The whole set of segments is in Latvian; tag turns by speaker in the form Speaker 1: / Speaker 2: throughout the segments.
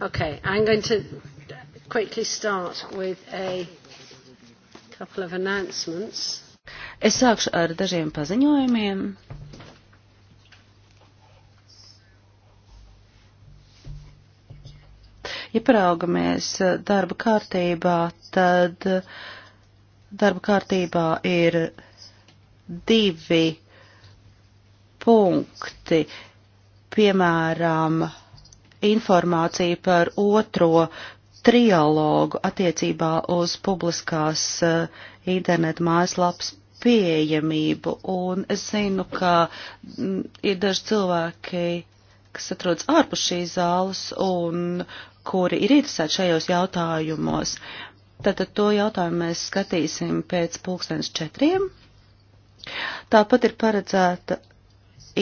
Speaker 1: Okay, I'm going to quickly start with a couple of announcements.
Speaker 2: Es sākšu ar dažiem paziņojumiem. Ja paraugamies eh, darba kārtībā, tad darba kārtībā ir divi punkti, piemēram, informāciju par otro trialogu attiecībā uz publiskās uh, internetu mājaslapas pieejamību. Un es zinu, ka m, mm, ir daži cilvēki, kas atrodas ārpus šīs zāles un kuri ir interesēti šajos jautājumos. Tātad to jautājumu mēs skatīsim pēc pulkstens četriem. Tāpat ir paredzēta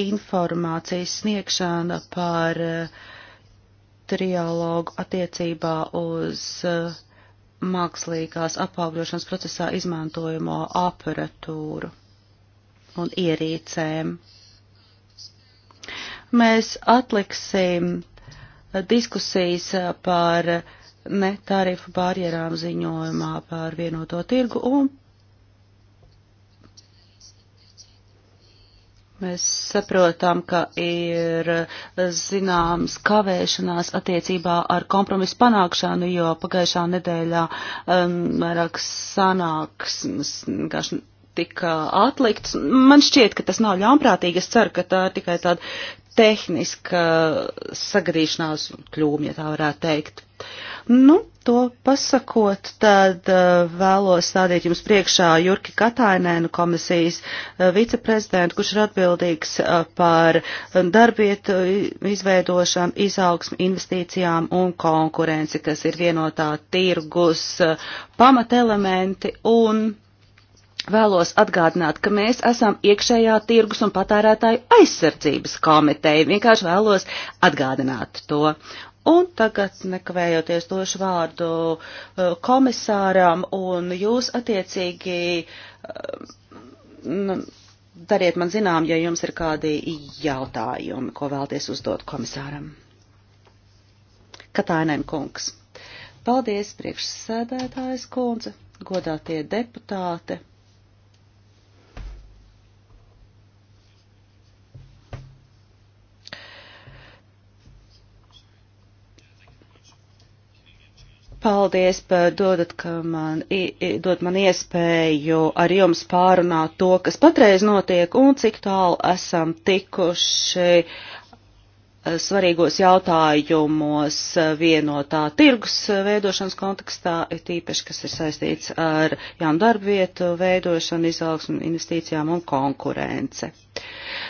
Speaker 2: informācijas sniegšana par uh, trialogu attiecībā uz uh, mākslīgās apaugļošanas procesā izmantojamo aparatūru un ierīcēm. Mēs atliksim uh, diskusijas uh, par netarifu barjerām ziņojumā par vienoto tirgu un Mēs saprotam, ka ir zināms kavēšanās attiecībā ar kompromisu panākšanu, jo pagājušā nedēļā um, vairākas sanāksmes tika atlikts. Man šķiet, ka tas nav ļaunprātīgi. Es ceru, ka tā ir tikai tāda tehniska sagrīšanās kļūme, ja tā varētu teikt. Nu, to pasakot, tad eh, vēlos stādīt jums priekšā Jurki Katainēnu komisijas eh, viceprezidentu, kurš ir atbildīgs eh, par darbietu izveidošanu, izaugsmu, investīcijām un konkurenci, kas ir vienotā tirgus pamatelementi un vēlos atgādināt, ka mēs esam iekšējā tirgus un patērētāju aizsardzības komiteja. Vienkārši vēlos atgādināt to. Un tagad nekavējoties došu vārdu uh, komisāram, un jūs attiecīgi uh, nu, dariet man zinām, ja jums ir kādi jautājumi, ko vēlties uzdot komisāram. Katainen kungs. Paldies, priekšsēdētājs kundze, godātie deputāte. Paldies, dodat, ka man, dod man iespēju ar jums pārunāt to, kas patreiz notiek un cik tālu esam tikuši uh, svarīgos jautājumos vienotā tirgus veidošanas kontekstā, tīpaši, kas ir saistīts ar jaunu darbu vietu veidošanu, izaugsmu, investīcijām un konkurence.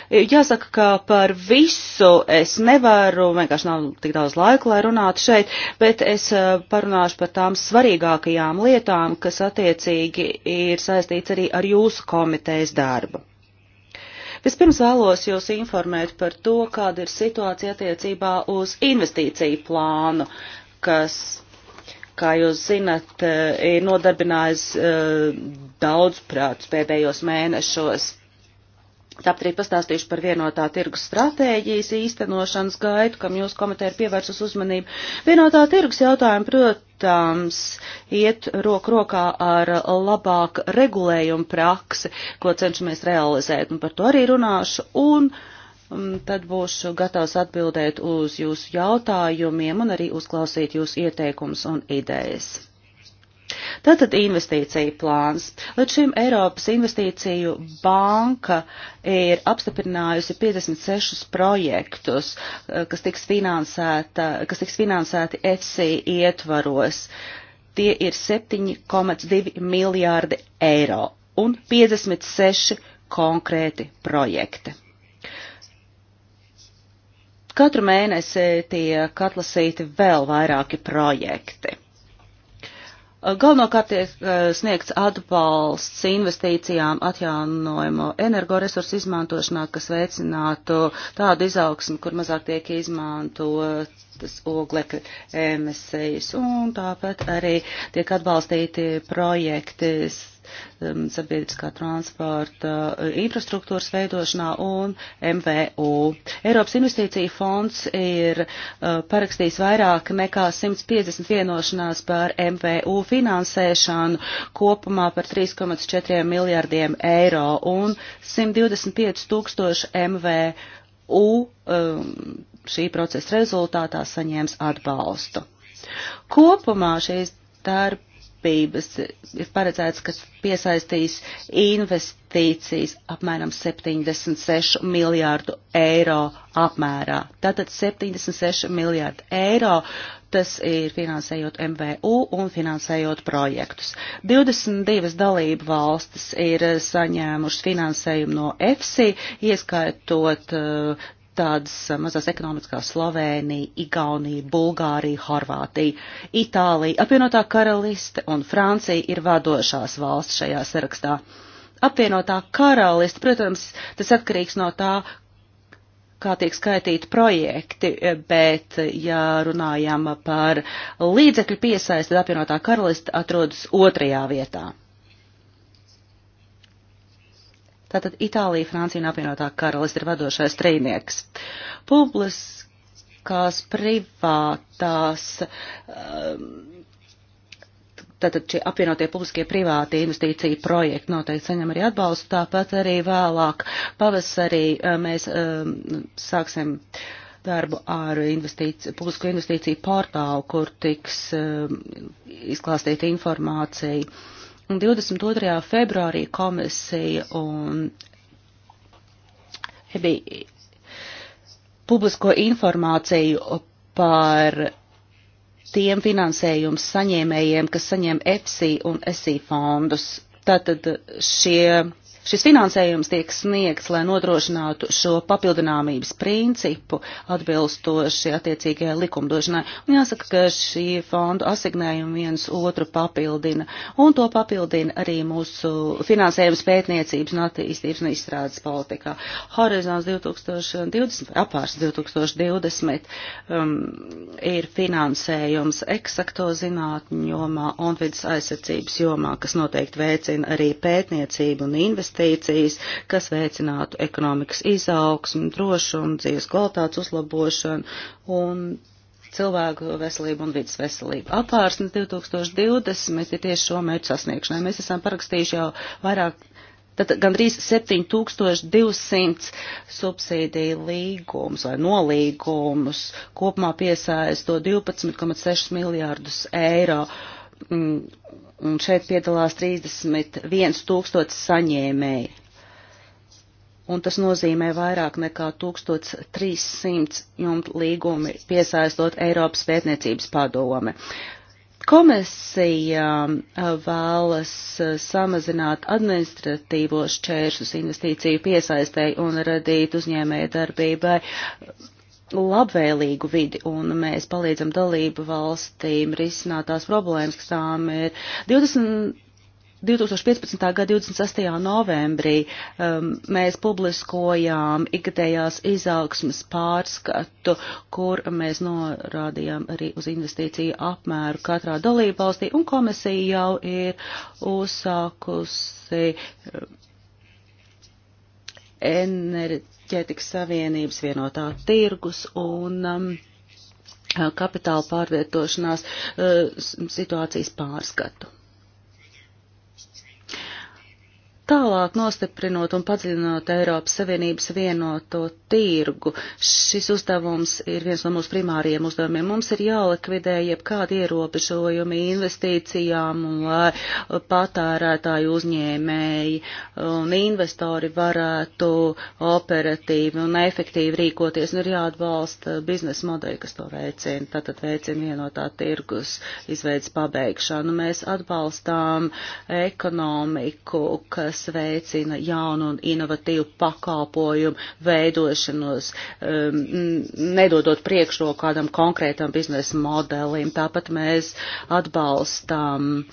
Speaker 2: Jāsaka, ka par visu es nevaru, vienkārši nav tik daudz laika, lai runātu šeit, bet es eh, parunāšu par tām svarīgākajām lietām, kas attiecīgi ir saistīts arī ar jūsu komitejas darbu. Vispirms vēlos jūs informēt par to, kāda ir situācija attiecībā uz investīciju plānu, kas, kā jūs zinat, eh, ir nodarbinājis eh, daudz prātus pēdējos mēnešos. Tāpat arī pastāstīšu par vienotā tirgus stratēģijas īstenošanas gaitu, kam jūsu komiteja ir pievērsus uzmanību. Vienotā tirgus jautājumu, protams, iet roku rokā ar labāku regulējumu praksi, ko cenšamies realizēt, un par to arī runāšu. Un um, tad būšu gatavs atbildēt uz jūsu jautājumiem un arī uzklausīt jūsu ieteikumus un idejas. Tātad investīcija plāns. Līdz šim Eiropas investīciju banka ir apstiprinājusi 56 projektus, eh, kas tiks, kas tiks finansēti FC ietvaros. Tie ir 7,2 miljārdi eiro un 56 konkrēti projekti. Katru mēnesi tiek atlasīti vēl vairāki projekti. Galvenokārt tiek eh, sniegts atbalsts investīcijām atjaunojumu energoresursu izmantošanā, kas veicinātu tādu izaugsmu, kur mazāk tiek izmantot augstas oglekļa emisijas, un tāpat arī tiek atbalstīti projekti um, sabiedriskā transporta uh, infrastruktūras veidošanā un MVU. Eiropas investīcija fonds ir uh, parakstījis vairāk nekā 150 vienošanās par MVU finansēšanu kopumā par 3,4 miljārdiem eiro un 125 tūkstoši MVU um, šī procesa rezultātā saņēmis atbalstu. Kopumā šīs darbības ir paredzēts, ka piesaistīs investīcijas apmēram 76 miljārdu eiro apmērā. Tātad 76 miljārdu eiro tas ir finansējot MVU un finansējot projektus. 22 dalību valstis ir saņēmušas finansējumu no EFSI, ieskaitot uh, tādas eh, mazās ekonomikas kā Slovēnija, Igaunija, Bulgārija, Horvātija, Itālija, apvienotā karaliste un Francija ir vadošās valsts šajā sarakstā. Apvienotā karaliste, protams, tas atkarīgs no tā, kā tiek skaitīti projekti, eh, bet, eh, ja runājam par līdzekļu piesaisti, tad apvienotā karaliste atrodas otrajā vietā. Tātad Itālija, Francija un apvienotā karalista ir vadošais trīnieks. Publiskās, privātās. Um, Tātad šie apvienotie publiskie privāti investīcija projekti noteikti saņem arī atbalstu, tāpat arī vēlāk pavasarī uh, mēs um, sāksim darbu ar investīci, publisko investīciju portālu, kur tiks um, izklāstīta informācija 22. februārī komisija un bija publisko informāciju par tiem finansējums saņēmējiem, kas saņem EFSI un ESI fondus. Tātad šie Šis finansējums tiek sniegts, lai nodrošinātu šo papildināmības principu atbilstoši attiecīgajai likumdošanai. Un jāsaka, ka šī fondu asignējumi viens otru papildina. Un to papildina arī mūsu finansējums pētniecības un attīstības un izstrādes politikā. Horizons 2020, apārs 2020 um, ir finansējums eksakto zinātņu jomā un vidas aizsardzības jomā, kas noteikti veicina arī pētniecību un investīciju investīcijas, kas veicinātu ekonomikas izaugsmu, drošumu, dzīves kvalitātes uzlabošanu un cilvēku veselību un vidas veselību. Apārsnes 2020 ir tieši šo mērķu sasniegšanai. Mēs esam parakstījuši jau vairāk, tad gandrīz 7200 subsīdiju līgumus vai nolīgumus, kopumā piesaisto 12,6 miljārdus eiro. Mm, un šeit piedalās 31 tūkstots saņēmēji. Un tas nozīmē vairāk nekā 1300 jumta līgumi piesaistot Eiropas pētniecības padome. Komisija uh, vēlas uh, samazināt administratīvos šķēršus investīciju piesaistēji un radīt uzņēmēju darbībai labvēlīgu vidi, un mēs palīdzam dalību valstīm risināt tās problēmas, kas tām ir 20. 2015. gada 26. novembrī um, mēs publiskojām ikgadējās izaugsmas pārskatu, kur mēs norādījām arī uz investīciju apmēru katrā dalībvalstī, un komisija jau ir uzsākusi um, enerģiju enerģētikas savienības, vienotā tirgus un um, kapitāla pārvietošanās uh, situācijas pārskatu. Tālāk nostiprinot un padziļinot Eiropas Savienības vienoto tirgu, šis uzdevums ir viens no mūsu primāriem uzdevumiem. Mums ir jālikvidē jebkādi ierobežojumi investīcijām, lai patērētāji uzņēmēji un investori varētu operatīvi un efektīvi rīkoties. Un ir jāatbalsta biznesa modeļi, kas to veicina. Tātad veicina vienotā tirgus izveids pabeigšanu. Mēs atbalstām ekonomiku, kas kas veicina jaunu un inovatīvu pakalpojumu veidošanos, um, nedodot priekšroku kādam konkrētam biznesa modelim. Tāpat mēs atbalstam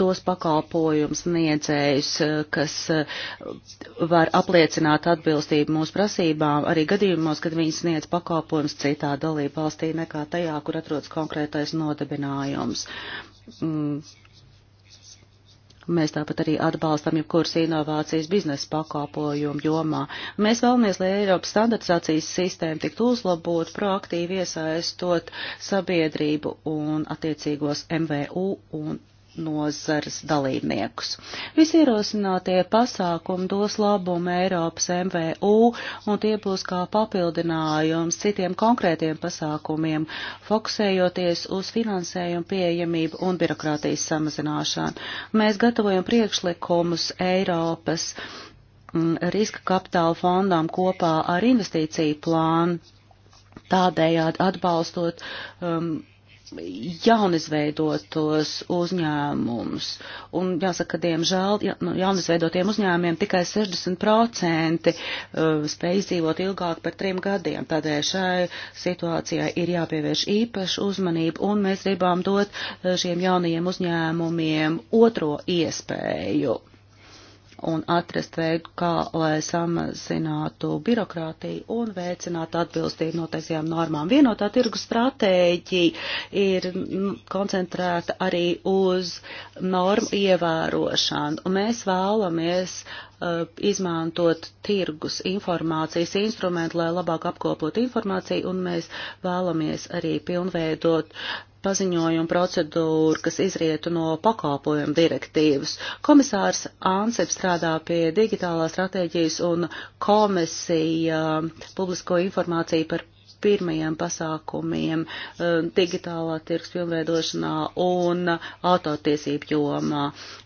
Speaker 2: tos pakalpojums niedzējus, kas uh, var apliecināt atbilstību mūsu prasībām, arī gadījumos, kad viņi sniedz pakalpojums citā dalība valstī nekā tajā, kur atrodas konkrētais nodibinājums. Mm. Mēs tāpat arī atbalstam jebkuras inovācijas biznesa pakāpojumu jomā. Mēs vēlamies, lai Eiropas standartizācijas sistēma tiktu uzlabot, proaktīvi iesaistot sabiedrību un attiecīgos MVU un nozares dalībniekus. Visi ierosinātie pasākumi dos labumu Eiropas MVU, un tie būs kā papildinājums citiem konkrētiem pasākumiem, fokusējoties uz finansējumu pieejamību un birokrātijas samazināšanu. Mēs gatavojam priekšlikumus Eiropas mm, riska kapitāla fondām kopā ar investīciju plānu, tādējādi atbalstot um, jaunizveidotos uzņēmumus. Un jāsaka, diemžēl ja, nu, jaunizveidotiem uzņēmumiem tikai 60% uh, spēj izdzīvot ilgāk par trim gadiem. Tādēļ šai situācijai ir jāpievērš īpaša uzmanība, un mēs gribām dot uh, šiem jaunajiem uzņēmumiem otro iespēju un atrast veidu, kā lai samazinātu birokrātiju un veicinātu atbilstību noteiktajām normām. Vienotā tirgus stratēģija ir koncentrēta arī uz normu ievērošanu, un mēs vēlamies Uh, izmantot tirgus informācijas instrumentu, lai labāk apkopot informāciju, un mēs vēlamies arī pilnveidot paziņojumu procedūru, kas izrietu no pakalpojumu direktīvas. Komisārs Ansip strādā pie digitālās stratēģijas un komisija publisko informāciju par pirmajiem pasākumiem eh, digitālā tirgus pilnveidošanā un autotiesību jomā.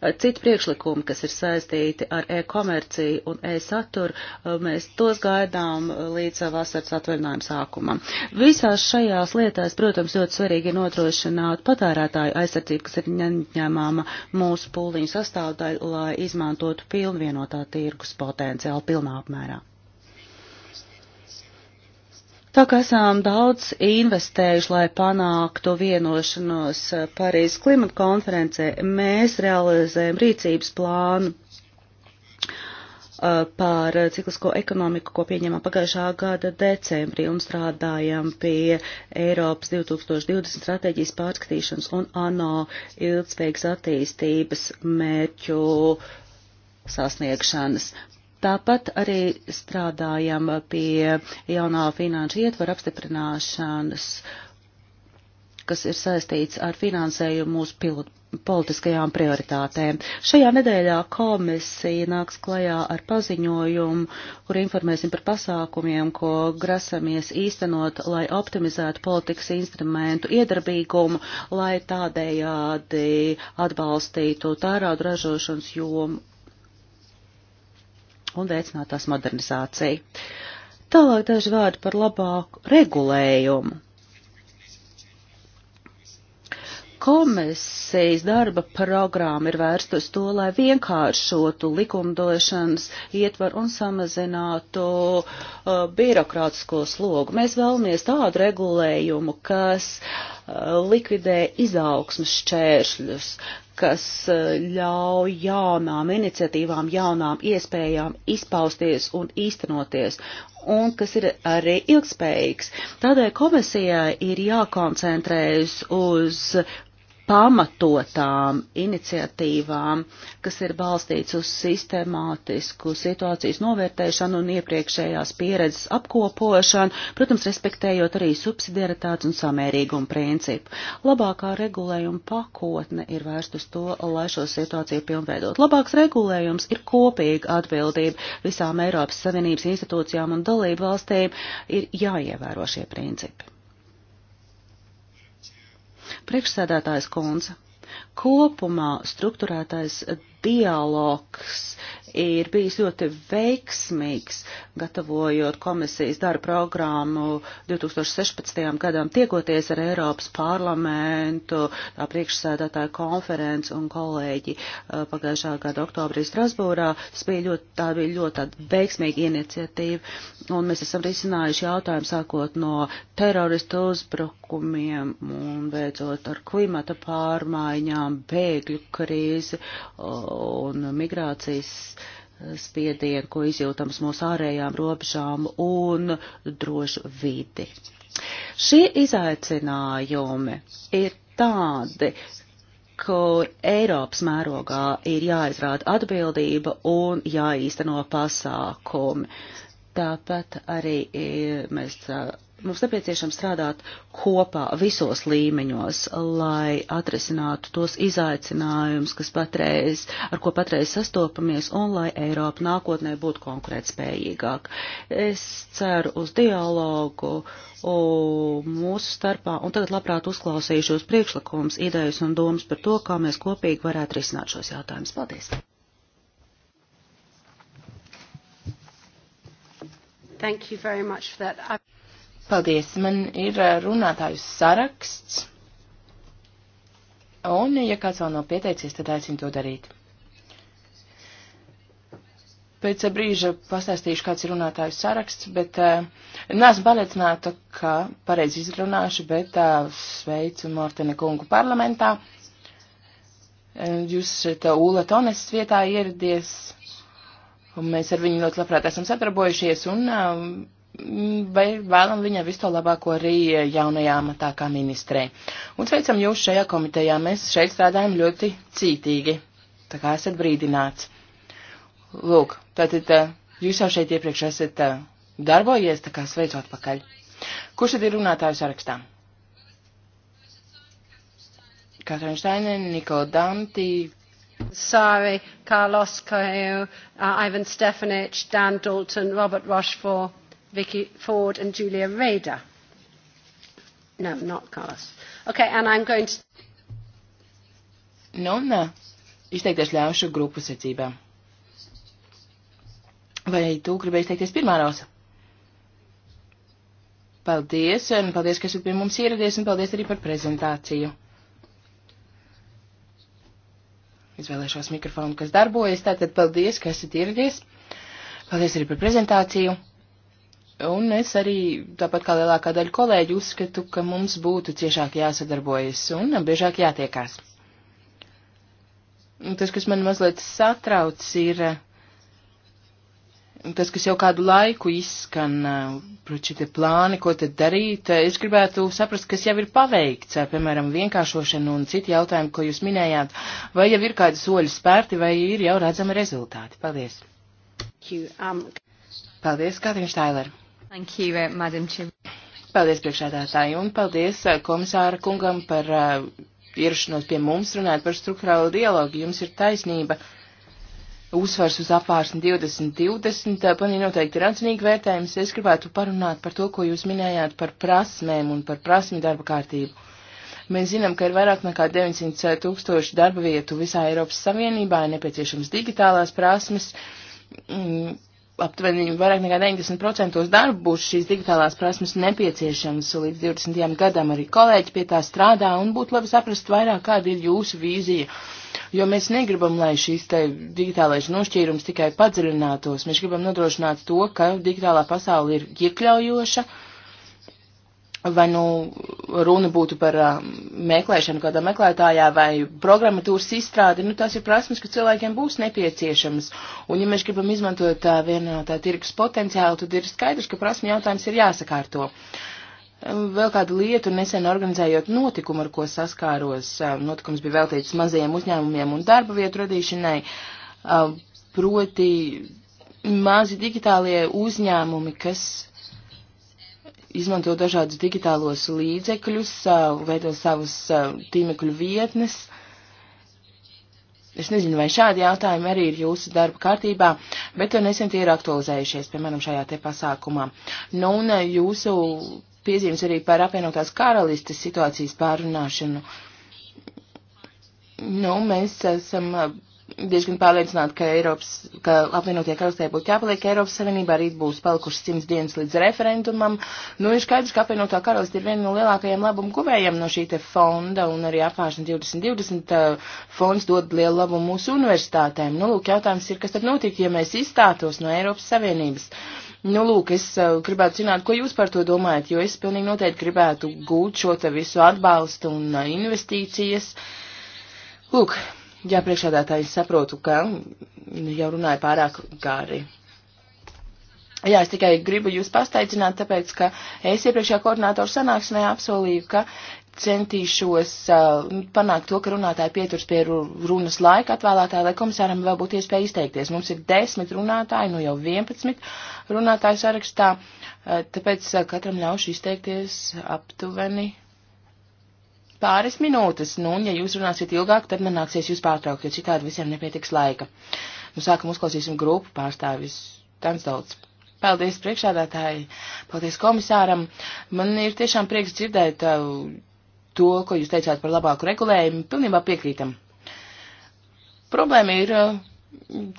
Speaker 2: Eh, citi priekšlikumi, kas ir saistīti ar e-komerciju un e-saturu, eh, mēs tos gaidām līdz vasaras atvaļinājuma sākumam. Visās šajās lietās, protams, ļoti svarīgi ir nodrošināt patērētāju aizsardzību, kas ir neņemama mūsu pūliņu sastāvdaļa, lai izmantotu pilnvienotā tirgus potenciālu pilnā apmērā. Tā kā esam daudz investējuši, lai panāktu vienošanos Parīzes klimata konferencē, mēs realizējam rīcības plānu uh, par ciklisko ekonomiku, ko pieņemam pagājušā gada decembrī un strādājam pie Eiropas 2020 stratēģijas pārskatīšanas un ANO ilgspējīgas attīstības mērķu sasniegšanas. Tāpat arī strādājam pie jaunā finanšu ietvara apstiprināšanas, kas ir saistīts ar finansējumu mūsu pilotu politiskajām prioritātēm. Šajā nedēļā komisija nāks klajā ar paziņojumu, kur informēsim par pasākumiem, ko grasamies īstenot, lai optimizētu politikas instrumentu iedarbīgumu, lai tādējādi atbalstītu tērauda ražošanas jomu un veicināt tās modernizāciju. Tālāk daži vārdi par labāku regulējumu. Komisijas darba programma ir vērsta uz to, lai vienkāršotu likumdošanas ietvaru un samazinātu uh, birokrātisko slogu. Mēs vēlamies tādu regulējumu, kas uh, likvidē izaugsmas šķēršļus, kas eh, ļauj jaunām iniciatīvām, jaunām iespējām izpausties un īstenoties, un kas ir arī ilgspējīgs. Tādēļ komisijai ir jākoncentrējas uz pamatotām iniciatīvām, kas ir balstīts uz sistemātisku situācijas novērtēšanu un iepriekšējās pieredzes apkopošanu, protams, respektējot arī subsidiaritātes un samērīgumu principu. Labākā regulējuma pakotne ir vērst uz to, lai šo situāciju pilnveidot. Labāks regulējums ir kopīga atbildība visām Eiropas Savienības institūcijām un dalību valstīm ir jāievēro šie principi. Priekšsēdētājs Konze. Kopumā struktūrētais dialogs ir bijis ļoti veiksmīgs, gatavojot komisijas darba programmu 2016. gadam, tiekoties ar Eiropas parlamentu, tā priekšsēdētāja konferenci un kolēģi uh, pagājušā gada oktobrī Strasbūrā. Tas bija ļoti, tā bija ļoti veiksmīga iniciatīva, un mēs esam risinājuši jautājumu sākot no teroristu uzbrukumiem un beidzot ar klimata pārmaiņām, bēgļu krīzi. Uh, un migrācijas spiedienu, ko izjūtams mūsu ārējām robežām un drošu vidi. Šie izaicinājumi ir tādi, kur Eiropas mērogā ir jāizrāda atbildība un jāīsteno pasākumi. Tāpat arī e, mēs mums nepieciešams strādāt kopā visos līmeņos, lai atrisinātu tos izaicinājumus, kas patreiz, ar ko patreiz sastopamies, un lai Eiropa nākotnē būtu konkurētspējīgāk. Es ceru uz dialogu mūsu starpā, un tagad labprāt uzklausīšu jūs priekšlikumus, idejas un domas par to, kā mēs kopīgi varētu
Speaker 3: risināt šos jautājumus. Paldies!
Speaker 2: Thank you very much for that. I
Speaker 3: Paldies, man ir eh, runātājus saraksts. Un, ja kāds vēl nav pieteicies, tad aicinu to darīt. Pēc eh, brīža pastāstīšu, kāds ir runātājs saraksts, bet uh, nesmu pārliecināta, ka pareizi izrunāšu, bet uh, sveicu Mortene kungu parlamentā. Uh, jūs šeit Ūla Tones vietā ieradies, un mēs ar viņu ļoti labprāt esam sadarbojušies, un uh, vai vēlam viņai visu to labāko arī e, jaunajā amatā kā ministrē. Un sveicam jūs šajā komitejā. Mēs šeit strādājam ļoti cītīgi. Tā kā esat brīdināts. Lūk, tātad e, jūs jau šeit iepriekš esat e, darbojies, tā kā sveicu atpakaļ. Kurš tad ir runātāju sarakstā? Katrīna Štaina, Nikola Danti, Sari, Carlos Coelho, uh, Ivan Stefanich, Dan Dalton,
Speaker 1: Robert Rochefort. Vicky Ford and Julia Rader.
Speaker 3: No, not Carlos. Okay, and I'm going to... Nu, nē. Izteikties ļaušu grupu secībā. Vai tu gribēji izteikties pirmā rosa? Paldies, un paldies, ka esat pie mums ieradies, un paldies arī par prezentāciju. Izvēlēšos mikrofonu, kas darbojas, tātad paldies, ka esat ieradies. Paldies arī par prezentāciju. Un es arī, tāpat kā lielākā daļa kolēģi, uzskatu, ka mums būtu ciešāk jāsadarbojas un biežāk jātiekās. Tas, kas man mazliet satrauc, ir tas, kas jau kādu laiku izskan, proti, šie plāni, ko tad darīt. Es gribētu saprast, kas jau ir paveikts, piemēram, vienkāršošana un citi jautājumi, ko jūs minējāt, vai jau ir kādi soļi spērti, vai ir jau redzami rezultāti. Paldies! Um, Paldies, Katrīna Štailera! Thank you, uh, Madam Chair. Paldies priekšētātāji un paldies uh, komisāra kungam par uh, ierašanos pie mums runāt par struktūrālo dialogu. Jums ir taisnība. Uzsvars uz apvārsni 2020, uh, panī noteikti ir atzinīgi vērtējums. Es gribētu parunāt par to, ko jūs minējāt par prasmēm un par prasmi darba kārtību. Mēs zinām, ka ir vairāk nekā 900 uh, tūkstoši darba vietu visā Eiropas Savienībā, ir nepieciešams digitālās prasmes. Mm, aptuveni vairāk nekā 90% darbu būs šīs digitālās prasmes nepieciešamas līdz 20. gadam. Arī kolēģi pie tā strādā un būtu labi saprast vairāk, kāda ir jūsu vīzija. Jo mēs negribam, lai šīs te digitālais nošķīrums tikai padziļinātos. Mēs gribam nodrošināt to, ka digitālā pasaule ir iekļaujoša vai nu runa būtu par uh, meklēšanu kādā meklētājā vai programmatūras izstrādi, nu tās ir prasmes, ka cilvēkiem būs nepieciešamas. Un ja mēs gribam izmantot uh, vienotā tirgus potenciālu, tad ir skaidrs, ka prasme jautājums ir jāsakārto. Um, vēl kādu lietu nesen organizējot notikumu, ar ko saskāros, uh, notikums bija veltīts mazajiem uzņēmumiem un darba vietu radīšanai, uh, proti mazi digitālie uzņēmumi, kas izmanto dažādus digitālos līdzekļus, veido savus tīmekļu vietnes. Es nezinu, vai šādi jautājumi arī ir jūsu darba kārtībā, bet nesen tie ir aktualizējušies, piemēram, šajā te pasākumā. Nu, un jūsu piezīmes arī par apvienotās karalistes situācijas pārunāšanu. Nu, mēs esam diezgan pārliecināti, ka, Eiropas, ka apvienotie karalistē būtu jāpaliek Eiropas Savienībā, arī būs palikušas simts dienas līdz referendumam. Nu, ir skaidrs, ka apvienotā karalistē ir viena no lielākajiem labumu guvējiem no šī te fonda, un arī apvāršana 2020 uh, fonds dod lielu labumu mūsu universitātēm. Nu, lūk, jautājums ir, kas tad notiktu, ja mēs izstātos no Eiropas Savienības? Nu, lūk, es uh, gribētu zināt, ko jūs par to domājat, jo es pilnīgi noteikti gribētu gūt šo te visu atbalstu un uh, investīcijas. Lūk, Jā, priekšādātāji, saprotu, ka jau runāju pārāk gari. Jā, es tikai gribu jūs pasteicināt, tāpēc, ka es iepriekšējā koordinātoru sanāksmē apsolīju, ka centīšos uh, panākt to, ka runātāji pieturs pie runas laika atvēlētā, lai komisāram vēl būtu iespēja izteikties. Mums ir desmit runātāji, nu jau vienpadsmit runātāju sarakstā, uh, tāpēc uh, katram ļaušu izteikties aptuveni pāris minūtes. Nu, un ja jūs runāsiet ilgāk, tad man nāksies jūs pārtraukt, jo citādi visiem nepietiks laika. Nu, sākam uzklausīsim grupu pārstāvis Tansdauts. Paldies priekšādātāji, paldies komisāram. Man ir tiešām prieks dzirdēt uh, to, ko jūs teicāt par labāku regulējumu. Pilnībā piekrītam. Problēma ir uh,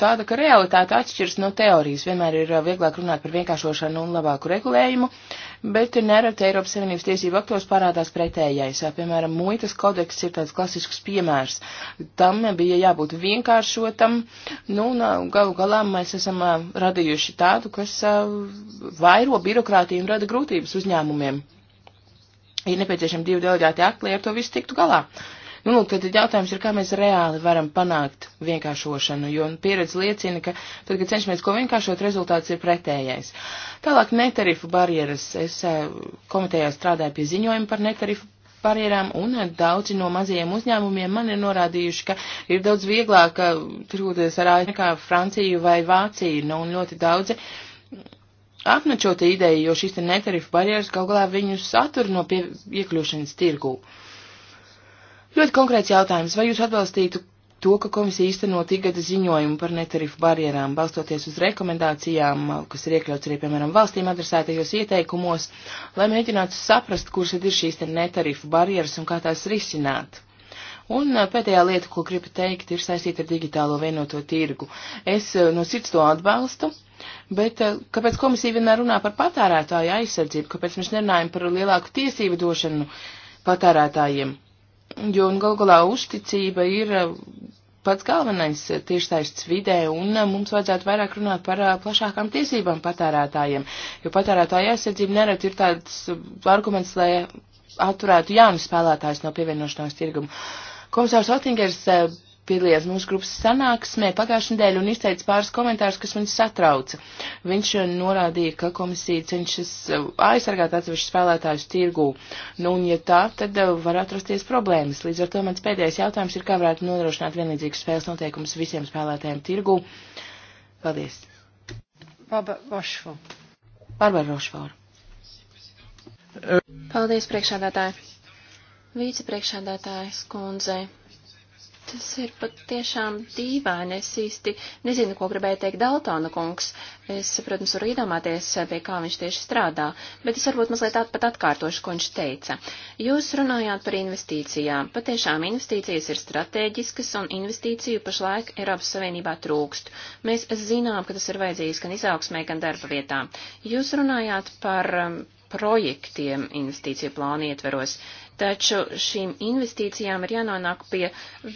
Speaker 3: tāda, ka realitāte atšķiras no teorijas. Vienmēr ir uh, vieglāk runāt par vienkāršošanu un labāku regulējumu, bet nereti Eiropas Savienības tiesību aktos parādās pretējais. Uh, piemēram, muitas kodeks ir tāds klasisks piemērs. Tam bija jābūt vienkāršotam, nu, un uh, galu galā mēs esam radījuši tādu, kas vairo birokrātiju un rada grūtības uzņēmumiem. Ir nepieciešami divi delegēti akli, lai ar to visu tiktu galā. Uh, Nu, lūk, tad jautājums ir, kā mēs reāli varam panākt vienkāršošanu, jo pieredze liecina, ka tad, kad cenšamies ko vienkāršot, rezultāts ir pretējais. Tālāk netarifu barjeras. Es eh, komitejā strādāju pie ziņojuma par netarifu barjerām, un eh, daudzi no mazajiem uzņēmumiem man ir norādījuši, ka ir daudz vieglāk eh, tirgoties ar ASV nekā Franciju vai Vāciju, nu, un ļoti daudzi apnačota ideja, jo šīs netarifu barjeras gal galā viņus satur no pie, iekļūšanas tirgū. Uh, Ļoti konkrēts jautājums. Vai jūs atbalstītu to, ka komisija īsteno ikgada ziņojumu par netarifu barjerām, balstoties uz rekomendācijām, kas ir iekļauts arī, piemēram, valstīm adresētajos ieteikumos, lai mēģinātu saprast, kuras ir šīs te netarifu barjeras un kā tās risināt. Un pēdējā lieta, ko gribu teikt, ir saistīta ar digitālo vienoto tirgu. Es no sirds to atbalstu, bet kāpēc komisija vienmēr runā par patērētāju aizsardzību, kāpēc mēs nerunājam par lielāku tiesību došanu patērētājiem? Jo gal galā uzticība ir eh, pats galvenais eh, tiešsaists vidē, un eh, mums vajadzētu vairāk runāt par plašākām tiesībām patērētājiem, jo patērētāja aizsardzība nerad ir tāds arguments, lai atturētu jaunu spēlētājus no pievienošanās tirgumu. Komisārs Otingers piedalījās mūsu grupas sanāksmē pagājušajā nedēļā un izteica pāris komentārus, kas mani satrauca. Viņš uh, norādīja, ka komisija cenšas uh, aizsargāt atsevišķu spēlētājus tirgū. Nu, un ja tā, tad uh, var atrasties problēmas. Līdz ar to mans pēdējais jautājums ir, kā varētu nodrošināt vienlīdzīgas spēles noteikumus visiem spēlētājiem tirgū. Paldies. Barbara Rošvora.
Speaker 4: Paldies, priekšādātāji. Vīcepriekšādātājs kundzei. Tas ir pat tiešām dīvaini. Es īsti nezinu, ko gribēja teikt Daltona kungs. Es, protams, varu iedomāties, eh, pie kā viņš tieši strādā, bet es varbūt mazliet pat atkārtošu, ko viņš teica. Jūs runājāt par investīcijām. Patiešām investīcijas ir strateģiskas un investīciju pašlaik Eiropas Savienībā trūkst. Mēs zinām, ka tas ir vajadzīgs gan izaugsmē, gan darba vietām. Jūs runājāt par um, projektiem investīciju plānu ietveros taču šīm investīcijām ir jānonāk pie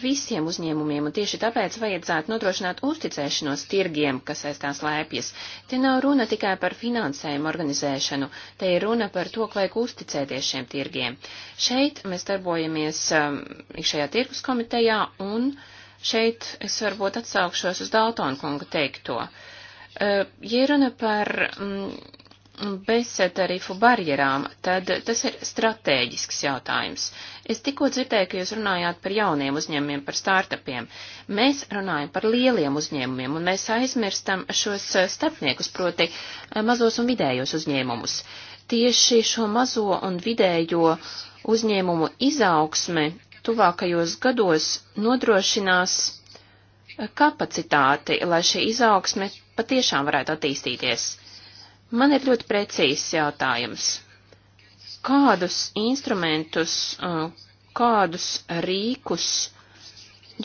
Speaker 4: visiem uzņēmumiem, un tieši tāpēc vajadzētu nodrošināt uzticēšanos tirgiem, kas aizstās lēpjas. Te nav runa tikai par finansējumu organizēšanu, te ir runa par to, ka vajag uzticēties šiem tirgiem. Šeit mēs darbojamies um, iekšējā tirgus komitejā, un šeit es varbūt atsaukšos uz Daltonu kunga teikto. Uh, ja runa par mm, beztarifu barjerām, tad tas ir stratēģisks jautājums. Es tikko dzirdēju, ka jūs runājāt par jauniem uzņēmumiem, par startupiem. Mēs runājam par lieliem uzņēmumiem, un mēs aizmirstam šos eh, starpniekus, proti eh, mazos un vidējos uzņēmumus. Tieši šo mazo un vidējo uzņēmumu izaugsme tuvākajos gados nodrošinās eh, kapacitāti, lai šī izaugsme patiešām varētu attīstīties. Man ir ļoti precīzs jautājums. Kādus instrumentus, uh, kādus rīkus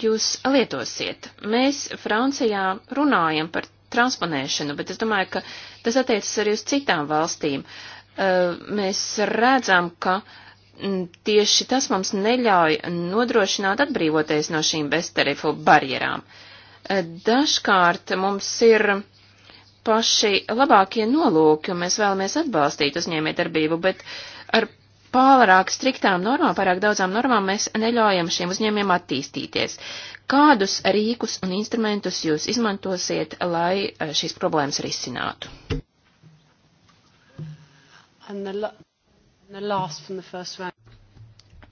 Speaker 4: jūs lietosiet? Mēs Francijā runājam par transponēšanu, bet es domāju, ka tas attiecas arī uz citām valstīm. Uh, mēs redzam, ka mm, tieši tas mums neļauj nodrošināt atbrīvoties no šīm beztarifu barjerām. Uh, dažkārt mums ir paši labākie nolūki, un mēs vēlamies atbalstīt uzņēmējdarbību, bet ar pārāk striktām normām, pārāk daudzām normām mēs neļaujam šiem uzņēmiem attīstīties. Kādus rīkus un instrumentus jūs izmantosiet, lai eh, šīs problēmas risinātu?
Speaker 3: La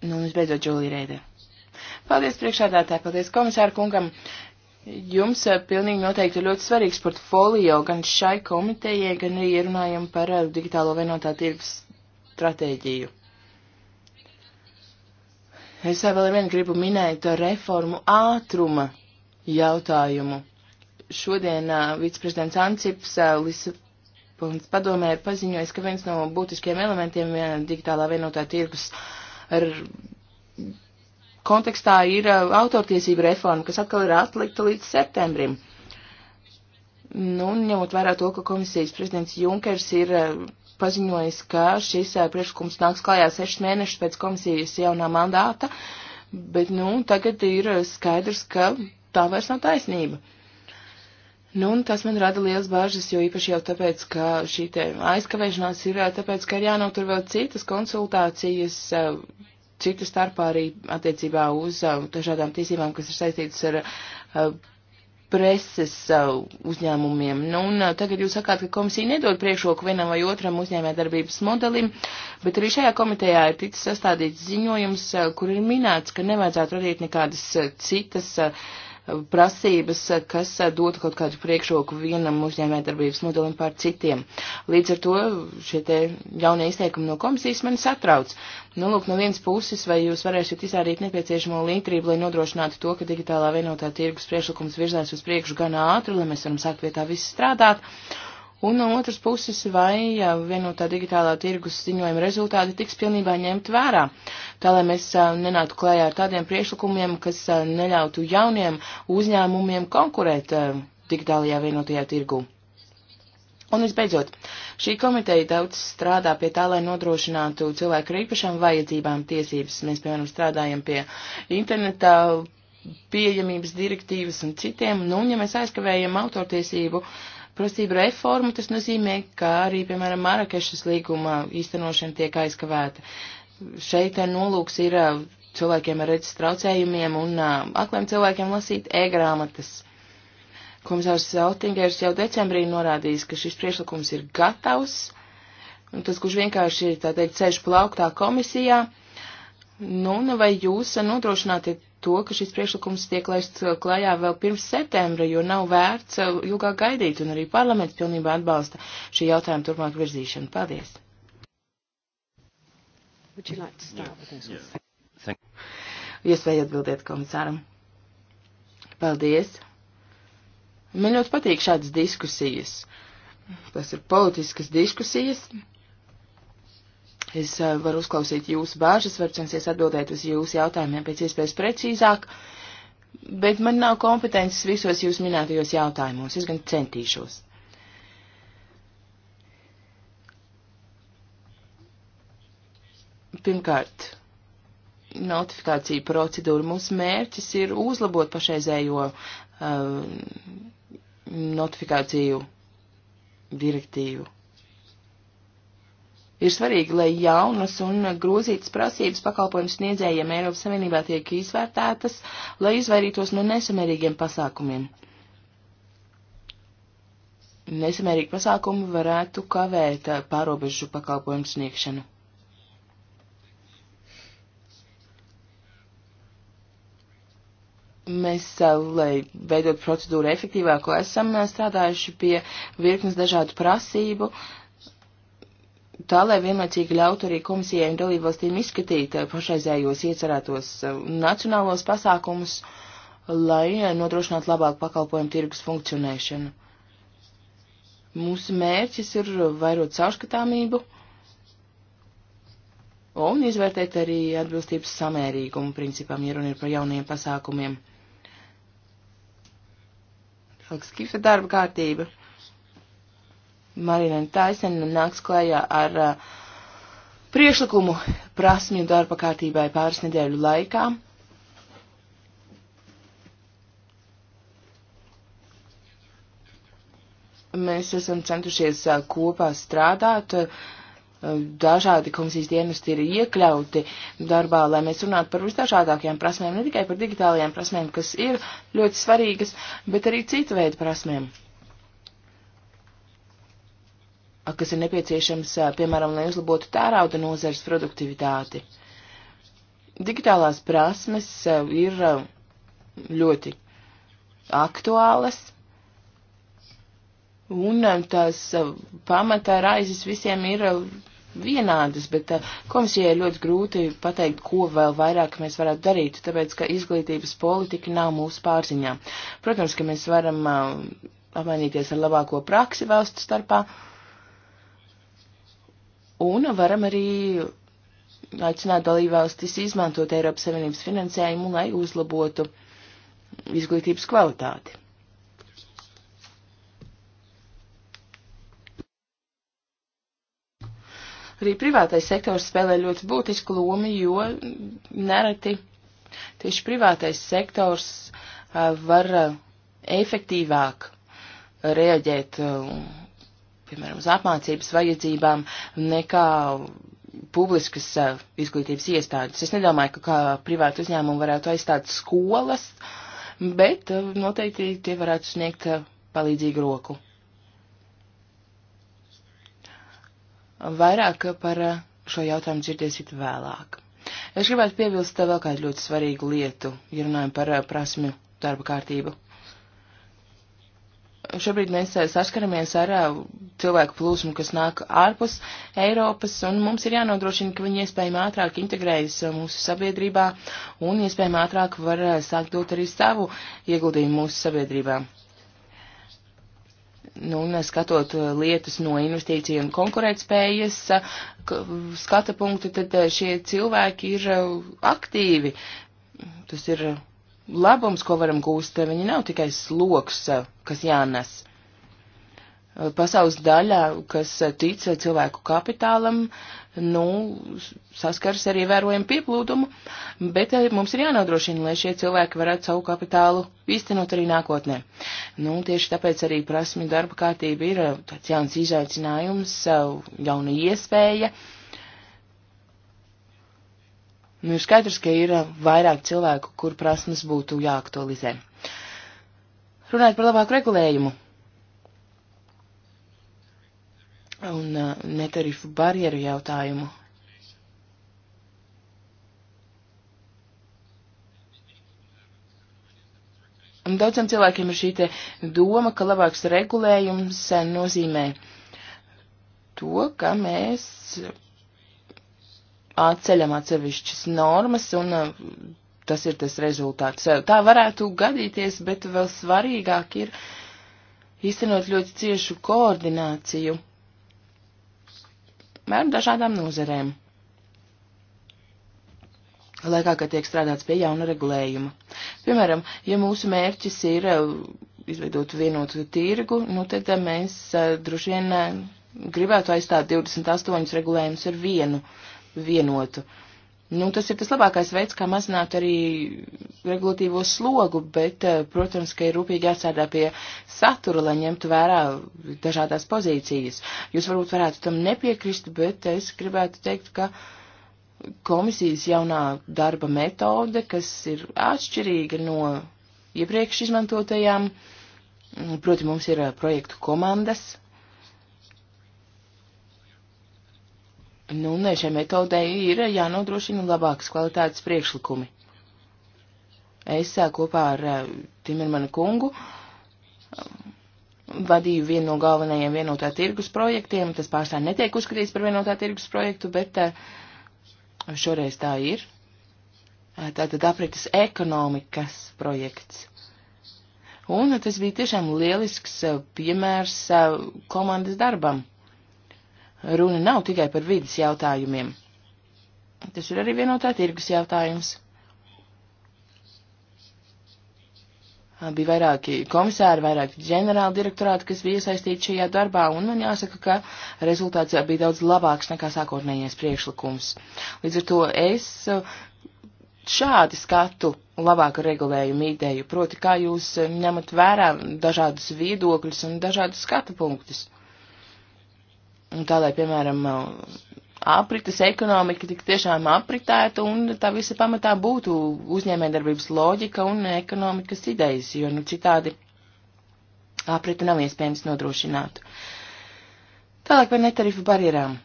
Speaker 3: nu, un visbeidzot, Džulija Reide. Paldies priekšādātāji, paldies komisāru kungam. Uh, Jums eh, pilnīgi noteikti ir ļoti svarīgs portfolio gan šai komitejai, gan arī ierunājam par eh, digitālo vienotā tirgus stratēģiju. Es vēl vien gribu minēt reformu ātruma jautājumu. Šodien eh, viceprezidents Ancips Lisabonas padomē ir paziņojis, ka viens no būtiskiem elementiem digitālā vienotā tirgus ar kontekstā ir uh, autortiesība reforma, kas atkal ir atlikta līdz septembrim. Nu, ņemot vērā to, ka komisijas prezidents Junkers ir uh, paziņojis, ka šis uh, priekšlikums nāks klājā sešas mēnešus pēc komisijas jaunā mandāta, bet, nu, tagad ir skaidrs, ka tā vairs nav taisnība. Nu, un tas man rada liels bāžas, jo īpaši jau tāpēc, ka šī te aizkavēšanās ir tāpēc, ka ir jānotur vēl citas konsultācijas citu starpā arī attiecībā uz uh, dažādām tiesībām, kas ir saistītas ar uh, preses uh, uzņēmumiem. Nu, un tagad jūs sakāt, ka komisija nedod priekšroku vienam vai otram uzņēmē darbības modelim, bet arī šajā komitejā ir ticis sastādīts ziņojums, kur ir minēts, ka nevajadzētu radīt nekādas citas uh, prasības, kas dotu kaut kādu priekšroku vienam uzņēmējdarbības modelim pār citiem. Līdz ar to šie te jaunie izteikumi no komisijas mani satrauc. Nu, lūk, no vienas puses, vai jūs varēsiet izrādīt nepieciešamo līdrību, lai nodrošinātu to, ka digitālā vienotā tirgus priekšlikums virzās uz priekšu gan ātri, lai mēs varam sākt vietā viss strādāt. Uh, Un no otras puses, vai vienotā digitālā tirgus ziņojuma rezultāti tiks pilnībā ņemt vērā, tā lai mēs nenātu klējā ar tādiem priešlikumiem, kas neļautu jauniem uzņēmumiem konkurēt digitālajā vienotajā tirgu. Un visbeidzot, šī komiteja daudz strādā pie tā, lai nodrošinātu cilvēku ar īpašām vajadzībām tiesības. Mēs, piemēram, strādājam pie internetā pieejamības direktīvas un citiem, nu, un ja mēs aizkavējam autortiesību uh, prasību reformu, tas nozīmē, ka arī, piemēram, Marakešas līguma īstenošana tiek aizkavēta. Šeit nolūks ir cilvēkiem ar redzes traucējumiem un akliem cilvēkiem lasīt e-grāmatas. Komisārs Altingers jau decembrī norādījis, ka šis priešlikums ir gatavs, un tas, kurš vienkārši, tā teikt, sēž plauktā komisijā, nu, nu vai jūs nodrošinātiet to, ka šis priekšlikums tiek laists uh, klajā vēl pirms septembra, jo nav vērts uh, ilgāk gaidīt, un arī parlaments pilnībā atbalsta šī jautājuma turpmāk virzīšanu. Paldies! Iespēja atbildēt komisāram. Paldies! Man ļoti patīk šādas diskusijas. Tas ir politiskas diskusijas, Es eh, varu uzklausīt jūsu bāžas, varu censties atbildēt uz jūsu jautājumiem pēc iespējas precīzāk, bet man nav kompetences visos jūs minētajos jautājumos. Es gan centīšos. Pirmkārt, notifikācija procedūra. Mūsu mērķis ir uzlabot pašreizējo uh, notifikāciju direktīvu. Ir svarīgi, lai jaunas un grozītas prasības pakalpojumu sniedzējiem Eiropas Savienībā tiek izvērtētas, lai izvairītos no nesamērīgiem pasākumiem. Nesamērīgi pasākumi varētu kavēt pārobežu pakalpojumu sniegšanu. mēs, lai veidot procedūru efektīvāko, esam strādājuši pie virknes dažādu prasību, tā, lai vienlaicīgi ļautu arī komisijai un dalībvalstīm izskatīt eh, pašreizējos iecerētos eh, nacionālos pasākumus, lai eh, nodrošinātu labāku pakalpojumu tirgus funkcionēšanu. Mūsu mērķis ir vairot caurskatāmību un izvērtēt arī atbilstības samērīgumu principam, ja runa ir par jauniem pasākumiem. Laks, kifa darba kārtība. Marina Taisena nāks klajā ar uh, priešlikumu prasmju darba kārtībai pāris nedēļu laikā. Mēs esam centušies uh, kopā strādāt. Uh, dažādi komisijas dienesti ir iekļauti darbā, lai mēs runātu par visdažādākajām prasmēm, ne tikai par digitālajām prasmēm, kas ir ļoti svarīgas, bet arī citu veidu prasmēm kas ir nepieciešams, piemēram, lai uzlabotu tērauda nozares produktivitāti. Digitālās prasmes ir ļoti aktuālas, un tās pamatā raizes visiem ir vienādas, bet komisijai ļoti grūti pateikt, ko vēl vairāk mēs varētu darīt, tāpēc, ka izglītības politika nav mūsu pārziņā. Protams, ka mēs varam apmainīties ar labāko praksi valstu starpā, uh, Un varam arī aicināt dalībvalstis izmantot Eiropas Savienības finansējumu, lai uzlabotu izglītības kvalitāti. Arī privātais sektors spēlē ļoti būtisku lomu, jo nereti tieši privātais sektors uh, var uh, efektīvāk reaģēt uh, piemēram, uz apmācības vajadzībām nekā publiskas eh, izglītības iestādes. Es nedomāju, ka kā privāta uzņēmuma varētu aizstāt skolas, bet eh, noteikti tie varētu sniegt eh, palīdzīgu roku. Vairāk par šo jautājumu dzirdēsiet vēlāk. Es gribētu piebilst vēl kādu ļoti svarīgu lietu, ja runājam par prasmju darba kārtību šobrīd mēs eh, saskaramies ar eh, cilvēku plūsmu, kas nāk ārpus Eiropas, un mums ir jānodrošina, ka viņi iespējami ātrāk integrējas eh, mūsu sabiedrībā un iespējami ātrāk var sākt dot arī savu ieguldījumu mūsu sabiedrībā. Nu, un skatot lietas no investīciju un konkurētspējas skata punktu, tad šie cilvēki ir aktīvi. Tas ir labums, ko varam gūst, eh, viņi nav tikai sloks, eh, kas jānes. Eh, pasaules daļā, kas tic cilvēku kapitālam, nu, saskars ar ievērojumu pieplūdumu, bet mums ir jānodrošina, lai šie cilvēki varētu savu kapitālu īstenot arī nākotnē. Nu, tieši tāpēc arī prasmi darba kārtība ir tāds jauns izaicinājums, jauna iespēja, uh, Nu, ir skaidrs, ka ir uh, vairāk cilvēku, kur prasmes būtu jāaktualizē. Runājot par labāku regulējumu un uh, netarifu barjeru jautājumu. Un daudziem cilvēkiem ir šī doma, ka labāks regulējums uh, nozīmē to, ka mēs atceļam atsevišķas normas, un uh, tas ir tas rezultāts. Uh, tā varētu gadīties, bet vēl svarīgāk ir īstenot ļoti ciešu koordināciju ar dažādām nozerēm. Laikā, kad tiek strādāts pie jauna regulējuma. Piemēram, ja mūsu mērķis ir uh, izveidot vienotu tirgu, nu tad mēs droši vien gribētu aizstāt 28 regulējumus ar vienu vienotu. Nu, tas ir tas labākais veids, kā mazināt arī regulatīvo slogu, bet, eh, protams, ka ir rūpīgi jāsēdā pie satura, lai ņemtu vērā dažādās pozīcijas. Jūs varbūt varētu tam nepiekrist, bet es gribētu teikt, ka komisijas jaunā darba metode, kas ir atšķirīga no iepriekš izmantotajām, proti mums ir eh, projektu komandas, Nu, nē, šai metodei ir jānodrošina labākas kvalitātes priekšlikumi. Es kopā ar Timermanu kungu vadīju vienu no galvenajiem vienotā tirgus projektiem. Tas pārstāv netiek uzskatīts par vienotā tirgus projektu, bet šoreiz tā ir. Tātad aprites ekonomikas projekts. Un tas bija tiešām lielisks piemērs komandas darbam runa nav tikai par vidas jautājumiem. Tas ir arī vienotā tirgus jautājums. Bija vairāki komisāri, vairāki ģenerāli direktorāti, kas bija iesaistīti šajā darbā, un man jāsaka, ka rezultāts bija daudz labāks nekā sākotnējais priekšlikums. Līdz ar to es šādi skatu labāku regulējumu ideju, proti kā jūs ņemat vērā dažādus viedokļus un dažādus skatu punktus. Un tādai, piemēram, aprites ekonomika tik tiešām apritētu un tā visa pamatā būtu uzņēmējdarbības loģika un ekonomikas idejas, jo nu citādi aprite nav iespējams nodrošināt. Tālāk par netarifu barjerām.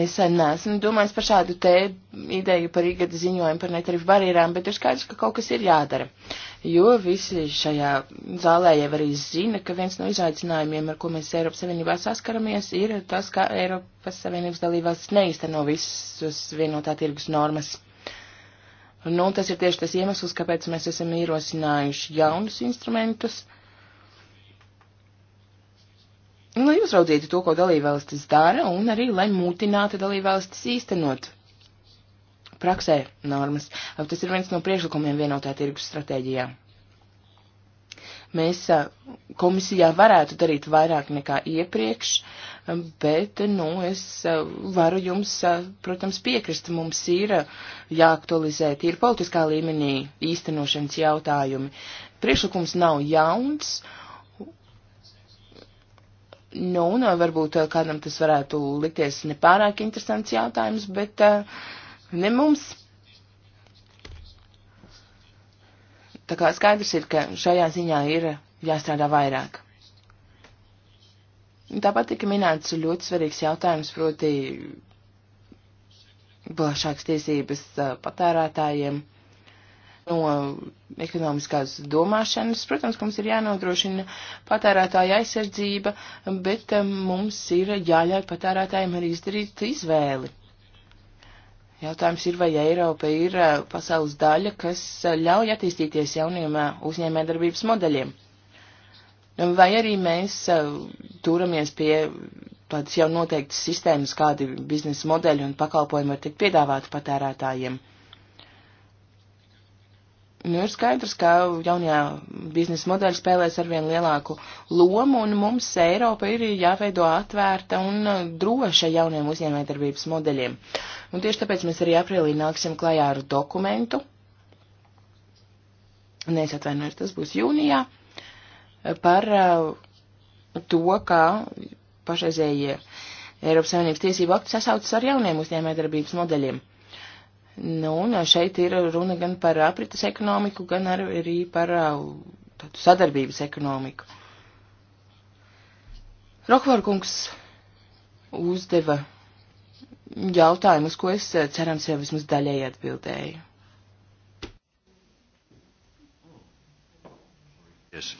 Speaker 3: Es neesmu domājis par šādu te ideju par ikgada ziņojumu par netarifu barjerām, bet ir skaidrs, ka kaut kas ir jādara. Jo visi šajā zālē jau arī zina, ka viens no izaicinājumiem, ar ko mēs Eiropas Savienībā saskaramies, ir tas, ka Eiropas Savienības dalībās neizteno visas vienotā tirgus normas. Nu, tas ir tieši tas iemesls, kāpēc mēs esam ierosinājuši jaunus instrumentus. Uh, Nu, lai uzraudzītu to, ko dalībvalstis dara, un arī lai mutinātu dalībvalstis īstenot praksē normas. Tas ir viens no priekšlikumiem vienotā tirgus stratēģijā. Mēs komisijā varētu darīt vairāk nekā iepriekš, bet, nu, es varu jums, protams, piekrist, mums ir jāaktualizē tīri politiskā līmenī īstenošanas jautājumi. Priekšlikums nav jauns, uh, Nu, un eh, varbūt eh, kādam tas varētu likties nepārāk interesants jautājums, bet eh, ne mums. Tā kā skaidrs ir, ka šajā ziņā ir jāstrādā vairāk. Tāpat tika minēts ļoti svarīgs jautājums, proti plašāks tiesības patērētājiem. Uh, no ekonomiskās domāšanas. Protams, ka mums ir jānodrošina patērētāja aizsardzība, bet um, mums ir jāļauj patērētājiem arī izdarīt izvēli. Jautājums ir, vai Eiropa ir uh, pasaules daļa, kas uh, ļauj attīstīties jauniem uh, uzņēmējdarbības modeļiem. Vai arī mēs turamies pie tādas jau noteiktas sistēmas, kādi biznesa modeļi un pakalpojumi var tikt piedāvāti patērētājiem. Nu, ir skaidrs, ka jaunajā biznesa modeļa spēlēs arvien lielāku lomu, un mums Eiropa ir jāveido atvērta un droša jauniem uzņēmējdarbības modeļiem. Un tieši tāpēc mēs arī aprīlī nāksim klajā ar dokumentu. Nē, es atvainojos, tas būs jūnijā par uh, to, kā pašreizējie Eiropas Savienības tiesību akti sasaucas ar jauniem uzņēmējdarbības modeļiem. Nu, un šeit ir runa gan par aprites ekonomiku, gan arī par uh, tādu sadarbības ekonomiku. Rokvārkungs uzdeva jautājumus, ko es uh, cerams jau vismaz daļēji atbildēju.
Speaker 2: Yes.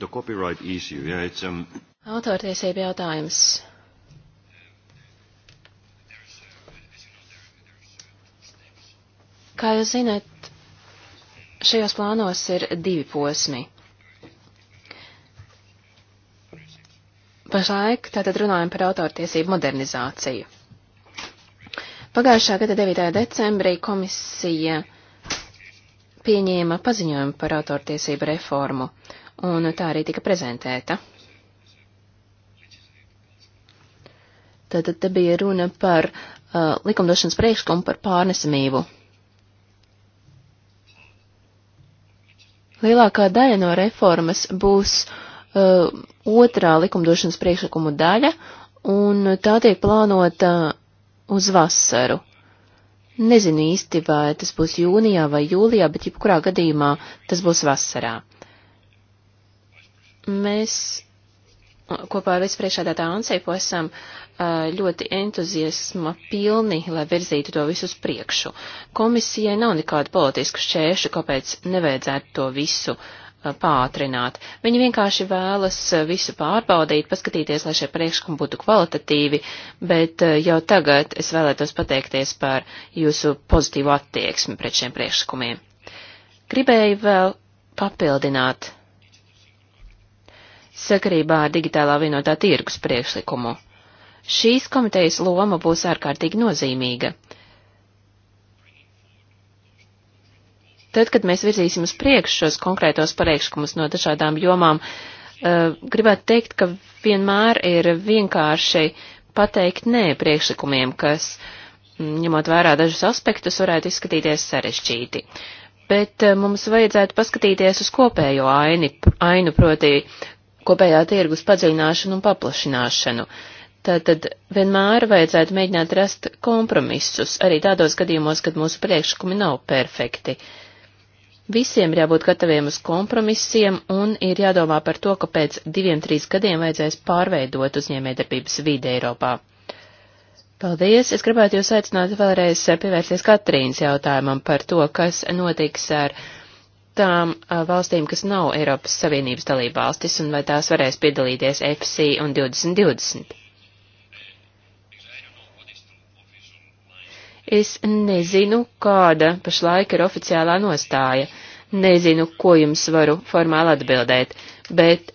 Speaker 4: The copyright issue, yeah, it's, um... Autortiesība jautājums. Kā jūs zināt, šajos plānos ir divi posmi. Pašlaik tātad runājam par autortiesību modernizāciju. Pagājušā gada 9. decembrī komisija pieņēma paziņojumu par autortiesību reformu, un tā arī tika prezentēta. Tātad te bija runa par uh, likumdošanas priekšlikumu par pārnesamību Lielākā daļa no reformas būs uh, otrā likumdošanas priekšlikumu daļa, un tā tiek plānota uz vasaru. Nezinu īsti, vai tas būs jūnijā vai jūlijā, bet jebkurā gadījumā tas būs vasarā. Mēs kopā ar vispriekšādātā Anseipu esam uh, Eh, ļoti entuziasma pilni, lai virzītu to visu uz priekšu. Komisijai nav nekādu politisku šķēršu, kāpēc nevajadzētu to visu eh, pātrināt. Viņi vienkārši vēlas eh, visu pārbaudīt, paskatīties, lai šie priekšlikumi būtu kvalitatīvi, bet jau tagad es vēlētos pateikties par jūsu pozitīvu attieksmi pret šiem priekšlikumiem. Gribēju vēl papildināt sakarībā ar digitālā vienotā tirgus priekšlikumu šīs komitejas loma būs ārkārtīgi nozīmīga. Tad, kad mēs virzīsim uz priekšu šos konkrētos pareikškumus no dažādām jomām, uh, gribētu teikt, ka vienmēr ir vienkārši pateikt nē priekšlikumiem, kas, mm, ņemot vērā dažus aspektus, varētu izskatīties sarežģīti. Bet uh, mums vajadzētu paskatīties uz kopējo aini, ainu, proti kopējā tirgus padziļināšanu un paplašināšanu. Uh, Tātad vienmēr vajadzētu mēģināt rast kompromisus, arī tādos gadījumos, kad mūsu priekšlikumi nav perfekti. Visiem ir jābūt gataviem uz kompromisiem un ir jādomā par to, ka pēc diviem, trīs gadiem vajadzēs pārveidot uzņēmējdarbības vīde Eiropā. Paldies! Es gribētu jūs aicināt vēlreiz pievērsties Katrīnas jautājumam par to, kas notiks ar tām valstīm, kas nav Eiropas Savienības dalībvalstis un vai tās varēs piedalīties FC un 2020. Es nezinu, kāda pašlaik ir oficiālā nostāja. Nezinu, ko jums varu formāli atbildēt, bet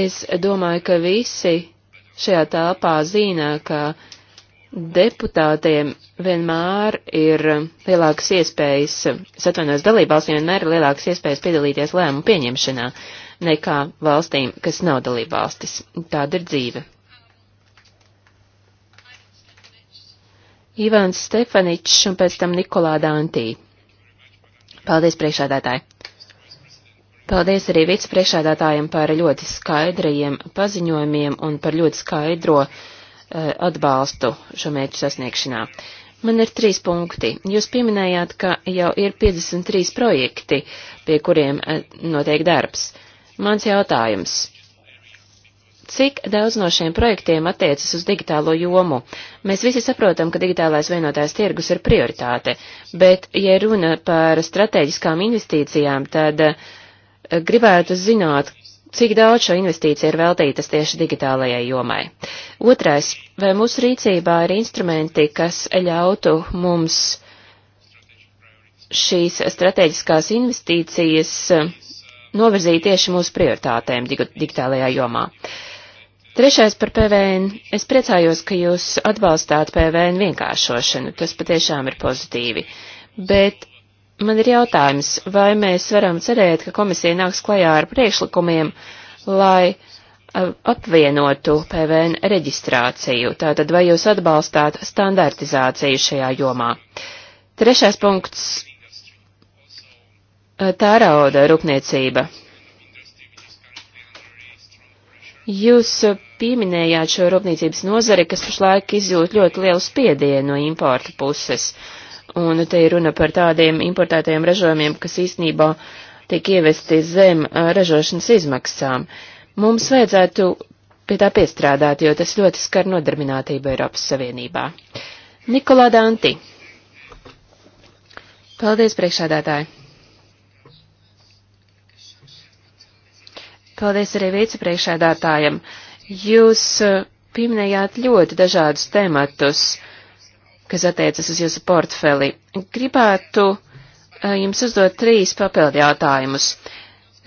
Speaker 4: es domāju, ka visi šajā telpā zina, ka deputātiem vienmēr ir lielākas iespējas, es atvainojos, dalībvalstīm vienmēr ir lielākas iespējas piedalīties lēmumu pieņemšanā nekā valstīm, kas nav dalībvalstis. Tāda ir dzīve. Ivans Stefaničs un pēc tam Nikolā Dantī. Paldies, priekšādātāji! Paldies arī vicepriekšādātājiem par ļoti skaidrajiem paziņojumiem un par ļoti skaidro uh, atbalstu šo mērķu sasniegšanā. Man ir trīs punkti. Jūs pieminējāt, ka jau ir 53 projekti, pie kuriem uh, notiek darbs. Mans jautājums. Cik daudz no šiem projektiem attiecas uz digitālo jomu? Mēs visi saprotam, ka digitālais vienotājs tirgus ir prioritāte, bet, ja runa par strateģiskām investīcijām, tad eh, gribētu zināt, cik daudz šo investīciju ir veltītas tieši digitālajai jomai. Otrais, vai mūsu rīcībā ir instrumenti, kas ļautu mums šīs strateģiskās investīcijas eh, novirzīt tieši mūsu prioritātēm digitālajā jomā? Uh, Trešais par PVN. Es priecājos, ka jūs atbalstāt PVN vienkāršošanu. Tas patiešām ir pozitīvi. Bet man ir jautājums, vai mēs varam cerēt, ka komisija nāks klajā ar priekšlikumiem, lai uh, apvienotu PVN reģistrāciju. Tātad, vai jūs atbalstāt standartizāciju šajā jomā? Trešais punkts uh, - tērauda rūpniecība. Jūs eh, pieminējāt šo rūpniecības nozari, kas pašlaik izjūt ļoti lielu spiedienu no importa puses. Un te ir runa par tādiem importētajiem ražojumiem, kas īstenībā tiek ievesti zem eh, ražošanas izmaksām. Mums vajadzētu pie tā piestrādāt, jo tas ļoti skar nodarbinātību Eiropas Savienībā. Nikolā Danti. Paldies, priekšādātāji. Paldies arī vicepriekšēdātājiem. Jūs eh, pieminējāt ļoti dažādus tematus, kas attiecas uz jūsu portfeli. Gribētu eh, jums uzdot trīs papildu jautājumus.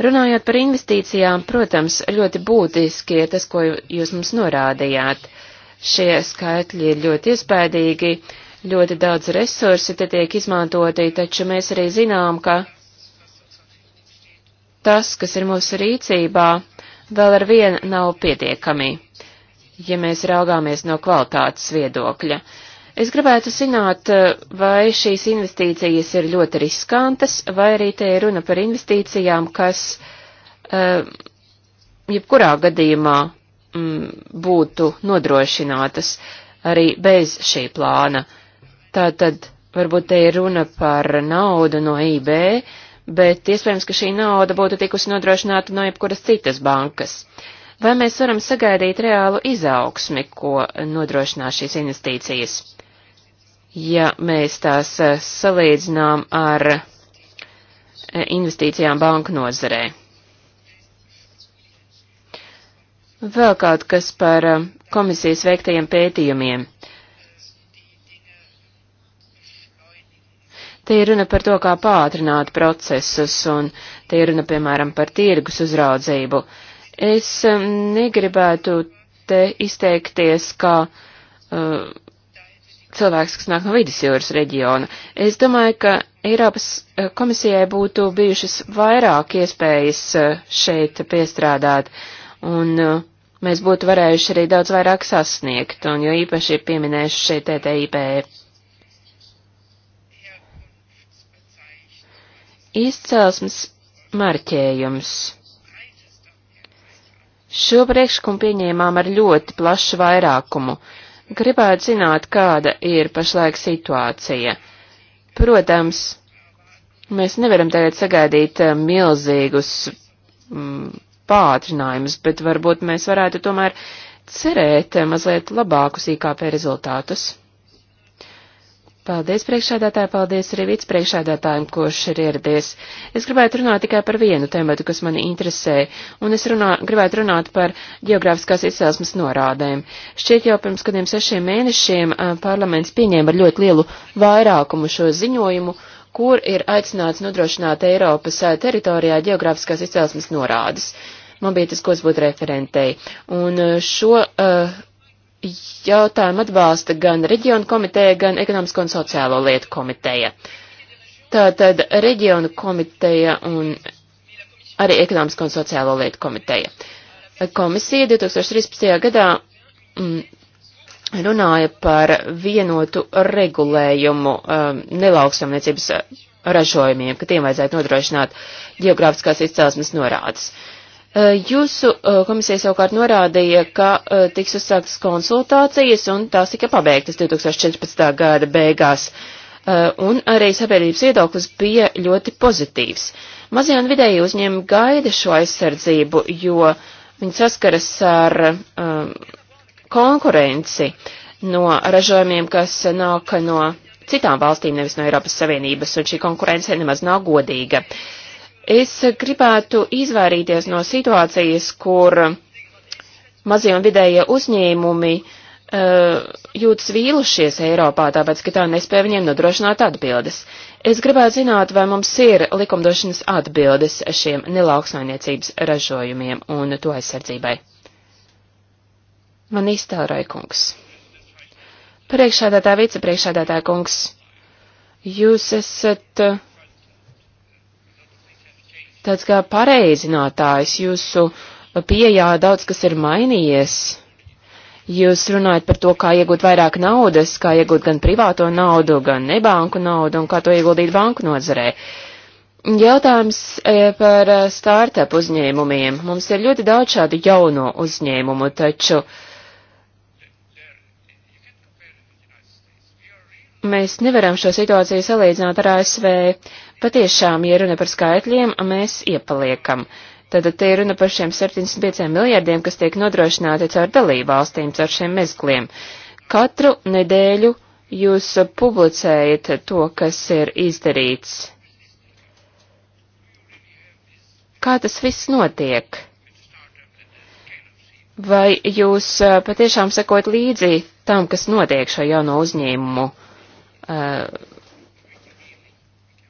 Speaker 4: Runājot par investīcijām, protams, ļoti būtiski ir tas, ko jūs mums norādījāt. Šie skaitļi ir ļoti iespaidīgi, ļoti daudz resursi te tiek izmantoti, taču mēs arī zinām, ka tas, kas ir mūsu rīcībā, vēl ar vienu nav pietiekami, ja mēs raugāmies no kvalitātes viedokļa. Es gribētu zināt, vai šīs investīcijas ir ļoti riskantas, vai arī te ir runa par investīcijām, kas eh, jebkurā gadījumā mm, būtu nodrošinātas arī bez šī plāna. Tātad varbūt te ir runa par naudu no IB, bet iespējams, ka šī nauda būtu tikusi nodrošināta no jebkuras citas bankas. Vai mēs varam sagaidīt reālu izaugsmi, ko nodrošinās šīs investīcijas? Ja mēs tās eh, salīdzinām ar eh, investīcijām banku nozarē. Vēl kaut kas par eh, komisijas veiktajiem pētījumiem. Te ir runa par to, kā pātrināt procesus, un te ir runa, piemēram, par tirgus uzraudzību. Es um, negribētu te izteikties, kā uh, cilvēks, kas nāk no vidusjūras reģiona. Es domāju, ka Eiropas uh, komisijai būtu bijušas vairāk iespējas uh, šeit piestrādāt, un uh, mēs būtu varējuši arī daudz vairāk sasniegt, un jo īpaši ir pieminējuši šeit TTIP Izcelsmes marķējums. Šo priekšlikumu pieņēmām ar ļoti plašu vairākumu. Gribētu zināt, kāda ir pašlaik situācija. Protams, mēs nevaram tagad sagaidīt eh, milzīgus mm, pātrinājumus, bet varbūt mēs varētu tomēr cerēt eh, mazliet labākus IKP rezultātus. Paldies priekšādātāji, paldies arī vicepriekšādātājiem, kurš ir ieradies. Es gribētu runāt tikai par vienu tēmatu, kas mani interesē, un es runā, gribētu runāt par geogrāfiskās izcelsmes norādēm. Šķiet jau pirms kādiem sešiem mēnešiem parlaments pieņēma ar ļoti lielu vairākumu šo ziņojumu, kur ir aicināts nodrošināt Eiropas teritorijā geogrāfiskās izcelsmes norādes. Man bija tas, ko es būtu referentei. Un šo uh, jautājumu atbalsta gan reģionu komiteja, gan ekonomisko un sociālo lietu komiteja. Tātad reģionu komiteja un arī ekonomisko un sociālo lietu komiteja. Komisija 2013. gadā mm, runāja par vienotu regulējumu um, nelauksamniecības ražojumiem, ka tiem vajadzētu nodrošināt geogrāfiskās izcelsmes norādes. Uh, Eh, jūsu eh, komisija savukārt norādīja, ka eh, tiks uzsāktas konsultācijas un tās tika pabeigtas 2014. gada beigās. Un arī sabiedrības viedoklis bija ļoti pozitīvs. Mazie un vidēji uzņēmumi gaida šo aizsardzību, jo viņi saskaras ar um, konkurenci no ražojumiem, kas nāk no citām valstīm, nevis no Eiropas Savienības, un šī konkurence nemaz nav godīga. Uh, Es gribētu izvairīties no situācijas, kur mazie un vidējie uzņēmumi uh, eh, jūtas vīlušies Eiropā, tāpēc, ka tā nespēja viņiem nodrošināt atbildes. Es gribētu zināt, vai mums ir likumdošanas atbildes šiem nelauksainiecības ražojumiem un to aizsardzībai. Man iztēloja kungs. Priekšādātā vicepriekšādātā kungs, jūs esat. Uh, tāds kā pareizinātājs. Jūsu pieejā daudz kas ir mainījies. Jūs runājat par to, kā iegūt vairāk naudas, kā iegūt gan privāto naudu, gan nebanku naudu un kā to ieguldīt banku nozarē. Jautājums e, par e, startup uzņēmumiem. Mums ir ļoti daudz šādu jauno uzņēmumu, taču uh, mēs nevaram šo situāciju salīdzināt ar ASV. Patiešām, ja runa par skaitļiem, mēs iepaliekam. Tātad te ir runa par šiem 75 miljardiem, kas tiek nodrošināti caur dalību valstīm, caur šiem mezgliem. Katru nedēļu jūs publicējat to, kas ir izdarīts. Kā tas viss notiek? Vai jūs eh, patiešām sekot līdzi tam, kas notiek šo jauno uzņēmumu Uh,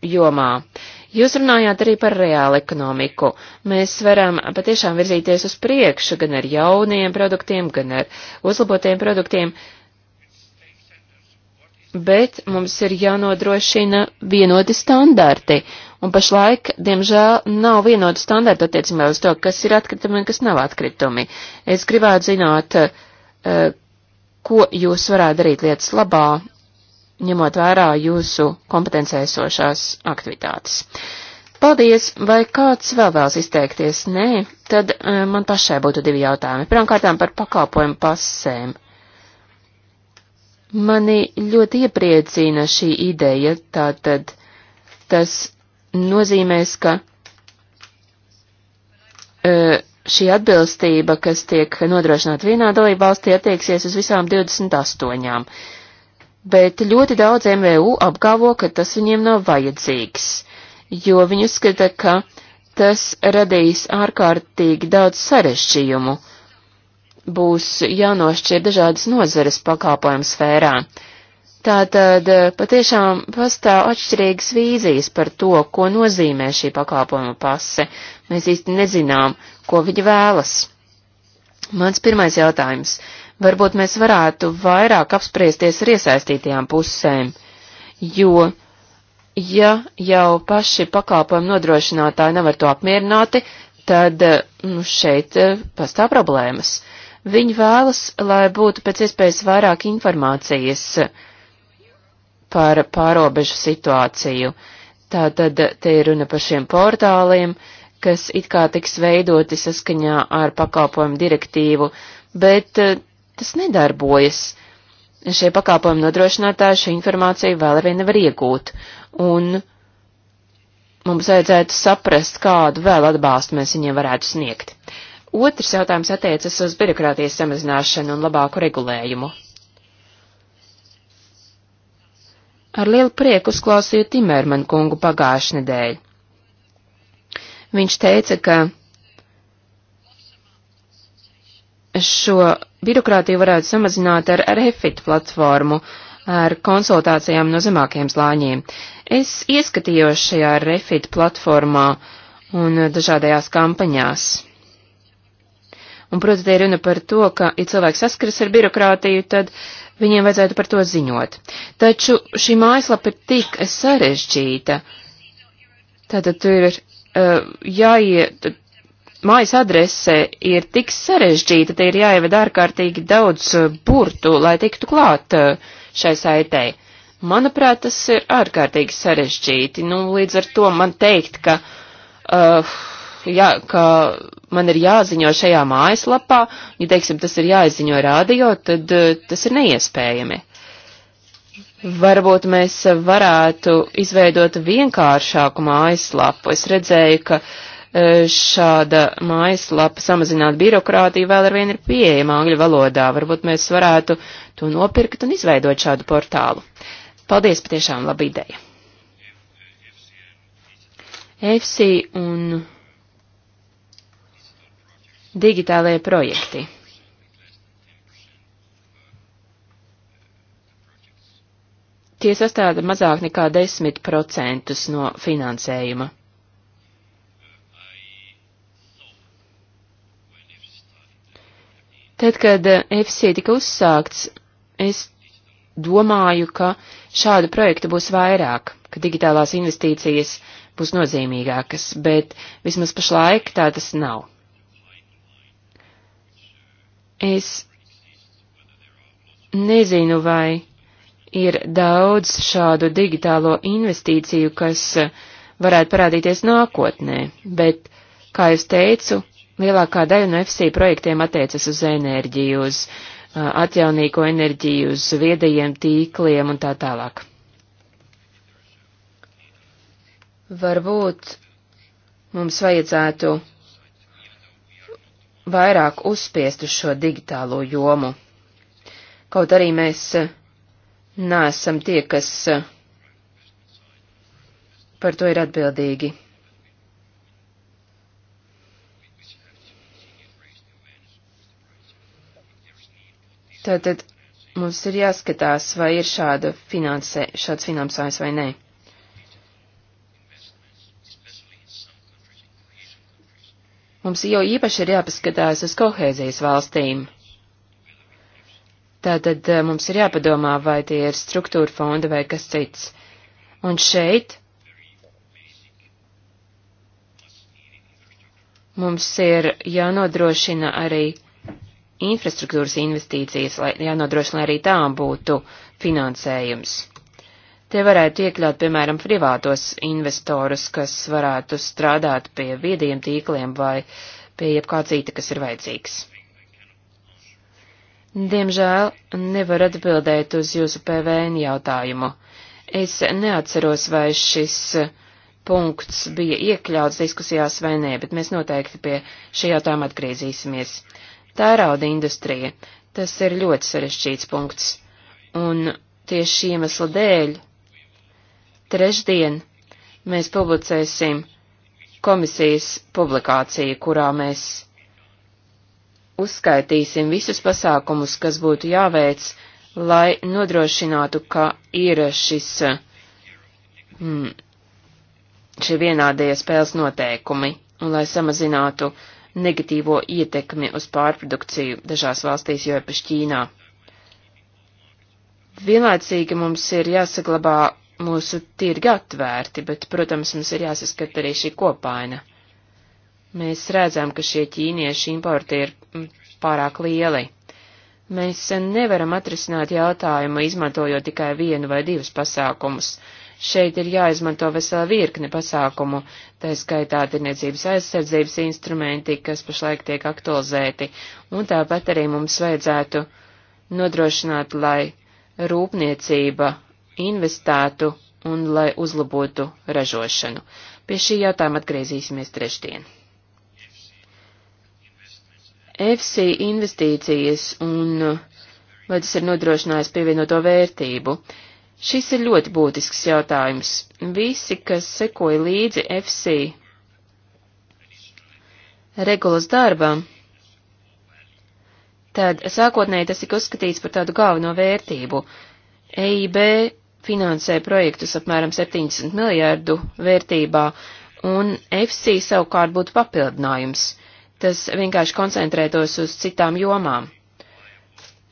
Speaker 4: jomā. Jūs runājāt arī par reālu ekonomiku. Mēs varam patiešām virzīties uz priekšu gan ar jauniem produktiem, gan ar uzlabotiem produktiem, bet mums ir jānodrošina vienoti standarti. Un pašlaik, diemžēl, nav vienotu standartu attiecībā uz to, kas ir atkritumi un kas nav atkritumi. Es gribētu zināt, uh, ko jūs varētu darīt lietas labā ņemot vērā jūsu kompetencēsošās aktivitātes. Paldies! Vai kāds vēl vēlas izteikties? Nē, tad eh, man pašai būtu divi jautājumi. Pirmkārtām par pakalpojumu pasēm. Mani ļoti iepriecina šī ideja, tātad tas nozīmēs, ka eh, šī atbilstība, kas tiek nodrošināta vienā dalībvalstī, attieksies uz visām 28 bet ļoti daudz MVU apgalvo, ka tas viņiem nav vajadzīgs, jo viņi uzskata, ka tas radīs ārkārtīgi daudz sarešķījumu. Būs jānošķir dažādas nozares pakāpojumu sfērā. Tātad eh, patiešām pastāv atšķirīgas vīzijas par to, ko nozīmē šī pakāpojuma pase. Mēs īsti nezinām, ko viņi vēlas. Mans pirmais jautājums. Uh, Varbūt mēs varētu vairāk apspriesties ar iesaistītajām pusēm, jo, ja jau paši pakalpojumu nodrošinātāji nevar to apmierināti, tad eh, nu, šeit eh, pastāv problēmas. Viņi vēlas, lai būtu pēc iespējas vairāk informācijas eh, par pārobežu situāciju. Tātad te ir runa par šiem portāliem, kas it kā tiks veidoti saskaņā ar pakalpojumu direktīvu, bet tas nedarbojas. Šie pakāpojumi nodrošinātāji šo informāciju vēl arī nevar iegūt, un mums vajadzētu saprast, kādu vēl atbalstu mēs viņiem varētu sniegt. Otrs jautājums attiecas uz birokrātijas samazināšanu un labāku regulējumu. Ar lielu prieku uzklausīju Timerman kungu pagājušajā nedēļā. Viņš teica, ka šo birokrātiju varētu samazināt ar refit platformu, ar konsultācijām no zemākiem slāņiem. Es ieskatījos šajā refit platformā un dažādajās kampaņās. Un, protams, te ir runa par to, ka, ja cilvēks saskaras ar birokrātiju, tad viņiem vajadzētu par to ziņot. Taču šī mājaslapa ir tik sarežģīta. Tātad tur ir uh, jāie, mājas adrese ir tik sarežģīta, te ir jāievada ārkārtīgi daudz eh, burtu, lai tiktu klāt eh, šai saitei. Manuprāt, tas ir ārkārtīgi sarežģīti. Nu, līdz ar to man teikt, ka, uh, jā, ka man ir jāziņo šajā mājaslapā, ja, teiksim, tas ir jāizziņo rādio, tad uh, tas ir neiespējami. Varbūt mēs varētu izveidot vienkāršāku mājaslapu. Es redzēju, ka uh, E, šāda mājaslapa samazināt birokrātiju vēl ar vienu ir pieejama angļu valodā. Varbūt mēs varētu to nopirkt un izveidot šādu portālu. Paldies, patiešām laba ideja. EFSI un digitālajie projekti. Tie sastāda mazāk nekā 10% no finansējuma. Tad, kad eh, FC tika uzsākts, es domāju, ka šādu projektu būs vairāk, ka digitālās investīcijas būs nozīmīgākas, bet vismaz pašlaik tā tas nav. Es nezinu, vai ir daudz šādu digitālo investīciju, kas eh, varētu parādīties nākotnē, bet, kā jau teicu, lielākā daļa no FSI projektiem attiecas uz enerģiju, uz uh, atjaunīgo enerģiju, uz viedajiem tīkliem un tā tālāk. Varbūt mums vajadzētu vairāk uzspiest uz šo digitālo jomu. Kaut arī mēs uh, neesam tie, kas uh, par to ir atbildīgi. Tātad mums ir jāskatās, vai ir šāda finansē, šāds finansējums vai nē. Mums jau īpaši ir jāpaskatās uz kohēzijas valstīm. Tātad eh, mums ir jāpadomā, vai tie ir struktūra fonda vai kas cits. Un šeit mums ir jānodrošina arī infrastruktūras investīcijas, lai jānodrošina arī tām būtu finansējums. Te varētu iekļaut, piemēram, privātos investorus, kas varētu strādāt pie viediem tīkliem vai pie jebkā cita, kas ir vajadzīgs. Diemžēl nevar atbildēt uz jūsu PVN jautājumu. Es neatceros, vai šis punkts bija iekļauts diskusijās vai nē, bet mēs noteikti pie šī jautājuma atgriezīsimies. Tērauda industrija. Tas ir ļoti sarešķīts punkts. Un tieši iemesla dēļ trešdien mēs publicēsim komisijas publikāciju, kurā mēs uzskaitīsim visus pasākumus, kas būtu jāveic, lai nodrošinātu, ka ir šis, mm, šie vienādie spēles noteikumi un lai samazinātu uh, negatīvo ietekmi uz pārprodukciju dažās valstīs, jo īpaši Ķīnā. Vienlaicīgi mums ir jāsaglabā mūsu tirgi atvērti, bet, protams, mums ir jāsaskat arī šī kopaina. Mēs redzam, ka šie ķīnieši importi ir mm, pārāk lieli. Mēs nevaram atrisināt jautājumu, izmantojot tikai vienu vai divus pasākumus. Šeit ir jāizmanto vesela virkne pasākumu, tā skaitā tirniecības aizsardzības instrumenti, kas pašlaik tiek aktualizēti, un tāpat arī mums vajadzētu nodrošināt, lai rūpniecība investētu un lai uzlabotu ražošanu. Pie šī jautājuma atgriezīsimies trešdien. EFSI investīcijas un vai tas ir nodrošinājis pievienoto vērtību? Uh, Šis ir ļoti būtisks jautājums. Visi, kas sekoja līdzi FC regulas darbam, tad sākotnēji tas tika uzskatīts par tādu galveno vērtību. EIB finansē projektus apmēram 70 miljārdu vērtībā, un FC savukārt būtu papildinājums. Tas vienkārši koncentrētos uz citām jomām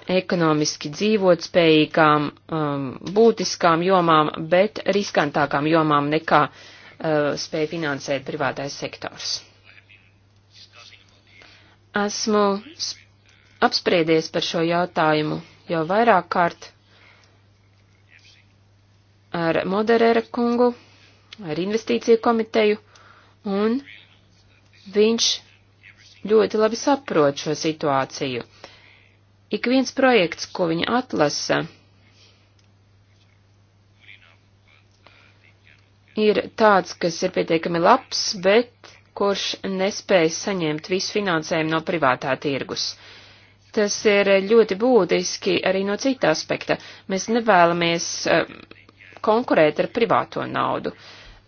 Speaker 4: ekonomiski dzīvot spējīgām, um, būtiskām jomām, bet riskantākām jomām nekā uh, spēja finansēt privātais sektors. Esmu apspriedies par šo jautājumu jau vairāk kārt ar Moderera kungu, ar investīciju komiteju, un viņš ļoti labi saprot šo situāciju. Ik viens projekts, ko viņa atlasa, ir tāds, kas ir pietiekami labs, bet kurš nespēj saņemt visu finansējumu no privātā tirgus. Tas ir ļoti būtiski arī no cita aspekta. Mēs nevēlamies eh, konkurēt ar privāto naudu.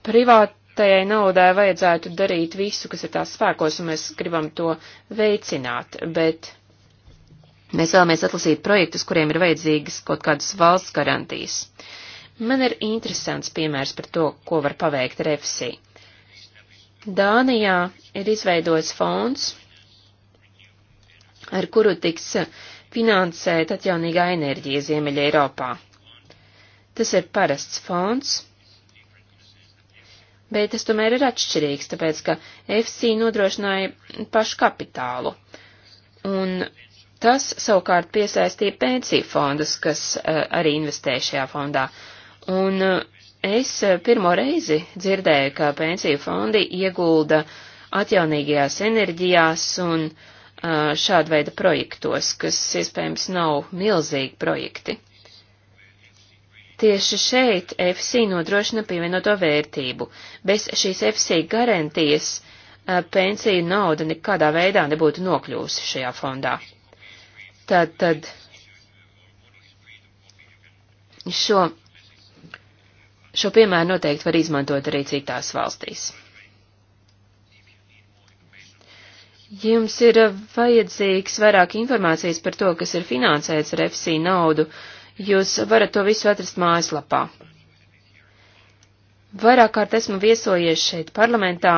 Speaker 4: Privātajai naudai vajadzētu darīt visu, kas ir tās spēkos, un mēs gribam to veicināt, bet Mēs vēlamies atlasīt projektus, kuriem ir vajadzīgas kaut kādas valsts garantijas. Man ir interesants piemērs par to, ko var paveikt ar EFSI. Dānijā ir izveidots fonds, ar kuru tiks finansēt atjaunīgā enerģija Ziemeļa Eiropā. Tas ir parasts fonds, bet tas tomēr ir atšķirīgs, tāpēc ka FC nodrošināja pašu kapitālu. Un Tas savukārt piesaistīja pensiju fondus, kas eh, arī investē šajā fondā. Un eh, es eh, pirmo reizi dzirdēju, ka pensiju fondi iegulda atjaunīgajās enerģijās un šāda veida projektos, kas iespējams nav milzīgi projekti. Tieši šeit FC nodrošina pievienoto vērtību. Bez šīs FC garantijas pensiju nauda nekādā veidā nebūtu nokļūsi šajā fondā. Tad, tad šo, šo piemēru noteikti var izmantot arī citās valstīs. Jums ir vajadzīgs vairāk informācijas par to, kas ir finansēts ar FC naudu. Jūs varat to visu atrast mājaslapā. Vairāk kārt esmu viesojies šeit parlamentā,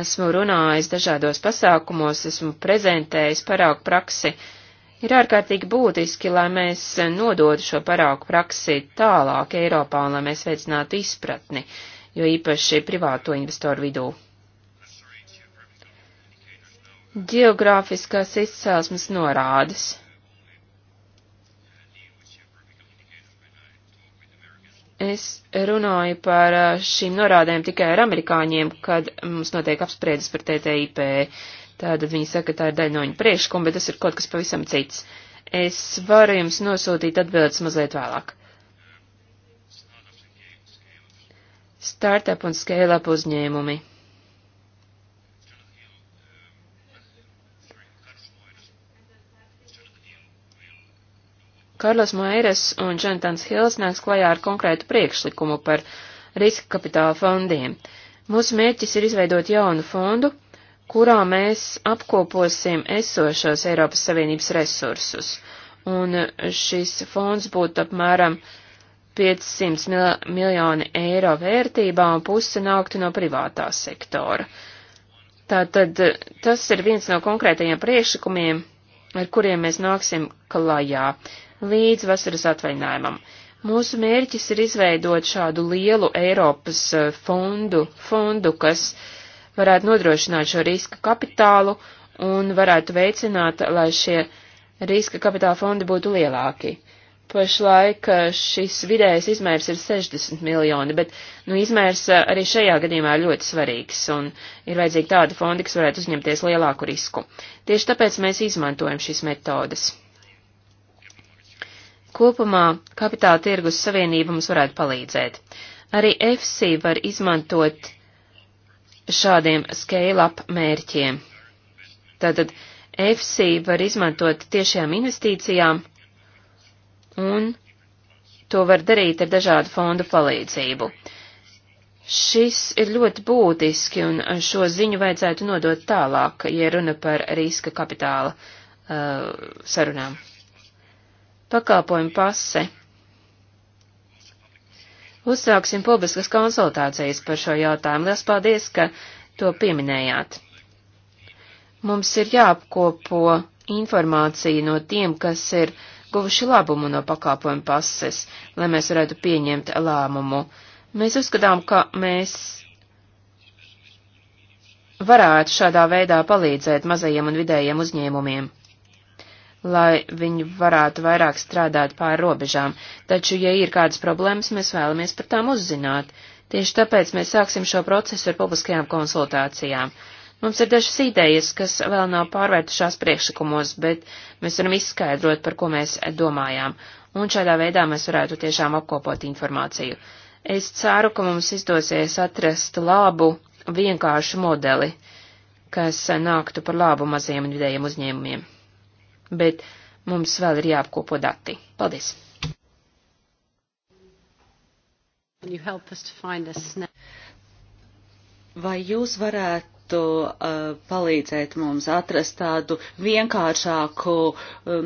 Speaker 4: esmu runājis dažādos pasākumos, esmu prezentējis paraugu praksi, ir ārkārtīgi būtiski, lai mēs nodotu šo paraugu praksi tālāk Eiropā un lai mēs veicinātu izpratni, jo īpaši privāto investoru vidū. Geogrāfiskās izcelsmes norādes. Es runāju par šīm norādēm tikai ar amerikāņiem, kad mums notiek apspriedas par TTIP. Tātad viņi saka, ka tā ir daļa no viņa priekšlikuma, bet tas ir kaut kas pavisam cits. Es varu jums nosūtīt atbildes mazliet vēlāk. Startup un scale-up uzņēmumi. Karlos Mairas un Džentans Hils nāks klajā ar konkrētu priekšlikumu par riska kapitāla fondiem. Mūsu mērķis ir izveidot jaunu fondu, kurā mēs apkoposim esošos Eiropas Savienības resursus. Un šis fonds būtu apmēram 500 mil miljoni eiro vērtībā un puse nāktu no privātā sektora. Tātad tas ir viens no konkrētajiem priekšlikumiem, ar kuriem mēs nāksim klajā līdz vasaras atvaļinājumam. Mūsu mērķis ir izveidot šādu lielu Eiropas eh, fondu, fondu kas varētu nodrošināt šo riska kapitālu un varētu veicināt, lai šie riska kapitāla fondi būtu lielāki. Pašlaik eh, šis vidējais izmērs ir 60 miljoni, bet nu, izmērs eh, arī šajā gadījumā ir ļoti svarīgs un ir vajadzīgi tādi fondi, kas varētu uzņemties lielāku risku. Tieši tāpēc mēs izmantojam šīs metodas. Kopumā kapitāla tirgus savienība mums varētu palīdzēt. Arī FC var izmantot šādiem scale-up mērķiem. Tātad FC var izmantot tiešām investīcijām un to var darīt ar dažādu fondu palīdzību. Šis ir ļoti būtiski, un šo ziņu vajadzētu nodot tālāk, ja runa par riska kapitāla uh, sarunām pakalpojumu pase. Uzsāksim publiskas konsultācijas par šo jautājumu. Lielas paldies, ka to pieminējāt. Mums ir jāapkopo informācija no tiem, kas ir guvuši labumu no pakalpojumu pases, lai mēs varētu pieņemt lēmumu. Mēs uzskatām, ka mēs varētu šādā veidā palīdzēt mazajiem un vidējiem uzņēmumiem lai viņi varētu vairāk strādāt pāri robežām, taču, ja ir kādas problēmas, mēs vēlamies par tām uzzināt. Tieši tāpēc mēs sāksim šo procesu ar publiskajām konsultācijām. Mums ir dažas idejas, kas vēl nav pārvērtušās priekšlikumos, bet mēs varam izskaidrot, par ko mēs domājām, un šādā veidā mēs varētu tiešām apkopot informāciju. Es ceru, ka mums izdosies atrast labu, vienkāršu modeli, kas nāktu par labu maziem un vidējiem uzņēmumiem bet mums vēl ir jāapkopo dati. Paldies!
Speaker 2: Vai jūs varētu uh, palīdzēt mums atrast tādu vienkāršāku uh,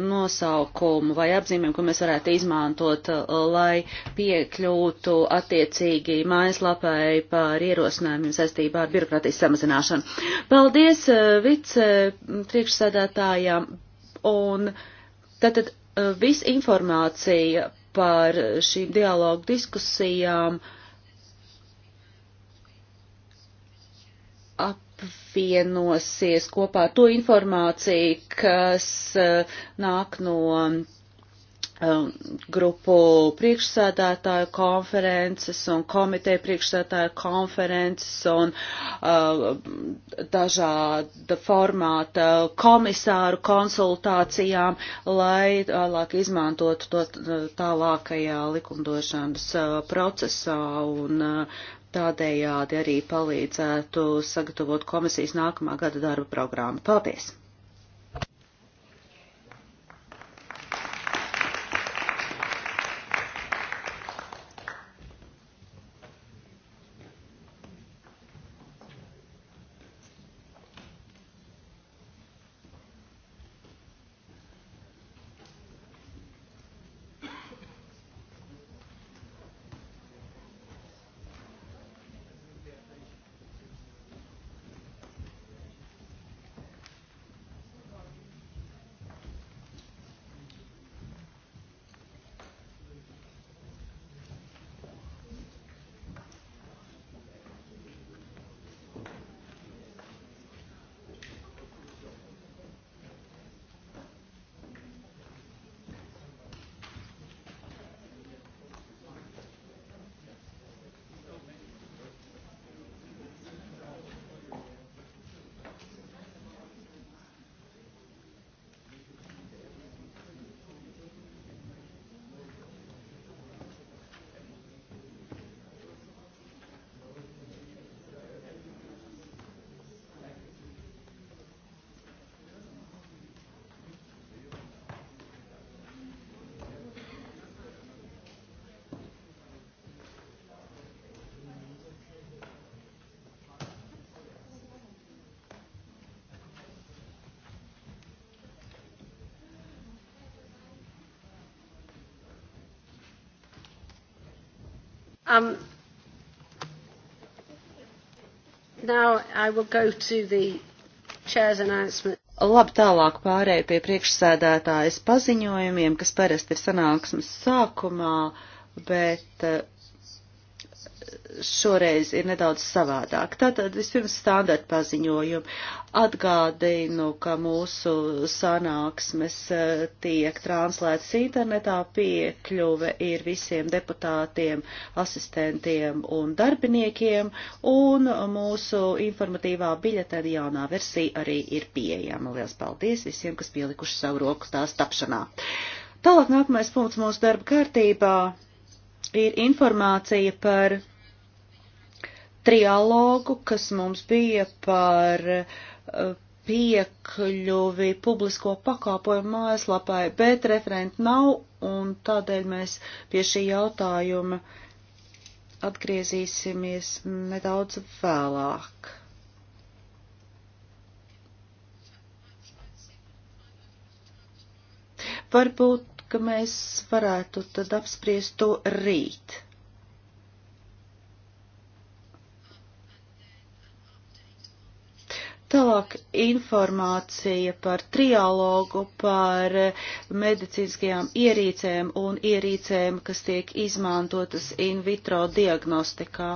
Speaker 2: nosaukumu vai apzīmēm, ko mēs varētu izmantot, uh, lai piekļūtu attiecīgi mājaslapai par ierosinājumiem saistībā ar birokrātijas samazināšanu? Paldies uh, vice priekšsēdētājām Un tātad e, viss informācija par šīm dialogu diskusijām apvienosies kopā ar to informāciju, kas e, nāk no Um, grupu priekšsēdētāju konferences un komiteju priekšsēdētāju konferences un uh, dažāda formāta komisāru konsultācijām, lai tālāk uh, izmantotu to uh, tālākajā likumdošanas uh, procesā un uh, tādējādi arī palīdzētu sagatavot komisijas nākamā gada darba programmu. Paldies!
Speaker 1: Um, now I will go to the chair's announcement.
Speaker 2: Labi, tālāk pārēju pie priekšsēdētājas paziņojumiem, kas parasti ir sanāksmes sākumā, bet eh, šoreiz ir nedaudz savādāk. Tātad vispirms standarta paziņojumi. Atgādinu, ka mūsu sanāksmes eh, tiek translētas internetā, piekļuve ir visiem deputātiem, asistentiem un darbiniekiem, un mūsu informatīvā biļetena jaunā versija arī ir pieejama. Lielas paldies visiem, kas pielikuši savu roku tās tapšanā. Tālāk nākamais punkts mūsu darba kārtībā ir informācija par trialogu, kas mums bija par uh, piekļuvi publisko pakāpojumu mājaslapai, bet referenti nav, un tādēļ mēs pie šī jautājuma atgriezīsimies nedaudz vēlāk. Varbūt, ka mēs varētu tad apspriest to rīt. Tālāk informācija par trialogu, par medicīniskajām ierīcēm un ierīcēm, kas tiek izmantotas in vitro diagnostikā.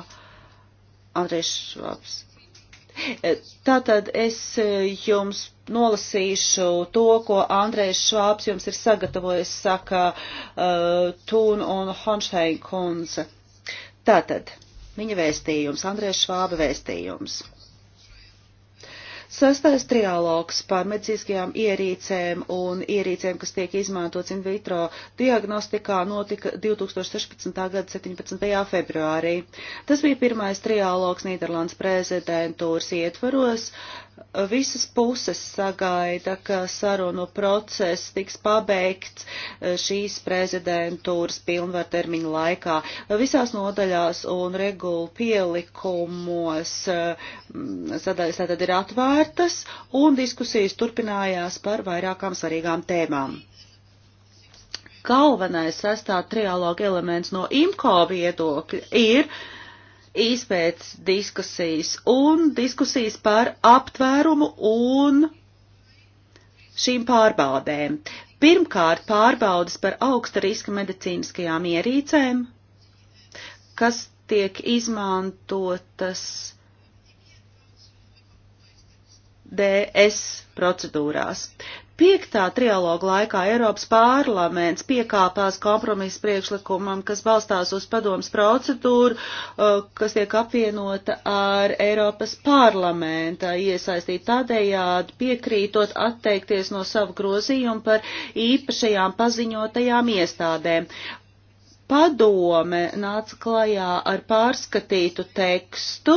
Speaker 2: Andrēs Švabs. Tātad es jums nolasīšu to, ko Andrēs Švāps jums ir sagatavojis, saka uh, Tūn un Honštein kundze. Tātad, viņa vēstījums, Andrēs Švāba vēstījums. Sastais trialogs par medicīniskajām ierīcēm un ierīcēm, kas tiek izmantots in vitro diagnostikā, notika 2016. gada 17. februārī. Tas bija pirmais trialogs Nīderlandes prezidentūras ietvaros. Uh, visas puses sagaida, ka sarunu process tiks pabeigts eh, šīs prezidentūras pilnvartermiņa laikā. Visās nodaļās un regulu pielikumos eh, sadaļas tātad ir atvērtas un diskusijas turpinājās par vairākām svarīgām tēmām galvenais sestā trialoga elements no IMCO viedokļa ir izpētes diskusijas un diskusijas par aptvērumu un šīm pārbaudēm. Pirmkārt, pārbaudas par augsta riska medicīniskajām ierīcēm, kas tiek izmantotas DS procedūrās. Piektā trialoga laikā Eiropas parlaments piekāpās kompromisu priekšlikumam, kas balstās uz padomas procedūru, uh, kas tiek apvienota ar Eiropas parlamenta iesaistīt tādējādi piekrītot atteikties no savu grozījumu par īpašajām paziņotajām iestādēm padome nāca klajā ar pārskatītu tekstu,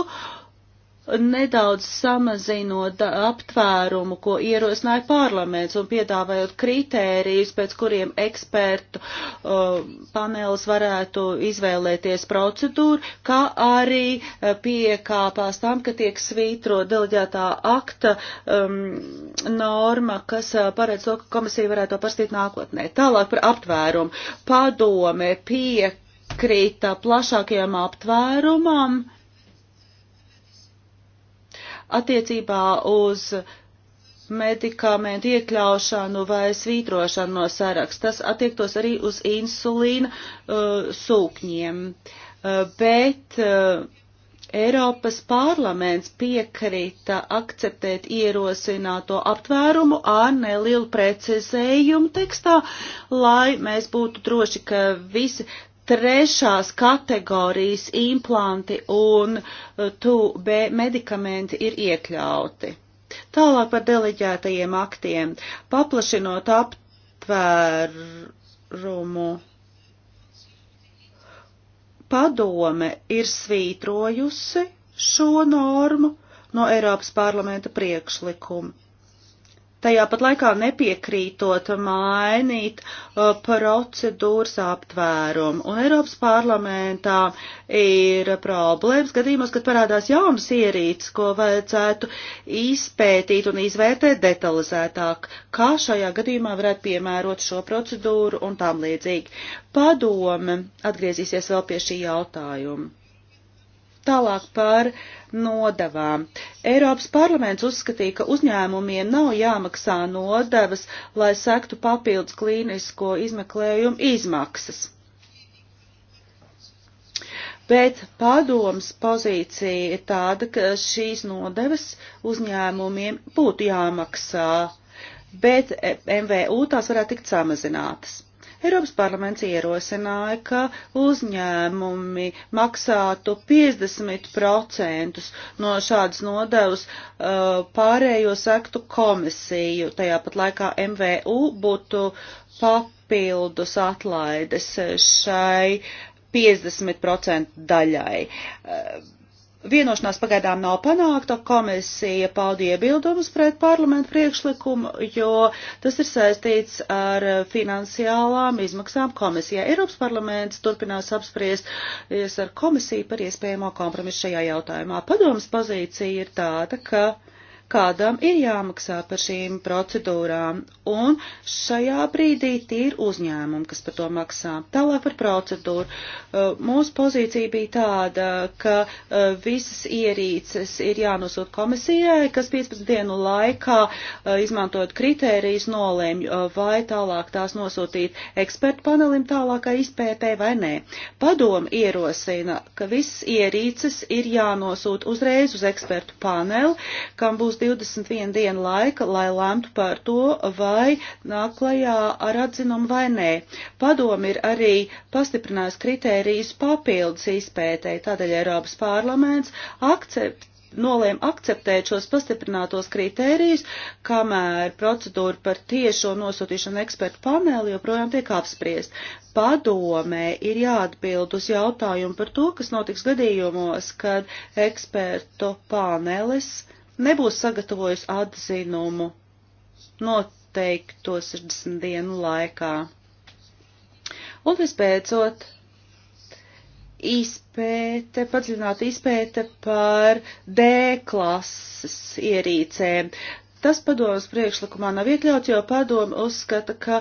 Speaker 2: nedaudz samazinot aptvērumu, ko ierosināja parlaments un piedāvājot kritērijus, pēc kuriem ekspertu uh, panelis varētu izvēlēties procedūru, kā arī uh, piekāpās tam, ka tiek svītro deleģētā akta um, norma, kas uh, paredz to, ka komisija varētu to pastīt nākotnē. Tālāk par aptvērumu. Padome piekrīta plašākajam aptvērumam attiecībā uz medikamentu iekļaušanu vai svītrošanu no saraksta. Tas attiektos arī uz insulīna uh, sūkņiem. Uh, bet uh, Eiropas parlaments piekrita akceptēt ierosināto aptvērumu ar nelielu precizējumu tekstā, lai mēs būtu droši, ka visi trešās kategorijas implanti un eh, TUB medikamenti ir iekļauti. Tālāk par deleģētajiem aktiem. Paplašinot aptvērumu, padome ir svītrojusi šo normu no Eiropas parlamenta priekšlikuma tajā pat laikā nepiekrītot mainīt uh, procedūras aptvērumu. Un Eiropas parlamentā ir problēmas gadījumos, kad parādās jaunas ierīces, ko vajadzētu izpētīt un izvērtēt detalizētāk, kā šajā gadījumā varētu piemērot šo procedūru un tam līdzīgi. Padome atgriezīsies vēl pie šī jautājuma. Tālāk par nodavām. Eiropas parlaments uzskatīja, ka uzņēmumiem nav jāmaksā nodevas, lai sektu papildus klīnisko izmeklējumu izmaksas. Bet padomas pozīcija ir tāda, ka šīs nodevas uzņēmumiem būtu jāmaksā, bet MVU tās varētu tikt samazinātas. Eiropas parlaments ierosināja, ka uzņēmumi maksātu 50% no šādas nodevas uh, pārējo sektu komisiju. Tajā pat laikā MVU būtu papildus atlaides šai 50% daļai uh, Vienošanās pagaidām nav panākta, komisija paudīja bildumus pret parlamentu priekšlikumu, jo tas ir saistīts ar finansiālām izmaksām komisijā. Eiropas parlaments turpinās apspriesties ar komisiju par iespējamo kompromisu šajā jautājumā. Padomas pozīcija ir tāda, ka kādam ir jāmaksā par šīm procedūrām, un šajā brīdī tie ir uzņēmumi, kas par to maksā. Tālāk par procedūru. Uh, mūsu pozīcija bija tāda, ka uh, visas ierīces ir jānosūt komisijai, kas 15 dienu laikā, uh, izmantojot kritērijas, nolēmj, vai tālāk tās nosūtīt ekspertu panelim tālākai izpētē vai nē. Padomu ierosina, ka visas ierīces ir jānosūt uzreiz uz ekspertu paneli, kam būs 21 dienu laika, lai lemtu par to, vai nāk klajā ar atzinumu vai nē. Padomi ir arī pastiprinājis kritērijas papildus izpētēji, tādēļ Eiropas parlaments akcept nolēma akceptēt šos pastiprinātos kritērijus, kamēr procedūra par tiešo nosūtīšanu ekspertu paneli joprojām tiek apspriest. Padomē ir jāatbild uz jautājumu par to, kas notiks gadījumos, kad ekspertu panelis uh, nebūs sagatavojusi atzinumu noteikto 60 dienu laikā. Un visbeidzot, izpēte, padziļināta izpēte par D klases ierīcēm. Tas padomas priekšlikumā nav iekļauts, jo padoma uzskata, ka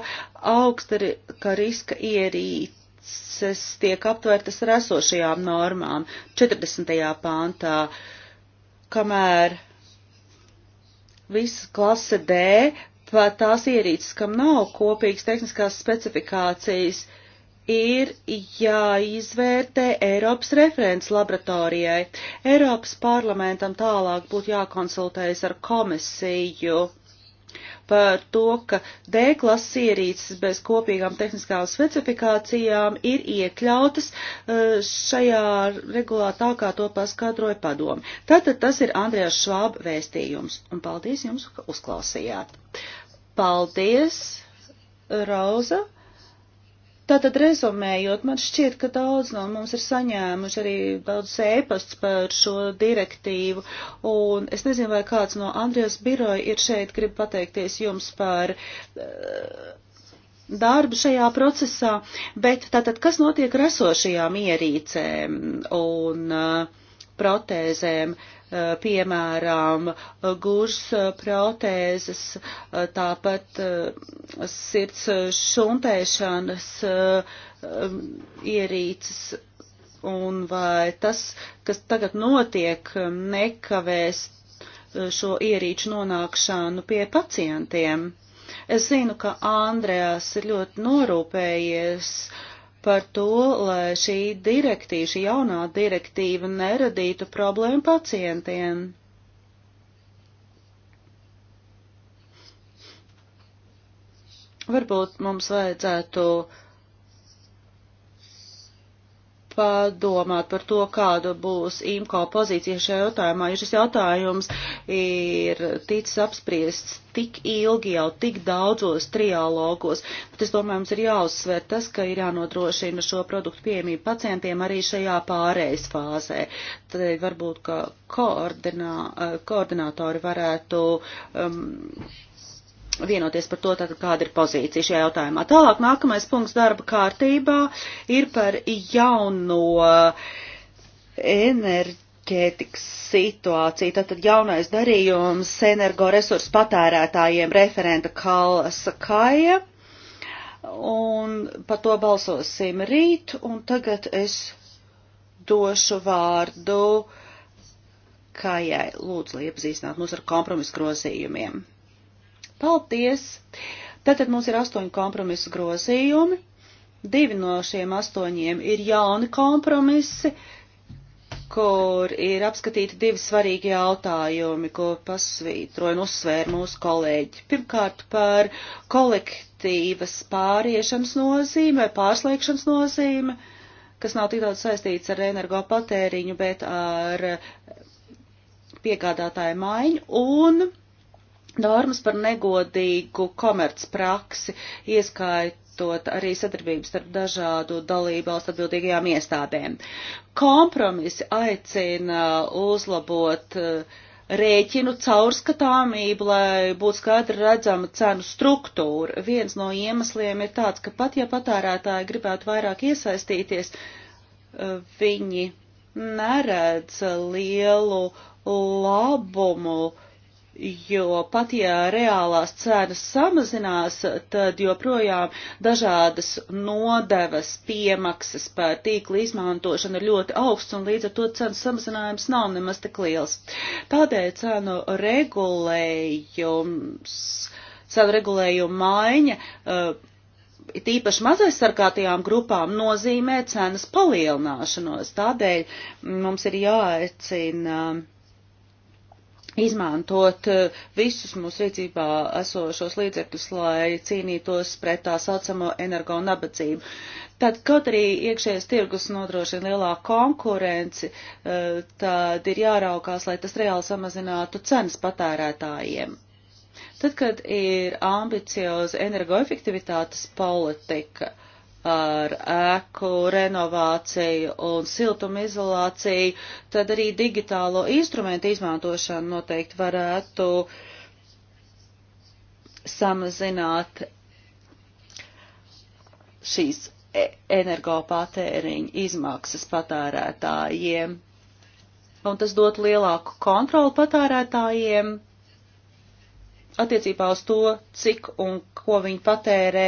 Speaker 2: augsta ka riska ierīces tiek aptvērtas ar esošajām normām 40. pāntā, kamēr visas klase D, pat tās ierīces, kam nav kopīgas tehniskās specifikācijas, ir jāizvērtē Eiropas referents laboratorijai. Eiropas parlamentam tālāk būtu jākonsultējas ar komisiju par to, ka D klases ierīces bez kopīgām tehniskām specifikācijām ir iekļautas eh, šajā regulā tā, kā to paskaidroja padomu. Tātad tas ir Andrijas Švāba vēstījums, un paldies jums, ka uzklausījāt. Paldies, Rauza. Tātad rezumējot, man šķiet, ka daudz no mums ir saņēmuši arī daudz ēpasts par šo direktīvu, un es nezinu, vai kāds no Andrijas biroja ir šeit, grib pateikties jums par uh, darbu šajā procesā, bet tātad, kas notiek ar esošajām ierīcēm un uh, eh, protēzēm? Uh, piemēram, gūžas eh, protēzes, eh, tāpat eh, sirds šumpēšanas ierīces un vai tas, kas tagad notiek, nekavēs šo ierīču nonākšanu pie pacientiem. Es zinu, ka Andrēs ir ļoti norūpējies uh, par to, lai šī direktīva, šī jaunā direktīva neradītu problēmu pacientiem. Varbūt mums vajadzētu uh, padomāt par to, kāda būs IMCO pozīcija šajā jautājumā, jo šis jautājums ir ticis apspriests tik ilgi jau tik daudzos triālogos, bet es domāju, mums ir jāuzsver tas, ka ir jānodrošina šo produktu pieejamību pacientiem arī šajā pārējais fāzē. Tad varbūt, ka koordinā, eh, koordinātori varētu um, vienoties par to, tātad, kāda ir pozīcija šajā jautājumā. Tālāk nākamais punkts darba kārtībā ir par jauno enerģētikas situāciju. Tātad jaunais darījums energoresursu patērētājiem referenta Kalsa Kaja. Un par to balsosim rīt, un tagad es došu vārdu Kājai. Lūdzu, lai iepazīstināt mūs ar kompromisu grozījumiem. Paldies! Tātad mums ir astoņi kompromisu grozījumi. Divi no šiem astoņiem ir jauni kompromisi, kur ir apskatīti divi svarīgi jautājumi, ko pasvītroja un uzsvēra mūsu kolēģi. Pirmkārt, par kolektīvas pāriešanas nozīme, pārslēgšanas nozīme, kas nav tik daudz saistīts ar energopatēriņu, bet ar piegādātāju maiņu. Un normas par negodīgu komercpraksi, ieskaitot arī sadarbības starp dažādu dalību valstu atbildīgajām iestādēm. Kompromisi aicina uzlabot eh, rēķinu caurskatāmību, lai būtu skaidri redzama cenu struktūra. Viens no iemesliem ir tāds, ka pat ja patērētāji gribētu vairāk iesaistīties, eh, viņi neredz lielu labumu uh, jo pat ja reālās cenas samazinās, tad joprojām dažādas nodevas piemaksas par tīkla izmantošanu ir ļoti augsts un līdz ar to cenu samazinājums nav nemaz tik liels. Tādēļ cenu regulējums, cenu regulējumu maiņa. Uh, it īpaši mazaizsargātajām grupām nozīmē cenas palielināšanos. Tādēļ mums ir jāaicina uh, izmantot eh, visus mūsu rīcībā esošos līdzekļus, lai cīnītos pret tā saucamo energo nabadzību. Tad, kaut arī iekšējais tirgus nodrošina lielāku konkurenci, eh, tad ir jāraukās, lai tas reāli samazinātu cenas patērētājiem. Tad, kad ir ambicioza energoefektivitātes politika, ar ēku renovāciju un siltumizolāciju, tad arī digitālo instrumentu izmantošanu noteikti varētu samazināt šīs e- energopatēriņa izmaksas patērētājiem. Un tas dot lielāku kontroli patērētājiem attiecībā uz to, cik un ko viņi patērē,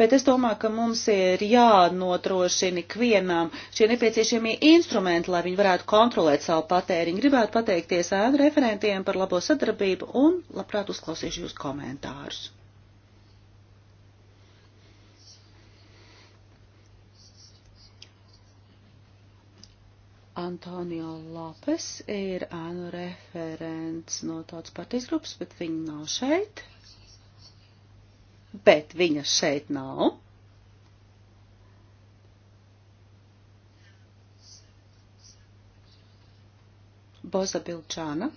Speaker 2: bet es domāju, ka mums ir jānotrošina ikvienam šie nepieciešamie instrumenti, lai viņi varētu kontrolēt savu patēriņu. Gribētu pateikties ēnu referentiem par labo sadarbību un labprāt uzklausīšu jūs komentārus. Antonio Lopes ir ānu referents no tautas partijas grupas, bet viņa nav šeit. Bet viņa šeit nav. Boza Bilčāna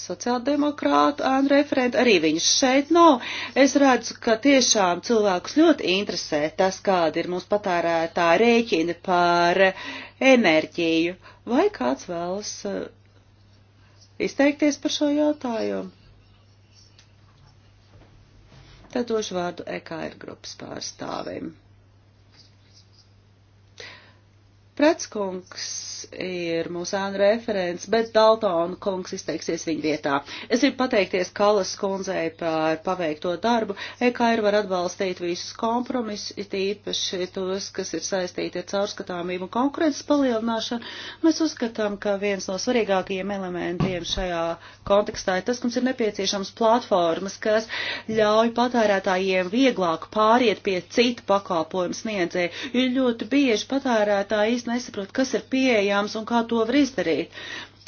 Speaker 2: sociāldemokrātu ēnu referentu, arī viņas šeit nav. Es redzu, ka tiešām cilvēkus ļoti interesē tas, kāda ir mūsu patērētā rēķina par enerģiju. Vai kāds vēlas eh, izteikties par šo jautājumu? Tad došu vārdu EKR grupas pārstāvim. Pretskungs ir mūsu ēnu referents, bet Daltona kungs izteiksies viņa vietā. Es gribu pateikties Kalas kundzei par paveikto darbu. EKR var atbalstīt visus kompromisus, it īpaši tos, kas ir saistīti ar caurskatāmību un konkurences palielināšanu. Mēs uzskatām, ka viens no svarīgākajiem elementiem šajā kontekstā ir tas, ka mums ir nepieciešams platformas, kas ļauj patērētājiem vieglāk pāriet pie citu pakalpojumu sniedzēju, jo ļoti bieži patērētāji īsti nesaprot, kas ir pieejams un kā to var izdarīt.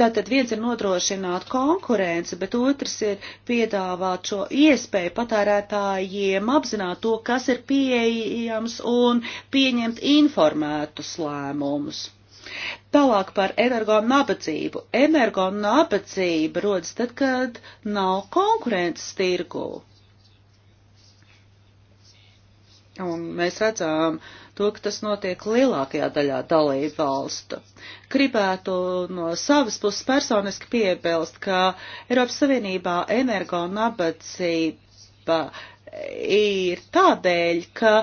Speaker 2: Tātad viens ir nodrošināt konkurenci, bet otrs ir piedāvāt šo iespēju patērētājiem apzināt to, kas ir pieejams un pieņemt informētus lēmumus. Tālāk par energo nabadzību. Energo nabadzība rodas tad, kad nav konkurences tirgū. Un mēs redzām to, ka tas notiek lielākajā daļā dalību valstu. Gribētu no savas puses personiski piebilst, ka Eiropas Savienībā energo nabadzība ir tādēļ, ka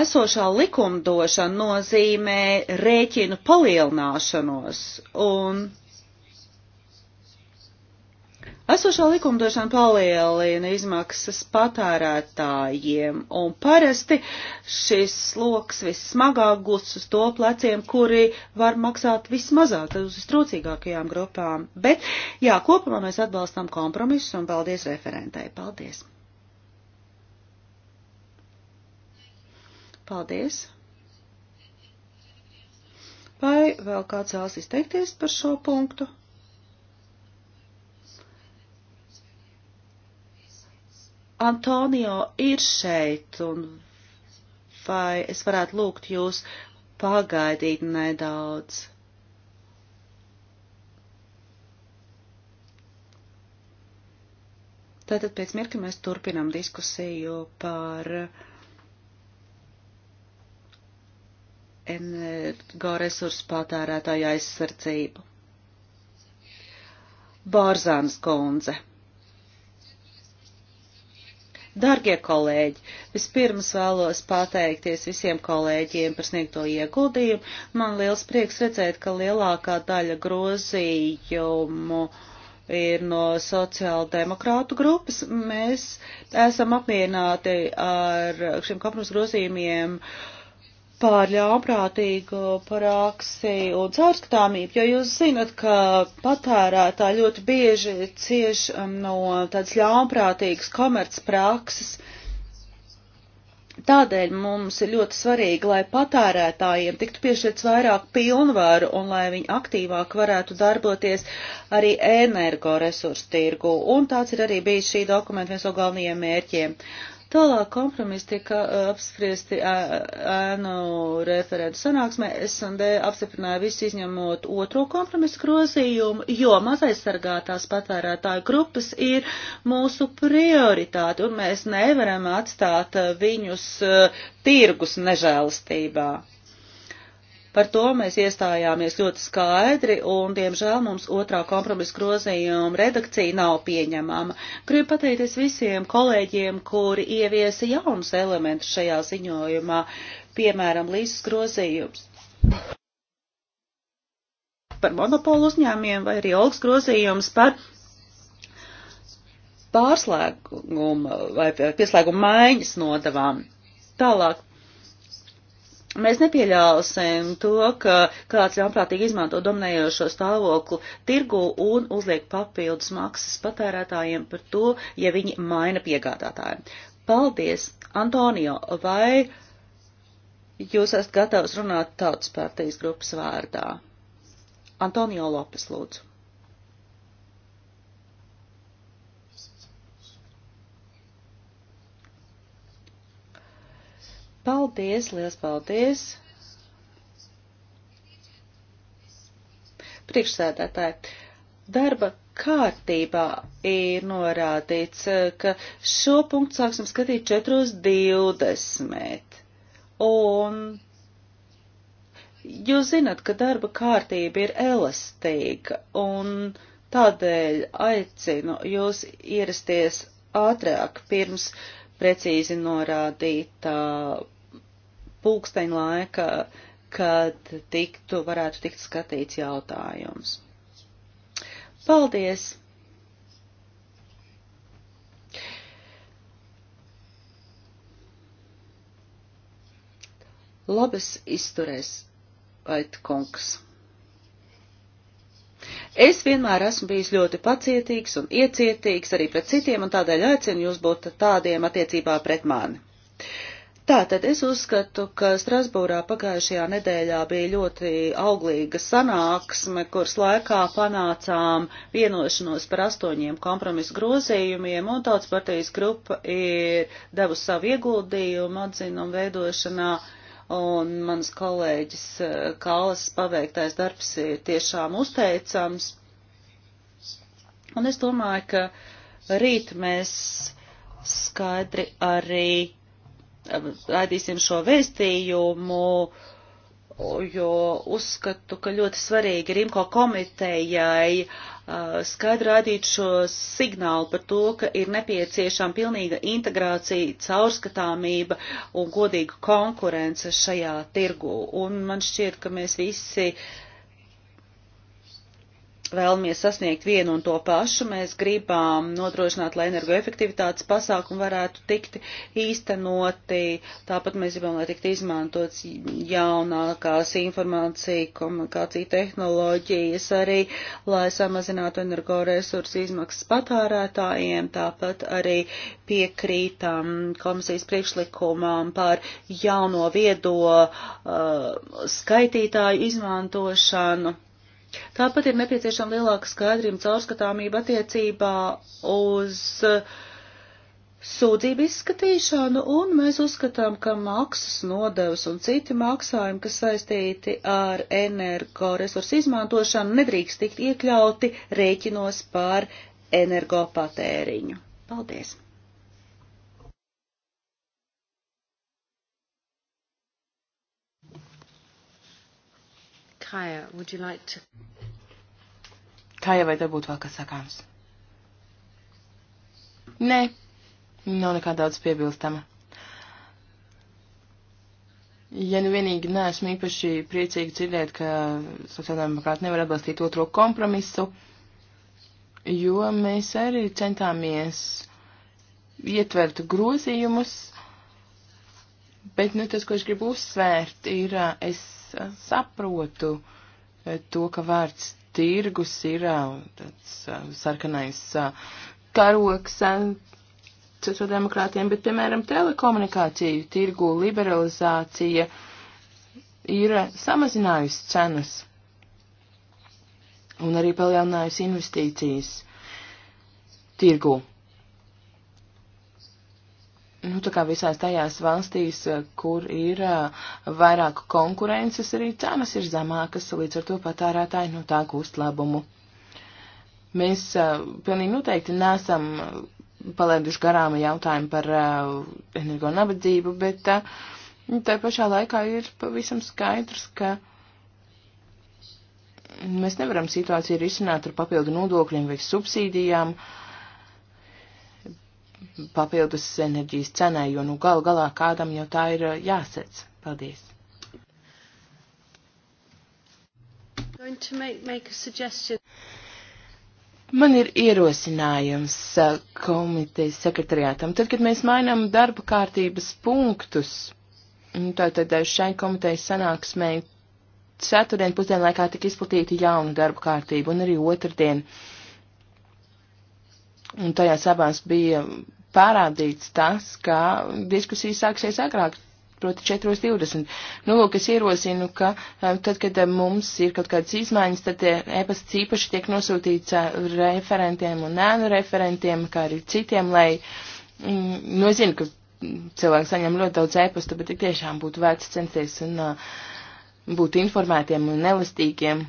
Speaker 2: esošā likumdošana nozīmē rēķinu palielināšanos. Un Esošā likumdošana palielina izmaksas patērētājiem, un parasti šis sloks vissmagāk gulsts uz to pleciem, kuri var maksāt vismazāk, tad uz trūcīgākajām grupām. Bet, jā, kopumā mēs atbalstam kompromisus, un paldies referentai. Paldies! Paldies! Vai vēl kāds vēlas izteikties par šo punktu? Antonio ir šeit, un vai es varētu lūgt jūs pagaidīt nedaudz? Tātad pēc mirka mēs turpinām diskusiju par energoresursu patērētāju aizsardzību. Bārzānas kundze. Dargie kolēģi, vispirms vēlos pateikties visiem kolēģiem par sniegto ieguldījumu. Man liels prieks redzēt, ka lielākā daļa grozījumu ir no sociāldemokrātu grupas. Mēs esam apmierināti ar šiem kompromisu grozījumiem. Uh, pār ļaunprātīgu praksi un caurskatāmību, jo jūs zinat, ka patērētā ļoti bieži cieš no tādas ļaunprātīgas komerces prakses. Tādēļ mums ir ļoti svarīgi, lai patērētājiem tiktu piešķirts vairāk pilnvaru un lai viņi aktīvāk varētu darboties arī energoresursu tirgu. Un tāds ir arī bijis šī dokumenta viens no galvenajiem mērķiem. Uh, Tālāk kompromiss tika uh, apspriesti ēnu referentu sanāksmē. SND apstiprināja visu izņemot otro kompromisu grozījumu, jo mazaizsargātās patērētāju grupas ir mūsu prioritāte, un mēs nevaram atstāt viņus tirgus nežēlistībā. Par to mēs iestājāmies ļoti skaidri un, diemžēl, mums otrā kompromisa grozījuma redakcija nav pieņemama. Gribu pateikties visiem kolēģiem, kuri ieviesa jaunus elementus šajā ziņojumā, piemēram, līdzs grozījums par monopolu uzņēmiem vai arī augsts grozījums par pārslēguma vai pieslēguma maiņas nodavām. Tālāk Mēs nepieļausim to, ka kāds ļaunprātīgi izmanto dominējošo stāvokli tirgu un uzliek papildus maksas patērētājiem par to, ja viņi maina piegādātājiem. Paldies, Antonio, vai jūs esat gatavs runāt tautas partijas grupas vārdā? Antonio Lopes, lūdzu. Paldies, liels paldies! Priekšsēdētāji, darba kārtībā ir norādīts, ka šo punktu sāksim skatīt 4.20. Un jūs zinat, ka darba kārtība ir elastīga, un tādēļ aicinu jūs ierasties ātrāk pirms precīzi norādītā pulksteņlaika, kad tiktu, varētu tikt skatīts jautājums. Paldies! Labas izturēs, Aitkungs. Es vienmēr esmu bijis ļoti pacietīgs un iecietīgs arī pret citiem, un tādēļ aicinu jūs būt tādiem attiecībā pret mani. Tātad es uzskatu, ka Strasbūrā pagājušajā nedēļā bija ļoti auglīga sanāksme, kuras laikā panācām vienošanos par astoņiem kompromisu grozījumiem, un tautas partijas grupa ir devusi savu ieguldījumu atzinumu veidošanā, un mans kolēģis eh, Kalas paveiktais darbs ir tiešām uzteicams. Un es domāju, ka rīt mēs skaidri arī raidīsim šo vēstījumu, jo uzskatu, ka ļoti svarīgi ir IMCO komitejai uh, skaidri rādīt šo signālu par to, ka ir nepieciešama pilnīga integrācija, caurskatāmība un godīga konkurence šajā tirgu. Un man šķiet, ka mēs visi uh, vēlamies sasniegt vienu un to pašu, mēs gribam nodrošināt, lai energoefektivitātes pasākumi varētu tikt īstenoti, tāpat mēs gribam, lai tiktu izmantots jaunākās informācija, komunikācija tehnoloģijas arī, lai samazinātu energoresursu izmaksas patārētājiem, tāpat arī piekrītam komisijas priekšlikumam par jauno viedo uh, skaitītāju izmantošanu Tāpat ir nepieciešama lielāka skaidrība caurskatāmība attiecībā uz uh, sūdzību izskatīšanu, un mēs uzskatām, ka maksas nodevs un citi maksājumi, kas saistīti ar energoresursu izmantošanu, nedrīkst tikt iekļauti rēķinos par energopatēriņu. Paldies!
Speaker 3: Kaja, would you like to? Kaja, vai tev būtu vēl kas sakāms? Nē, nav nekā daudz piebilstama. Ja nu vienīgi neesmu īpaši priecīgi dzirdēt, ka sociāldemokrāti nevar atbalstīt otro kompromisu, jo mēs arī centāmies ietvert grozījumus, Bet nu, tas, ko es gribu uzsvērt, ir, es saprotu to, ka vārds tirgus ir tāds sarkanais karoks sociāldemokrātiem, bet, piemēram, telekomunikāciju tirgu liberalizācija ir samazinājusi cenas un arī palielinājusi investīcijas tirgu. Nu, tā kā visās tajās valstīs, eh, kur ir eh, vairāk konkurences, arī cenas ir zemākas, līdz ar to patērētāji no tā gūst labumu. Mēs eh, pilnīgi noteikti nesam palēduši garām jautājumu par energo nabadzību, bet tā pašā laikā ir pavisam skaidrs, ka mēs nevaram situāciju risināt ar papildu nodokļiem vai subsīdijām. Uh, papildus enerģijas cenai, jo nu gal galā kādam jau tā ir eh, jāsec. Paldies.
Speaker 1: Make, make
Speaker 3: Man ir ierosinājums eh, komitejas sekretariātam. Tad, kad mēs mainām darba kārtības punktus, nu, tātad eh, šai komitejas sanāksmē ceturtdien pusdienlaikā tika izplatīta jauna darba kārtība un arī otrdien. Uh, Un tajās abās bija pārādīts tas, ka diskusijas sāksies agrāk, proti 4.20. Nu, lūk, es ierosinu, ka eh, tad, kad eh, mums ir kaut kādas izmaiņas, tad eh, e-pasts īpaši tiek nosūtīts referentiem un nēnu referentiem, kā arī citiem, lai, mm, nu, es zinu, ka cilvēki saņem ļoti daudz e-pasta, bet tik tiešām būtu vērts censties un uh, būt informētiem un elastīgiem.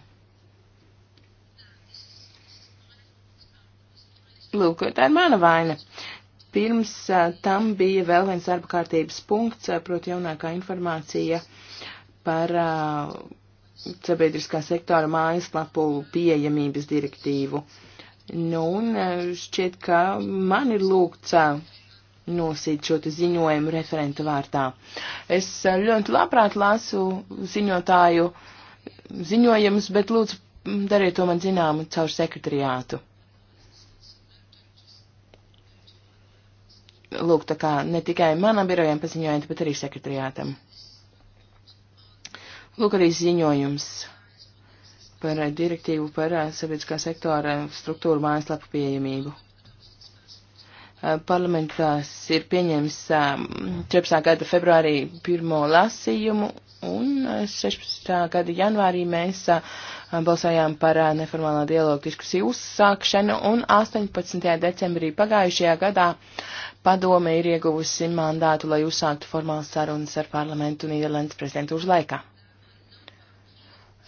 Speaker 3: Lūk, tā ir mana vaina. Pirms a, tam bija vēl viens darba kārtības punkts, a, proti jaunākā informācija par a, sabiedriskā sektora mājaslapu pieejamības direktīvu. Nu, un šķiet, ka man ir lūgts nosīt šo te ziņojumu referenta vārtā. Es ļoti labprāt lasu ziņotāju ziņojumus, bet lūdzu dariet to man zināmu caur sekretariātu. lūk, tā kā ne tikai manam birojam paziņojiet, bet arī sekretariātam. Lūk, arī ziņojums par direktīvu par sabiedriskā sektora struktūru mājaslapu pieejamību. Parlamentās ir pieņēmis 14. gada februārī pirmo lasījumu un 16. gada janvārī mēs balsojām par neformālā dialogu diskusiju uzsākšanu, un 18. decembrī pagājušajā gadā padome ir ieguvusi mandātu, lai uzsāktu formālas sarunas ar parlamentu Nīderlandes prezidentūras laikā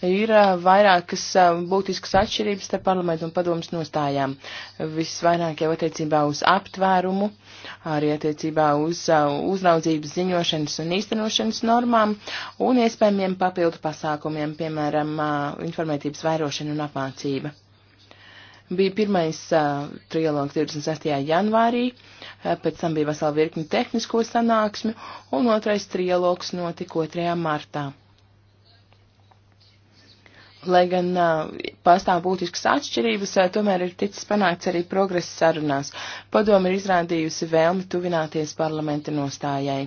Speaker 3: ir vairākas būtiskas atšķirības starp parlamentu un padomus nostājām. Visvairāk jau attiecībā uz aptvērumu, arī attiecībā uz uzraudzības ziņošanas un īstenošanas normām un iespējamiem papildu pasākumiem, piemēram, informētības vairošana un apmācība. Bija pirmais uh, trialogs 26. janvārī, pēc tam bija vesela virkni tehnisko sanāksmi, un otrais trialogs notika 2. martā. Lai gan uh, pastāv būtiskas atšķirības, uh, tomēr ir ticis panākts arī progress sarunās. Padomi ir izrādījusi vēlmi tuvināties parlamenta nostājai.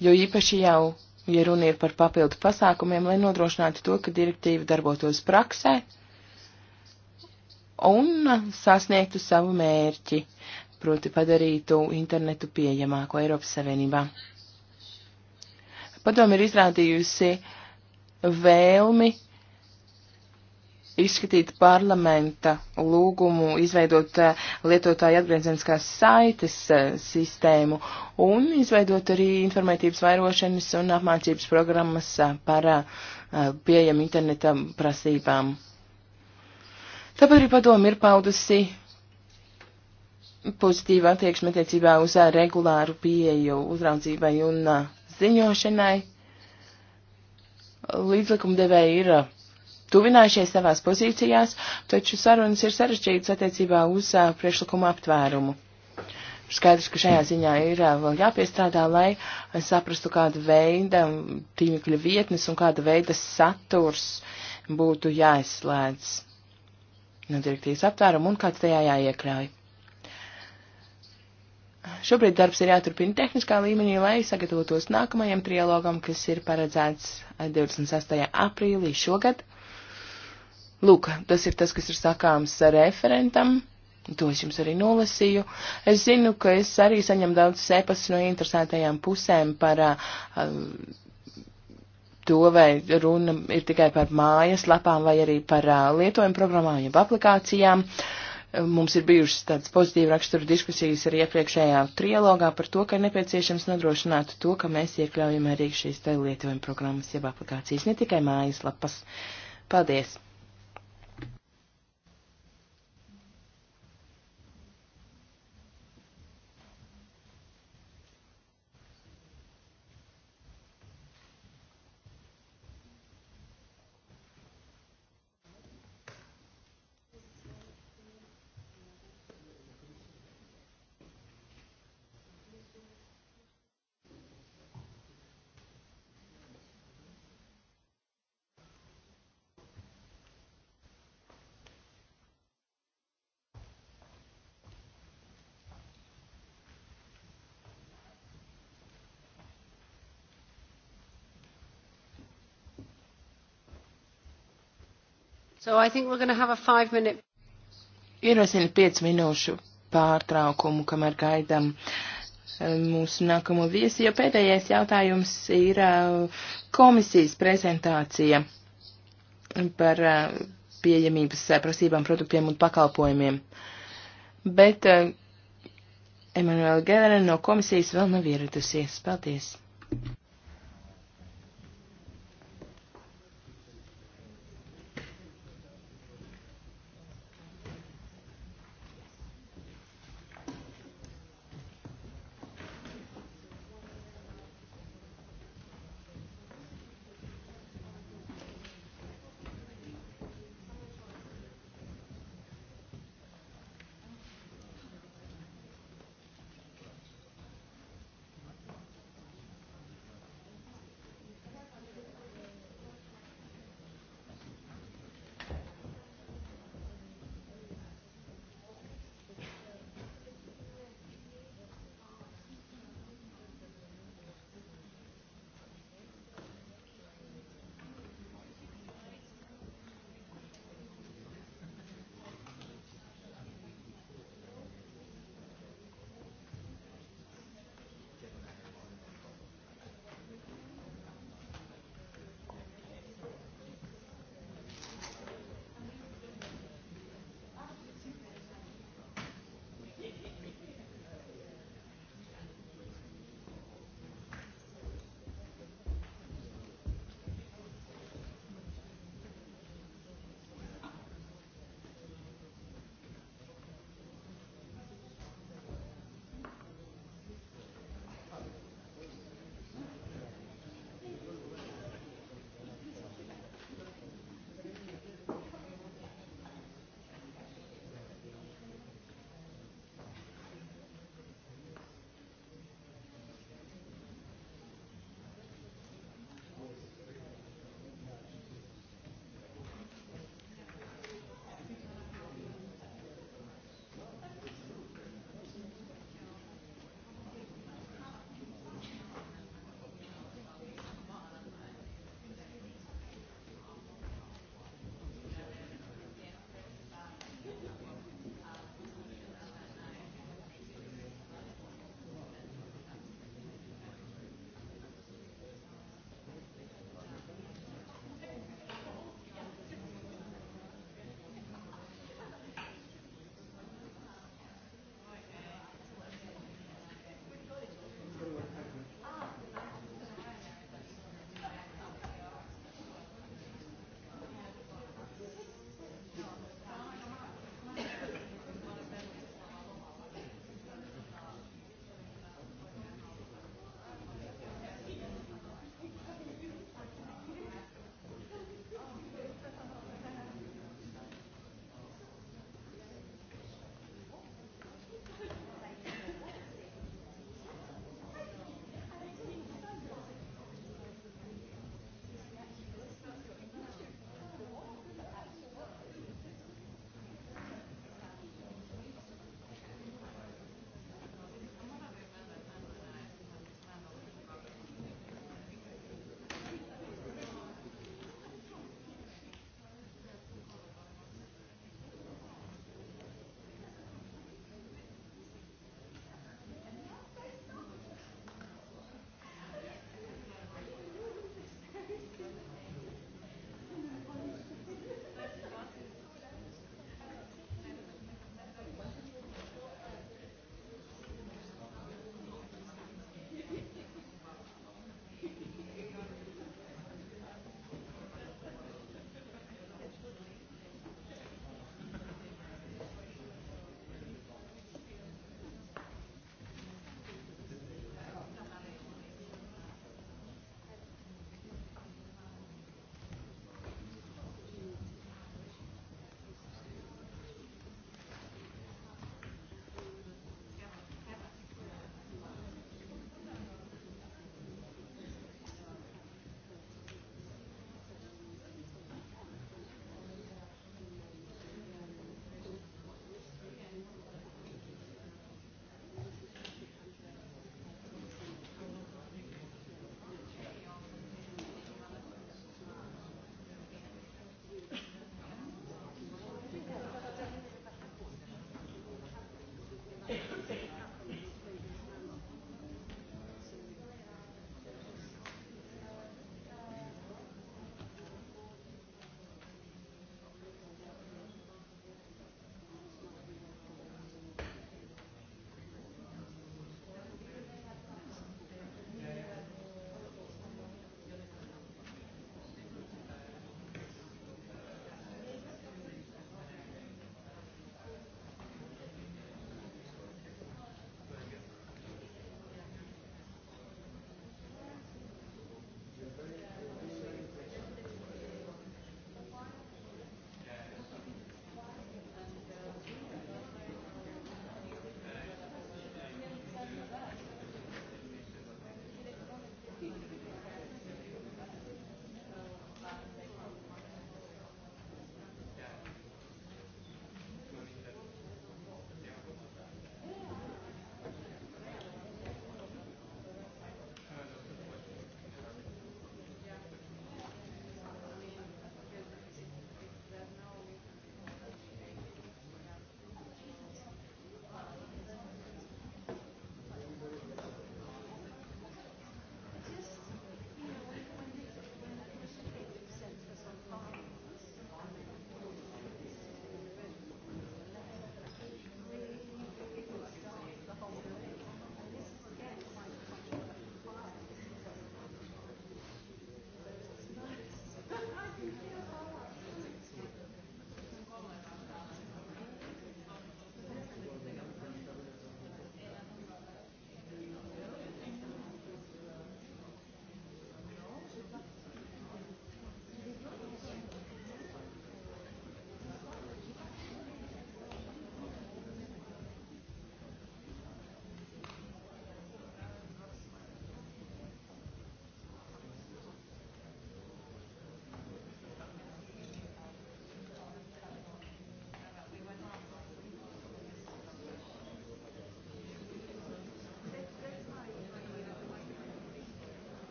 Speaker 3: Jo īpaši jau, ja runa ir par papildu pasākumiem, lai nodrošinātu to, ka direktīva darbotos praksē un uh, sasniegtu savu mērķi, proti padarītu internetu pieejamāko Eiropas Savienībā. Padomi ir izrādījusi vēlmi izskatīt parlamenta lūgumu izveidot eh, lietotāju atgriezeniskās saites eh, sistēmu un izveidot arī informētības vairošanas un apmācības programmas eh, par pieejam interneta prasībām. Tāpēc arī padomi ir paudusi pozitīva attieksme attiecībā uz regulāru pieeju uzraudzībai un ziņošanai. Līdzlikumdevēji ir tuvinājušies savās pozīcijās, taču sarunas ir sarežģītas attiecībā uz uh, priekšlikumu aptvērumu. Skaidrs, ka šajā ziņā ir uh, vēl jāpiestrādā, lai saprastu, kāda veida tīmekļa vietnes un kāda veida saturs būtu jāizslēdz no direktīvas aptvērumu un kāds tajā jāiekļauj. Šobrīd darbs ir jāturpina tehniskā līmenī, lai sagatavotos nākamajam trialogam, kas ir paredzēts 28. aprīlī šogad. Lūk, tas ir tas, kas ir sakāms referentam. To es jums arī nolasīju. Es zinu, ka es arī saņemu daudz sepas no interesētajām pusēm par uh, to, vai runa ir tikai par mājas lapām vai arī par uh, lietojumu programmām jeb aplikācijām. Mums ir bijušas tādas pozitīvas rakstura diskusijas arī iepriekšējā trilogā par to, ka ir nepieciešams nodrošināt to, ka mēs iekļaujam arī šīs te lietojuma programmas jeb aplikācijas, ne tikai mājas lapas. Paldies!
Speaker 1: So I think we're going to have a five minute.
Speaker 3: Ierosinu 5 minūšu pārtraukumu, kamēr gaidam eh, mūsu nākamo viesi, jo pēdējais jautājums ir eh, komisijas prezentācija par eh, pieejamības prasībām produktiem un pakalpojumiem. Bet Emanuela Gelera no komisijas vēl nav ieradusies. Paldies!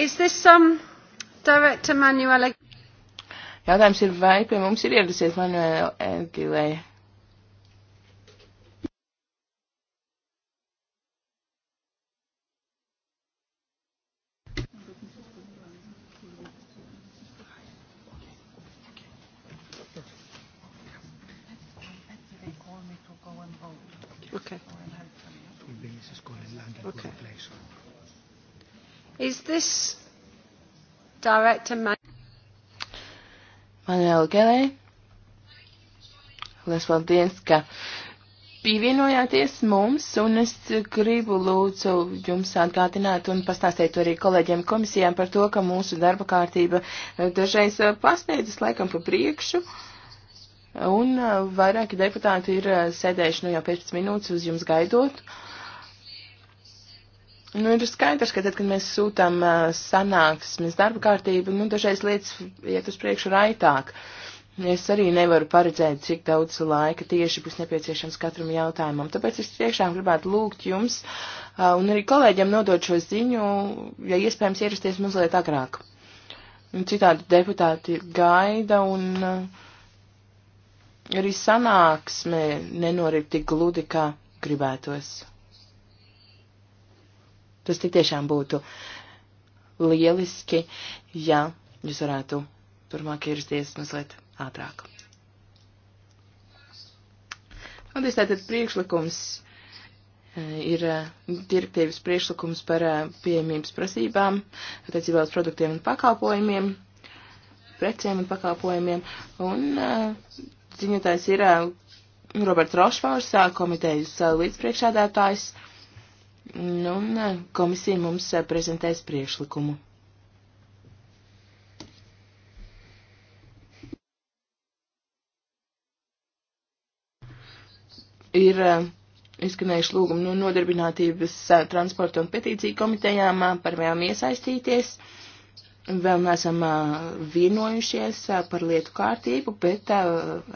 Speaker 3: Is this um, Director Manuel? Jautājums ir, vai pie mums ir ieradusies Manuela Egilēja?
Speaker 1: Director Man
Speaker 3: Manuela Gelē. Lielas paldies, ka pievienojāties mums, un es gribu lūdzu jums atgādināt un pastāstīt arī kolēģiem komisijām par to, ka mūsu darba kārtība eh, dažreiz eh, pasniedzas laikam pa priekšu. Un eh, vairāki deputāti ir sēdējuši nu jau 15 minūtes uz jums gaidot. Nu, ir skaidrs, ka tad, kad mēs sūtām uh, sanāksmes darba kārtību, nu, dažreiz lietas iet uz priekšu raitāk. Es arī nevaru paredzēt, cik daudz laika tieši būs nepieciešams katram jautājumam. Tāpēc es tiešām gribētu lūgt jums uh, un arī kolēģiem nodot šo ziņu, ja iespējams ierasties mazliet agrāk. Un citādi deputāti gaida un uh, arī sanāksme nenorit tik gludi, kā gribētos. Tas tik tiešām būtu lieliski, ja jūs varētu turmāk ierasties mazliet ātrāk. Un tas tātad priekšlikums e, ir e, direktīvas priekšlikums par e, pieejamības prasībām attiecībā uz produktiem un pakalpojumiem, precēm un pakalpojumiem. Un ziņotājs ir Roberts Rošvors, komitejas līdzpriekšādātājs. Nu, komisija mums eh, prezentēs priekšlikumu. Ir eh, izskanējuši lūgumi no nodarbinātības eh, transporta un petīciju komitejām par vēlmi iesaistīties. Uh, Vēl neesam vienojušies par lietu kārtību, bet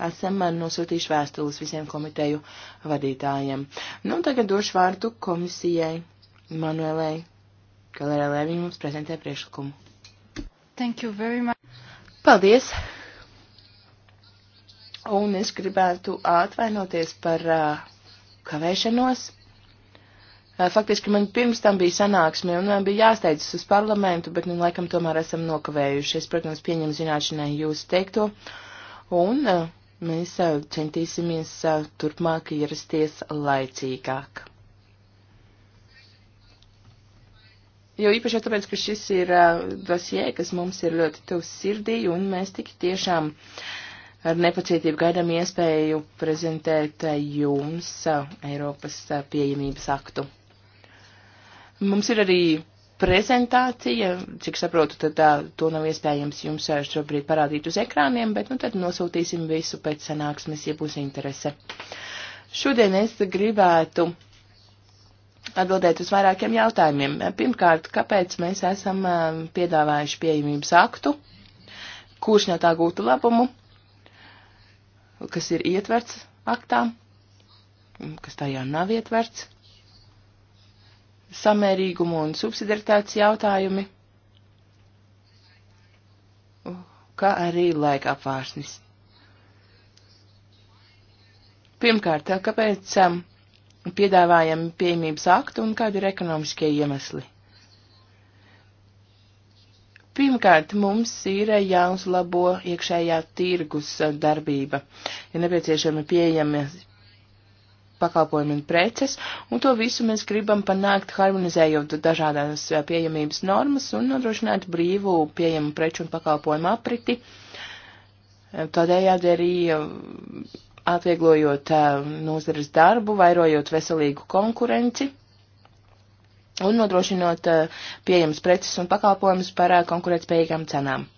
Speaker 3: esam nosūtījuši vēstules visiem komiteju vadītājiem. Nu, tagad došu vārdu komisijai Manuelai Kalerē, lai viņi mums prezentē priekšlikumu. Thank you very much. Paldies! Un es gribētu atvainoties par uh, kavēšanos. Faktiski man pirms tam bija sanāksme, un man bija jāsteidzas uz parlamentu, bet, nu, laikam tomēr esam nokavējušies. Protams, pieņem zināšanai jūsu teikto, un mēs centīsimies turpmāk ierasties laicīgāk. Jo īpaši tāpēc, ka šis ir dosie, kas mums ir ļoti tuvs sirdī, un mēs tik tiešām ar nepacietību gaidām iespēju prezentēt jums Eiropas pieejamības aktu. Mums ir arī prezentācija, cik saprotu, tad tā, to nav iespējams jums šobrīd parādīt uz ekrāniem, bet nu tad nosūtīsim visu pēc sanāksmes, ja būs interese. Šodien es gribētu atbildēt uz vairākiem jautājumiem. Pirmkārt, kāpēc mēs esam piedāvājuši pieejamības aktu, kurš no tā gūtu labumu, kas ir ietverts aktā, kas tajā nav ietverts samērīgumu un subsidaritātes jautājumi, kā arī laika apvārsnis. Pirmkārt, kāpēc um, piedāvājam pieejamības aktu un kādi ir ekonomiskie iemesli? Pirmkārt, mums ir jāuzlabo iekšējā tirgus uh, darbība. Ir ja nepieciešami pieejami pakalpojumi un preces, un to visu mēs gribam panākt, harmonizējot dažādās eh, pieejamības normas un nodrošināt brīvu pieejamu preču un pakalpojumu apriti. Eh, tādējādi arī eh, atvieglojot nozares darbu, vairojot veselīgu konkurenci un nodrošinot pieejams preces un pakalpojumus par konkurētspējīgām cenām.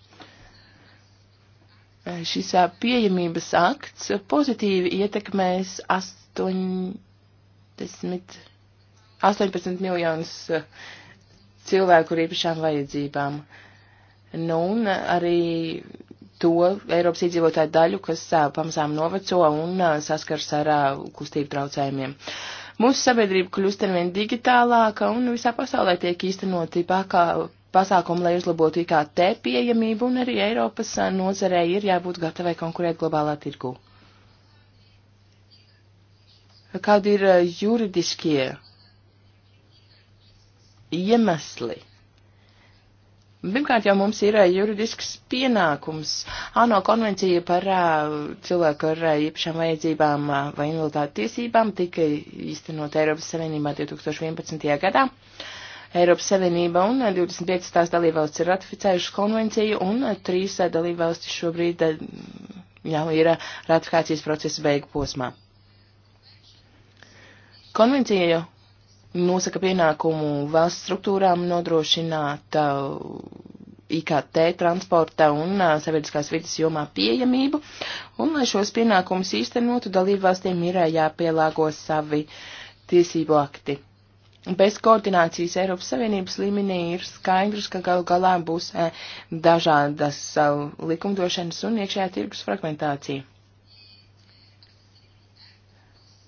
Speaker 3: Eh, šis eh, pieejamības akts pozitīvi ietekmēs 80, 18 miljonus eh, cilvēku ar īpašām vajadzībām. Nu, un arī to Eiropas iedzīvotāju daļu, kas pamazām noveco un saskars ar kustību traucējumiem. Mūsu sabiedrība kļūst arvien digitālāka un visā pasaulē tiek īstenoti pakā, pasākumu, lai uzlabotu IKT pieejamību, un arī Eiropas nozarei ir jābūt gatavai konkurēt globālā tirgu. Kādi ir juridiskie iemesli? Pirmkārt, jau mums ir juridisks pienākums. ANO konvencija par cilvēku ar īpašām vajadzībām vai invaliditāti tiesībām tika īstenot Eiropas Savienībā 2011. gadā. Eiropas Savienība un 25 tās dalībvalstis ir ratificējušas konvenciju, un trīs eh, dalībvalstis šobrīd eh, jau ir eh, ratifikācijas procesa beigu posmā. Konvencija jau nosaka pienākumu valsts struktūrām nodrošināt IKT transporta un sabiedriskās vidas jomā pieejamību, un lai šos pienākumus īstenotu, dalībvalstīm ir jāpielāgo savi tiesību akti bez koordinācijas Eiropas Savienības līmenī ir skaidrs, ka gal galā būs eh, dažādas eh, likumdošanas un iekšējā tirgus fragmentācija.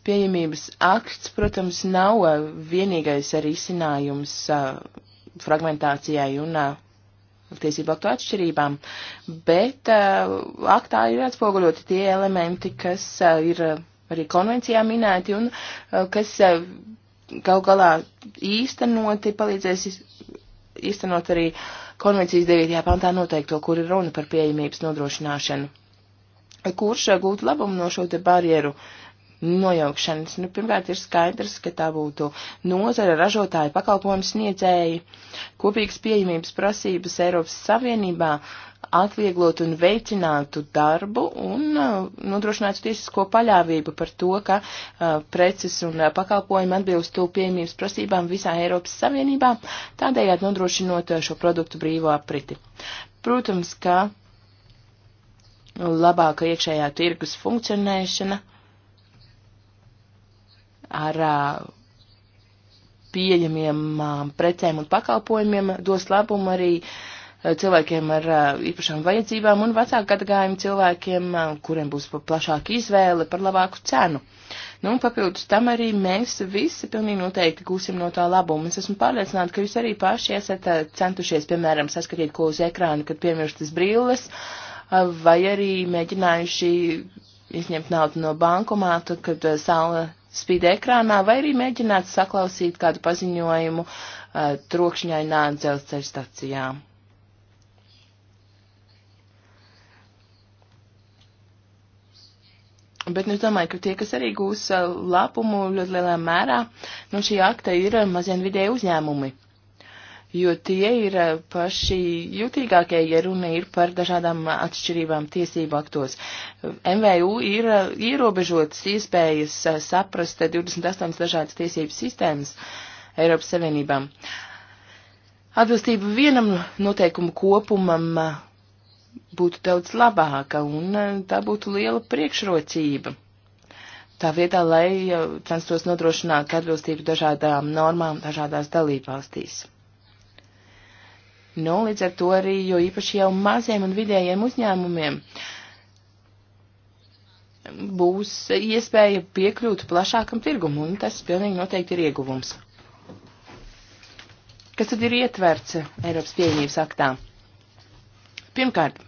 Speaker 3: Pieejamības akts, protams, nav eh, vienīgais risinājums fragmentācijai un tiesību aktu atšķirībām, bet uh, aktā ir atspoguļoti tie elementi, kas uh, ir arī konvencijā minēti un uh, kas uh, gal galā īstenoti palīdzēs īstenot arī konvencijas 9. pantā noteikto, kur ir runa par pieejamības nodrošināšanu. Kurš uh, gūtu labumu no šo te barjeru nojaukšanas. Nu, pirmkārt, ir skaidrs, ka tā būtu nozara, ražotāji, pakalpojumu sniedzēji, kopīgas pieejamības prasības Eiropas Savienībā atvieglot un veicinātu darbu un uh, nodrošinātu tiesisko paļāvību par to, ka uh, preces un uh, pakalpojumi atbilstu pieejamības prasībām visā Eiropas Savienībā, tādējādi nodrošinot uh, šo produktu brīvo apriti. Protams, ka labāka iekšējā tirgus funkcionēšana uh, ar pieejamiem precēm un pakalpojumiem dos labumu arī cilvēkiem ar īpašām vajadzībām un vecāku gadagājumu cilvēkiem, kuriem būs plašāka izvēle par labāku cenu. Nu, un papildus tam arī mēs visi pilnīgi noteikti gūsim no tā labumu. Es esmu pārliecināta, ka jūs arī paši esat centušies, piemēram, saskatīt ko uz ekrāna, kad piemirstas brīles, vai arī mēģinājuši izņemt naudu no bankomāta, kad saule spīd ekrānā, vai arī mēģināt saklausīt kādu paziņojumu uh, trokšņainā dzelzceļa stacijā. Bet nu, es domāju, ka tie, kas arī gūs uh, labumu ļoti lielā mērā, nu šī akta ir uh, mazien vidēji uzņēmumi jo tie ir eh, paši jutīgākie, ja runa ir par dažādām atšķirībām tiesību aktos. MVU ir eh, ierobežotas iespējas eh, saprast 28 dažādas tiesības sistēmas Eiropas Savienībām. Atbilstība vienam noteikumu kopumam būtu daudz labāka, un tā būtu liela priekšrocība. Tā vietā, lai censtos nodrošināt atbilstību dažādām normām dažādās dalībvalstīs. Nu, līdz ar to arī, jo īpaši jau maziem un vidējiem uzņēmumiem būs iespēja piekļūt plašākam tirgumu, un tas pilnīgi noteikti ir ieguvums. Kas tad ir ietverts Eiropas pieejamības aktā? Pirmkārt,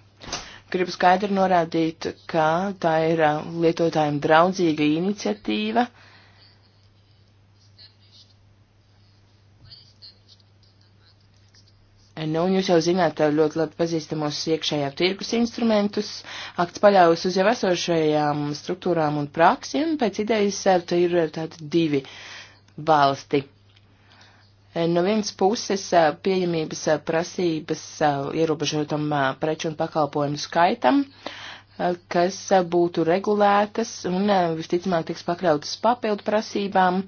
Speaker 3: gribu skaidri norādīt, ka tā ir lietotājiem draudzīga iniciatīva, uh, Nu, un jūs jau zināt ļoti labi pazīstamos iekšējā tirgus instrumentus. Akts paļaujas uz jau esošajām struktūrām un praksiem, pēc idejas sērta ir tādi divi balsti. No vienas puses pieejamības prasības ierobežotam preču un pakalpojumu skaitam, kas būtu regulētas un visticamāk tiks pakļautas papildu prasībām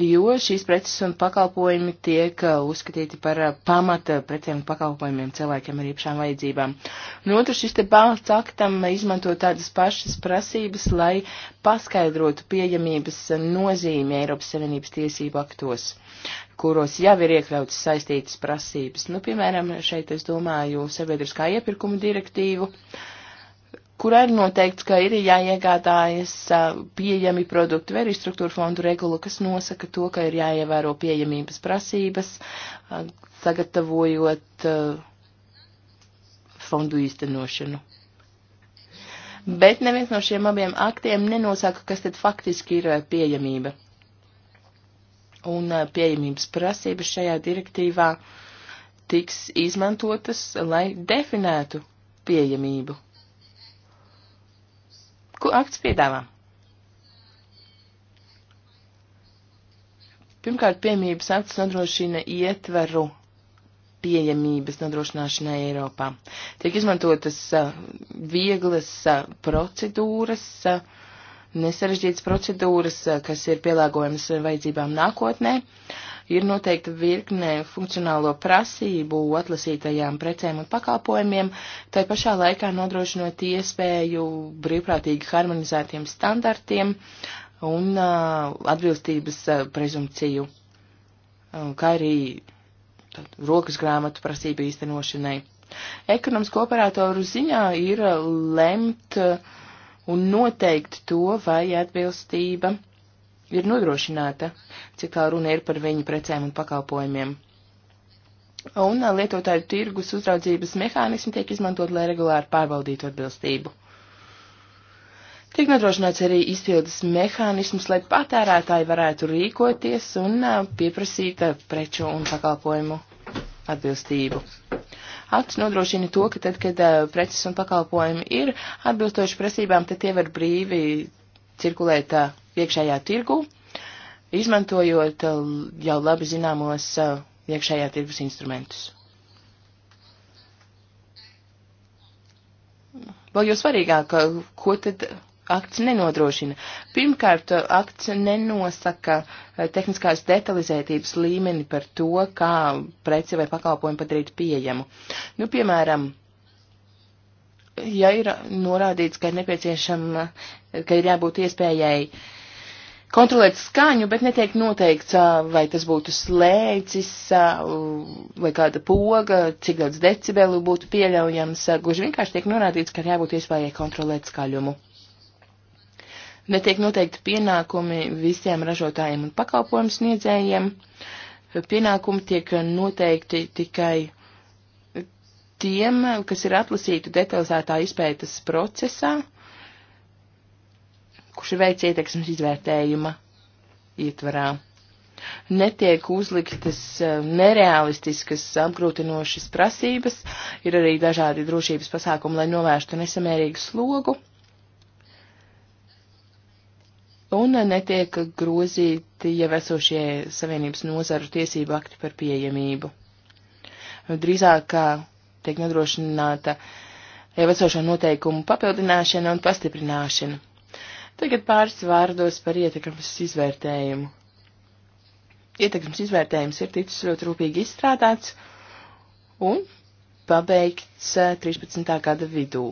Speaker 3: jo šīs preces un pakalpojumi tiek uh, uzskatīti par uh, pamata precēm un pakalpojumiem cilvēkiem ar īpašām vajadzībām. Un otrs, šis te balsts aktam izmanto tādas pašas prasības, lai paskaidrotu pieejamības nozīmi Eiropas Savienības tiesību aktos kuros jau ir iekļautas saistītas prasības. Nu, piemēram, šeit es domāju sabiedriskā iepirkuma direktīvu, uh, kurā ir noteikts, ka ir jāiegādājas pieejami produkti vai arī struktūra fondu regula, kas nosaka to, ka ir jāievēro pieejamības prasības, sagatavojot fondu īstenošanu. Bet neviens no šiem abiem aktiem nenosaka, kas tad faktiski ir pieejamība. Un pieejamības prasības šajā direktīvā tiks izmantotas, lai definētu pieejamību. Ko akts piedāvā? Pirmkārt, piemības akts nodrošina ietveru pieejamības nodrošināšanai Eiropā. Tiek izmantotas vieglas procedūras, nesarežģītas procedūras, eh, kas ir pielāgojamas vajadzībām nākotnē. Ir noteikta virkne funkcionālo prasību atlasītajām precēm un pakalpojumiem, tai pašā laikā nodrošinot iespēju brīvprātīgi harmonizētiem standartiem un uh, atbilstības uh, prezumciju, uh, kā arī tad, rokas grāmatu prasību īstenošanai. Ekonomisko operatoru ziņā ir lemt uh, un noteikt to, vai atbilstība ir nodrošināta, cik tā runa ir par viņu precēm un pakalpojumiem. Un uh, lietotāju tirgus uzraudzības mehānismi tiek izmantot, lai regulāri pārvaldītu atbilstību. Tiek nodrošināts arī izpildes mehānisms, lai patērētāji varētu rīkoties un uh, pieprasīt uh, preču un pakalpojumu atbilstību. Akts nodrošina to, ka tad, kad eh, preces un pakalpojumi ir atbilstoši prasībām, tad tie var brīvi cirkulēt eh, iekšējā tirgu, izmantojot eh, jau labi zināmos iekšējā tirgus instrumentus. Vēl jau svarīgāk, ko tad akts nenodrošina. Pirmkārt, akts nenosaka eh, tehniskās detalizētības līmeni par to, kā preci vai pakalpojumu padarīt pieejamu. Nu, piemēram, ja ir norādīts, ka ir nepieciešama, ka ir jābūt iespējai kontrolēt skaņu, bet netiek noteikts, eh, vai tas būtu slēdzis, eh, vai kāda poga, cik daudz decibelu būtu pieļaujams, gluži vienkārši tiek norādīts, ka ir jābūt iespējai kontrolēt skaļumu netiek noteikti pienākumi visiem ražotājiem un pakalpojumu sniedzējiem. Pienākumi tiek noteikti tikai tiem, kas ir atlasīti detalizētā izpētes procesā, kurš ir veids ieteiksmes izvērtējuma ietvarā. Netiek uzliktas e, nerealistiskas apgrūtinošas prasības, ir arī dažādi drošības pasākumi, lai novērstu nesamērīgu slogu un netiek grozīti jau esošie Savienības nozaru tiesību akti par pieejamību. Drīzāk tiek nodrošināta jau esošo noteikumu papildināšana un pastiprināšana. Tagad pāris vārdos par ietekmes izvērtējumu. Ietekmes izvērtējums ir ticis ļoti rūpīgi izstrādāts un pabeigts 13. gada vidū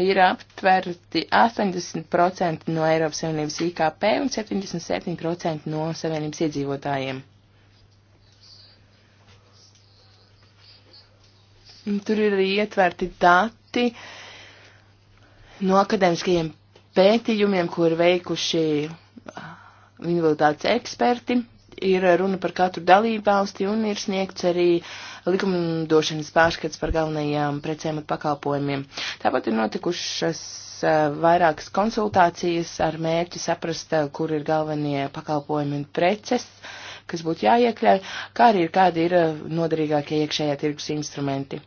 Speaker 3: ir aptverti 80% no Eiropas Savienības IKP un 77% no Savienības iedzīvotājiem. Tur ir arī ietverti dati no akadēmiskajiem pētījumiem, ko ir veikuši invaliditātes eksperti ir runa par katru dalību valsti un ir sniegts arī likumdošanas pārskats par galvenajām precēm un pakalpojumiem. Tāpat ir notikušas vairākas konsultācijas ar mērķi saprast, kur ir galvenie pakalpojumi un preces, kas būtu jāiekļauj, kā arī ir kādi ir noderīgākie iekšējā tirgus instrumenti.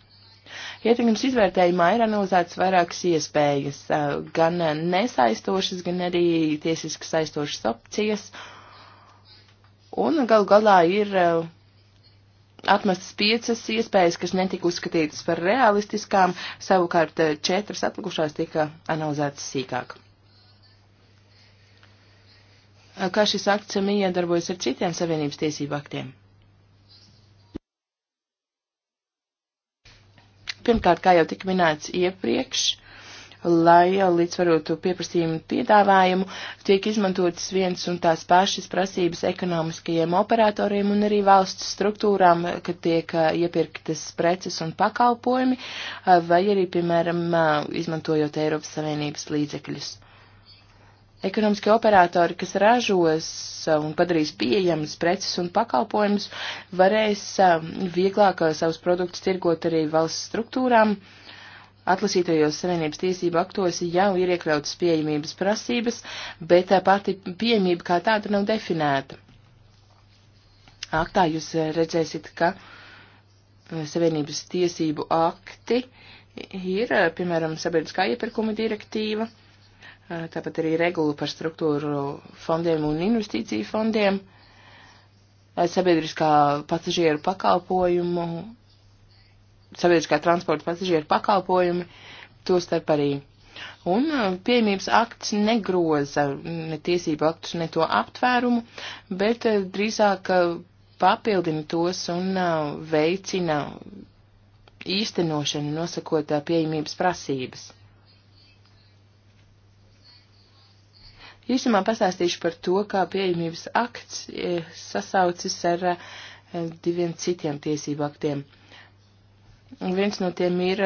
Speaker 3: Ietekmes izvērtējumā ir analizētas vairākas iespējas, gan nesaistošas, gan arī tiesiski saistošas opcijas. Uh, Un gal galā ir eh, atmestas piecas iespējas, kas netika uzskatītas par realistiskām, savukārt eh, četras atlikušās tika analizētas sīkāk. Eh, kā šis akts miedarbojas ar citiem savienības tiesību aktiem? Pirmkārt, kā jau tika minēts iepriekš, lai līdzvarotu pieprasījumu piedāvājumu, tiek izmantotas viens un tās pašas prasības ekonomiskajiem operatoriem un arī valsts struktūrām, kad tiek iepirktas preces un pakalpojumi, vai arī, piemēram, izmantojot Eiropas Savienības līdzekļus. Ekonomiskie operatori, kas ražos un padarīs pieejamas preces un pakalpojumus, varēs vieglāk savus produktus tirgot arī valsts struktūrām, uh, atlasītajos savienības tiesību aktos jau ir iekļautas pieejamības prasības, bet pati pieejamība kā tāda nav definēta. Aktā jūs eh, redzēsiet, ka eh, savienības tiesību akti ir, eh, piemēram, sabiedriskā iepirkuma direktīva, tāpat arī regula par struktūru fondiem un investīciju fondiem, sabiedriskā pasažieru pakalpojumu sabiedriskā transporta pasažieru pakalpojumi, tostarp arī. Un uh, pieejamības akts negroza ne tiesību aktus, ne to aptvērumu, bet uh, drīzāk uh, papildina tos un veicina īstenošanu, nosakot pieejamības prasības. Īsumā pastāstīšu par to, kā pieejamības akts eh, sasaucis ar diviem citiem tiesību aktiem. Un viens no tiem ir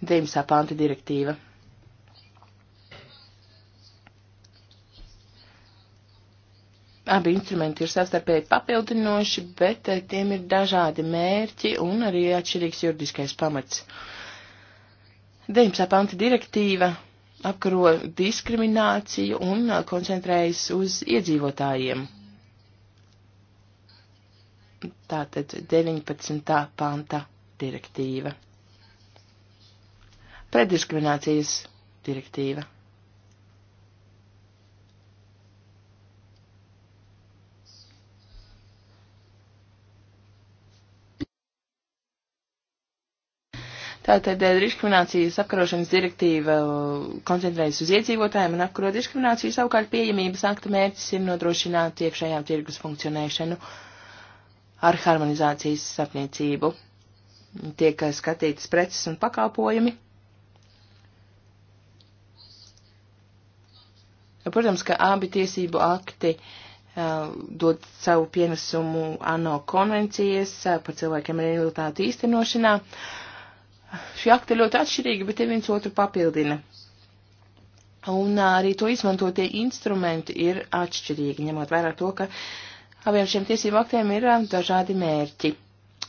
Speaker 3: 9. Eh, panta direktīva. Abi instrumenti ir savstarpēji papildinoši, bet eh, tiem ir dažādi mērķi un arī atšķirīgs juridiskais pamats. 9. panta direktīva apkaro diskrimināciju un eh, koncentrējas uz iedzīvotājiem. Tātad 19. panta direktīva. Preddiskriminācijas direktīva. Tātad eh, diskriminācijas apkarošanas direktīva eh, koncentrējas uz iedzīvotājiem un apkaro diskrimināciju, savukārt pieejamības akta mērķis ir nodrošināt iekšējā tirgus funkcionēšanu ar harmonizācijas sapniecību tiek eh, skatītas preces un pakalpojumi. Protams, ka abi tiesību akti uh, dod savu pienesumu ANO konvencijas uh, par cilvēkiem ar invaliditāti īstenošanā. Šie akti ļoti atšķirīgi, bet tie viens otru papildina. Un uh, arī to izmantotie instrumenti ir atšķirīgi, ņemot vērā to, ka abiem šiem tiesību aktiem ir dažādi mērķi.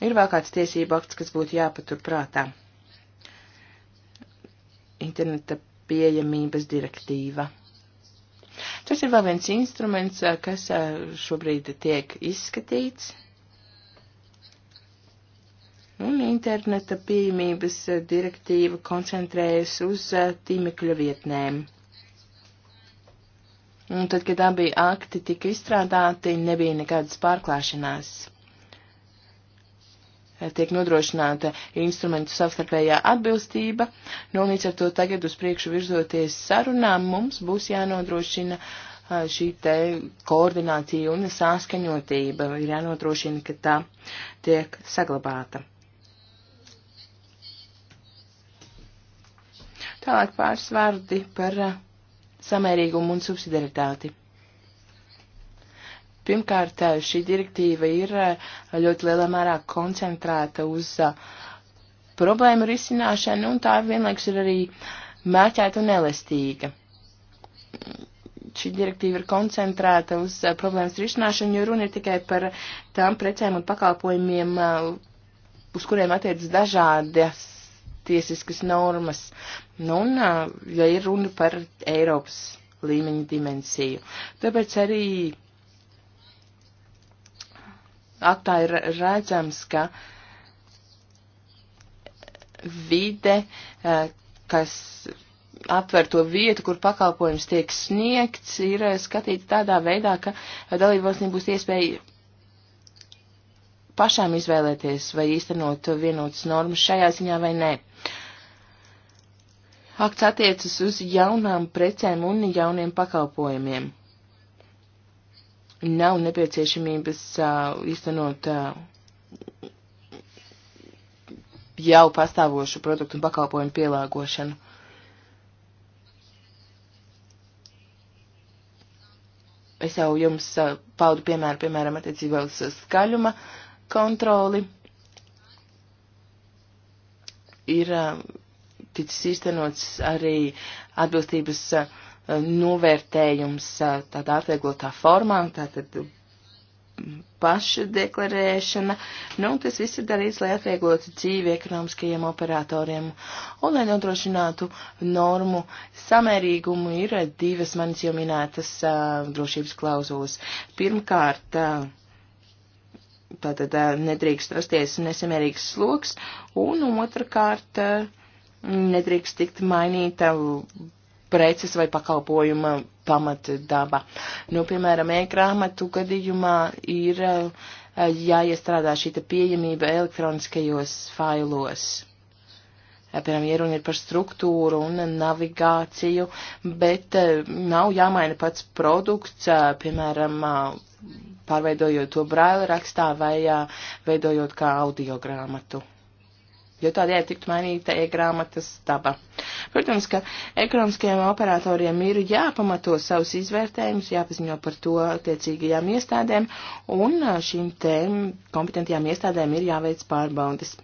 Speaker 3: Ir vēl kāds tiesību akts, kas būtu jāpatur prātā. Interneta pieejamības direktīva. Tas ir vēl viens instruments, eh, kas eh, šobrīd tiek izskatīts. Un interneta pieejamības eh, direktīva koncentrējas uz tīmekļa vietnēm. Un tad, kad abi akti tika izstrādāti, nebija nekādas pārklāšanās tiek nodrošināta instrumentu savstarpējā atbilstība, un līdz ar to tagad uz priekšu virzoties sarunām mums būs jānodrošina šī te koordinācija un saskaņotība, ir jānodrošina, ka tā tiek saglabāta. Tālāk pāris vārdi par samērīgumu un subsidiaritāti. Pirmkārt, eh, šī direktīva ir eh, ļoti lielā mērā koncentrēta uz eh, problēmu risināšanu, un tā vienlaiks ir arī mēķēta un elastīga. Šī direktīva ir koncentrēta uz problēmas risināšanu, jo runa ir tikai par tām precēm un pakalpojumiem, uz kuriem attiecas dažādas tiesiskas normas. Nu, un, ja ir runa par Eiropas līmeņa dimensiju. Tāpēc arī aktā ir redzams, ka vide, e, kas atver to vietu, kur pakalpojums tiek sniegts, ir e, skatīts tādā veidā, ka dalībvalstīm būs iespēja pašām izvēlēties, vai īstenot vienotas normas šajā ziņā vai nē. Akts attiecas uz jaunām precēm un jauniem pakalpojumiem nav nepieciešamības īstenot jau pastāvošu produktu un pakalpojumu pielāgošanu. Es jau jums paudu piemēru, piemēram, attiecībā uz skaļuma kontroli. Ir ticis īstenots arī atbilstības uh, novērtējums tādā atvieglotā formā, tātad pašdeklarēšana. Nu, tas viss ir darīts, lai atvieglotu dzīvi ekonomiskajiem operatoriem un lai nodrošinātu normu samērīgumu ir divas manis jau minētas uh, drošības klauzulas. Pirmkārt, uh, tātad uh, nedrīkst rasties nesamērīgs sloks un otrkārt uh, nedrīkst tikt mainīta preces vai pakalpojuma pamatdaba. Nu, piemēram, e-grāmatu gadījumā ir eh, jāiestrādā šī pieejamība elektroniskajos failos. Eh, piemēram, ieruna ir par struktūru un navigāciju, bet eh, nav jāmaina pats produkts, piemēram, pārveidojot to braila rakstā vai veidojot kā audiogrāmatu jo tādēļ tiktu mainīta e-grāmatas daba. Protams, ka ekonomiskajiem operatoriem ir jāpamato savus izvērtējumus, jāpaziņo par to attiecīgajām iestādēm, un šīm tēm kompetentajām iestādēm ir jāveic pārbaudas.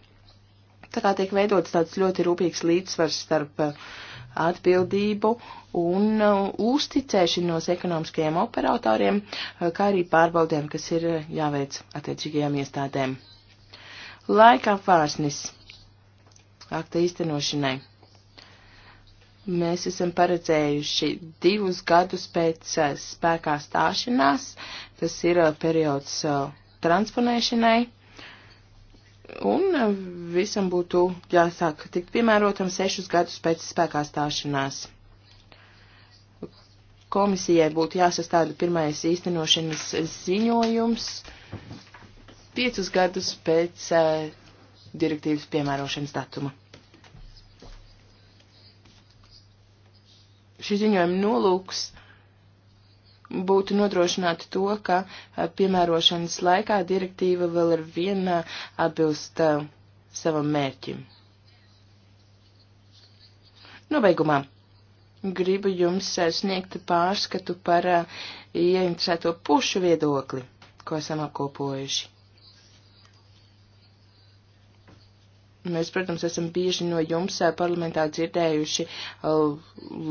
Speaker 3: Tā kā tiek veidots tāds ļoti rūpīgs līdzsvars starp uh, atbildību un uh, uzticēšanos ekonomiskajiem operatoriem, uh, kā arī pārbaudēm, kas ir jāveic attiecīgajām iestādēm. Laika pārsnis akta īstenošanai. Mēs esam paredzējuši divus gadus pēc spēkā stāšanās, tas ir periods transponēšanai, un visam būtu jāsāk tikt piemērotam sešus gadus pēc spēkā stāšanās. Komisijai būtu jāsastāda pirmais īstenošanas ziņojums piecus gadus pēc direktīvas piemērošanas datuma. Šī ziņojuma nolūks būtu nodrošināt to, ka piemērošanas laikā direktīva vēl ar vienu atbilst savam mērķim. Nobeigumā gribu jums sniegt pārskatu par ieinteresēto pušu viedokli, ko esam apkopojuši. Mēs, protams, esam bieži no jums parlamentā dzirdējuši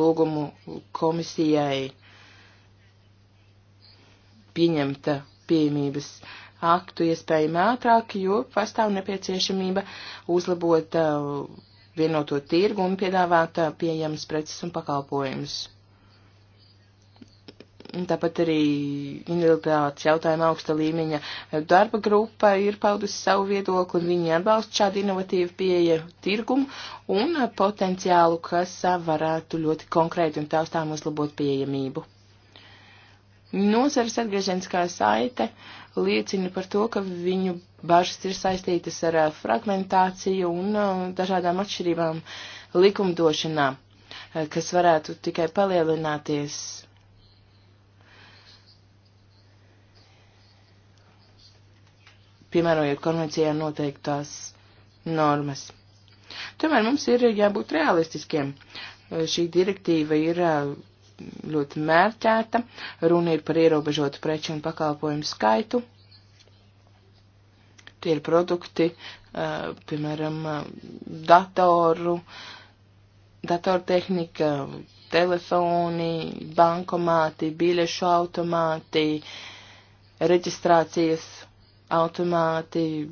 Speaker 3: lūgumu komisijai pieņemta pieejamības aktu iespējami ātrāk, jo pastāv nepieciešamība uzlabot vienoto tirgu un piedāvāt pieejamas preces un pakalpojumus. Tāpat arī individuāls jautājuma augsta līmeņa darba grupa ir paudusi savu viedokli, un viņi atbalsta šādu inovatīvu pieeju tirgumu un potenciālu, kas varētu ļoti konkrēti un taustām uzlabot pieejamību. Nozares atgriezieniskā saite liecina par to, ka viņu bažas ir saistītas ar uh, fragmentāciju un uh, dažādām atšķirībām likumdošanā, uh, kas varētu tikai palielināties piemērojot konvencijā noteiktās normas. Tomēr mums ir jābūt realistiskiem. Šī direktīva ir ļoti mērķēta, runa ir par ierobežotu preču un pakalpojumu skaitu. Tie ir produkti, piemēram, datoru, datortehnika, telefoni, bankomāti, biļešu automāti, reģistrācijas automāti,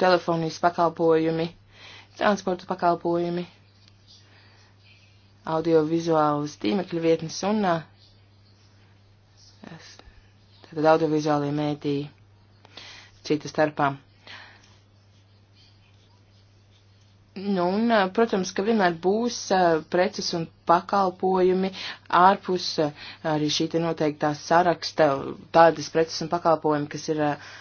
Speaker 3: telefonijas pakalpojumi, transporta pakalpojumi, audiovizuālas tīmekļa vietnes un tātad audiovizuālie mētīji cita starpā. Nu, un, protams, ka vienmēr būs uh, preces un pakalpojumi ārpus uh, arī šī te noteiktā saraksta, tādas preces un pakalpojumi, kas ir uh,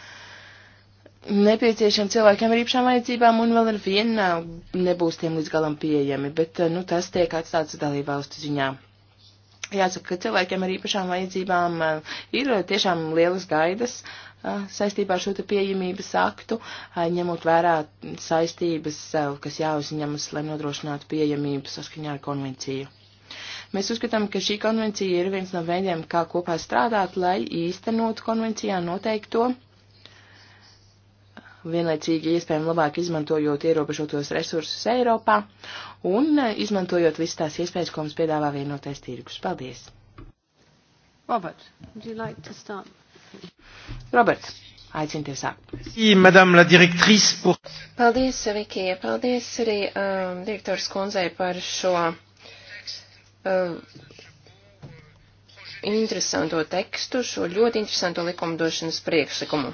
Speaker 3: nepieciešama cilvēkiem ar īpašām vajadzībām, un vēl ar vienu nav, nebūs tiem līdz galam pieejami, bet nu, tas tiek atstāts dalībvalstu ziņā. Jāsaka, ka cilvēkiem ar īpašām vajadzībām eh, ir tiešām lielas gaidas eh, saistībā ar šo te pieejamības aktu, eh, ņemot vērā saistības, kas jāuzņemas, lai nodrošinātu pieejamību saskaņā ar konvenciju. Mēs uzskatām, ka šī konvencija ir viens no veidiem, kā kopā strādāt, lai īstenot konvencijā noteikto vienlaicīgi iespējami labāk izmantojot ierobežotos resursus Eiropā un e, izmantojot visas tās iespējas, ko mums piedāvā vienotais tirgus. Paldies! Robert,
Speaker 4: would you like to start?
Speaker 3: Robert, aicinties sākt.
Speaker 4: Paldies, Vikija, paldies arī um, direktors kundzei par šo um, interesanto tekstu, šo ļoti interesanto likumdošanas priekšlikumu.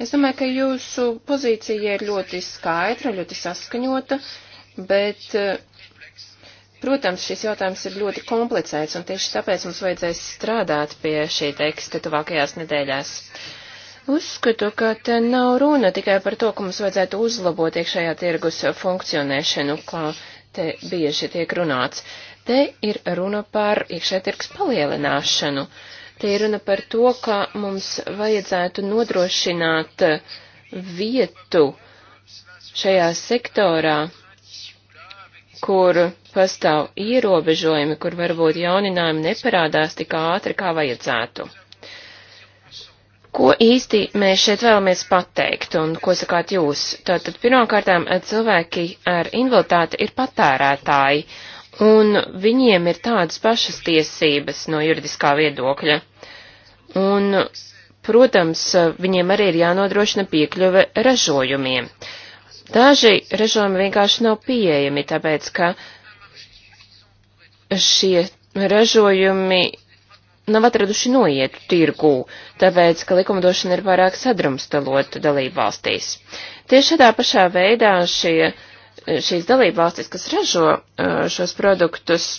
Speaker 4: Es domāju, ka jūsu pozīcija ir ļoti skaidra, ļoti saskaņota, bet, eh, protams, šis jautājums ir ļoti komplicēts, un tieši tāpēc mums vajadzēs strādāt pie šī teksta tuvākajās nedēļās. Uzskatu, ka te nav runa tikai par to, ka mums vajadzētu uzlabot iekšējā tirgus funkcionēšanu, kā te bieži tiek runāts. Te ir runa par iekšējā tirgus palielināšanu. Uh, Te ir runa par to, ka mums vajadzētu nodrošināt vietu šajā sektorā, kur pastāv ierobežojumi, kur varbūt jauninājumi neparādās tik ātri, kā vajadzētu. Ko īsti mēs šeit vēlamies pateikt un ko sakāt jūs? Tātad pirmkārtām cilvēki ar invaliditāti ir patērētāji un viņiem ir tādas pašas tiesības no juridiskā viedokļa. Un, protams, viņiem arī ir jānodrošina piekļuve ražojumiem. Daži ražojumi vienkārši nav pieejami, tāpēc, ka šie ražojumi nav atraduši noietu tirgū, tāpēc, ka likumdošana ir pārāk sadrumstalota dalībvalstīs. Tieši šādā pašā veidā šie, šīs dalībvalstis, kas ražo uh, šos produktus,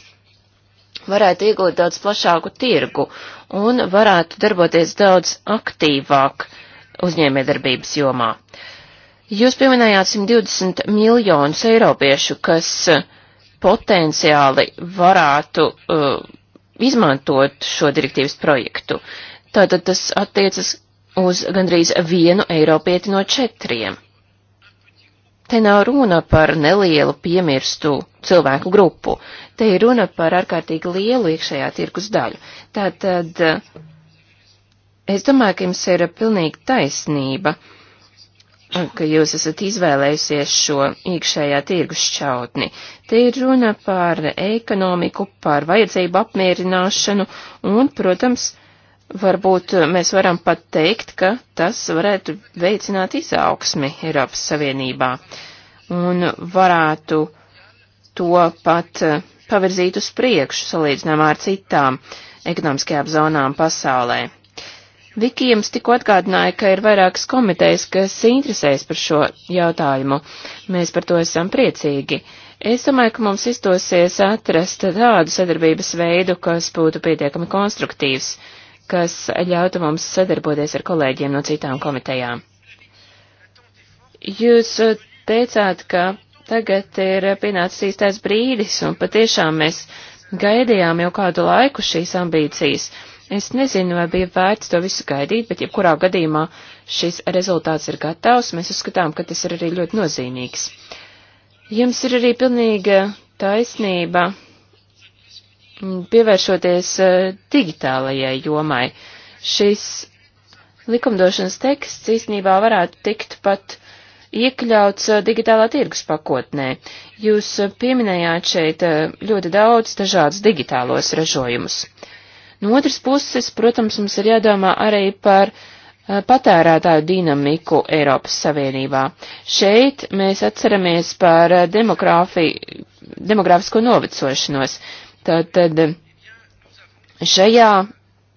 Speaker 4: varētu iegūt daudz plašāku tirgu un varētu darboties daudz aktīvāk uzņēmējdarbības jomā. Jūs pieminējāt 120 miljonus eiropiešu, kas uh, potenciāli varētu uh, izmantot šo direktīvas projektu. Tātad tas attiecas uz gandrīz vienu eiropieti no četriem. Te nav runa par nelielu piemirstu cilvēku grupu. Te ir runa par ārkārtīgi lielu iekšējā tirkus daļu. Tātad, eh, es domāju, ka jums ir pilnīgi taisnība, eh, ka jūs esat izvēlējusies šo iekšējā tirgus šķautni. Te ir runa par ekonomiku, par vajadzību apmierināšanu un, protams, Varbūt eh, mēs varam pat teikt, ka tas varētu veicināt izaugsmi Eiropas Savienībā un varētu to pat eh, pavirzīt uz priekšu salīdzinām ar citām ekonomiskajām zonām pasaulē. Viki jums tikko atgādināja, ka ir vairākas komitejas, kas interesēs par šo jautājumu. Mēs par to esam priecīgi. Es domāju, ka mums izdosies atrast tādu sadarbības veidu, kas būtu pietiekami konstruktīvs kas ļautu mums sadarboties ar kolēģiem no citām komitejām. Jūs uh, teicāt, ka tagad ir pienācis īstais brīdis, un patiešām mēs gaidījām jau kādu laiku šīs ambīcijas. Es nezinu, vai bija vērts to visu gaidīt, bet jebkurā gadījumā šis rezultāts ir gatavs, mēs uzskatām, ka tas ir arī ļoti nozīmīgs. Jums ir arī pilnīga taisnība pievēršoties e, digitālajai jomai. Šis likumdošanas teksts īstenībā varētu tikt pat iekļauts e, digitālā tirgus pakotnē. Jūs e, pieminējāt šeit ļoti daudz dažādus digitālos ražojumus. No otras puses, protams, mums ir jādomā arī par patērētāju dinamiku Eiropas Savienībā. Šeit mēs atceramies par demogrāfisko novecošanos. Tātad šajā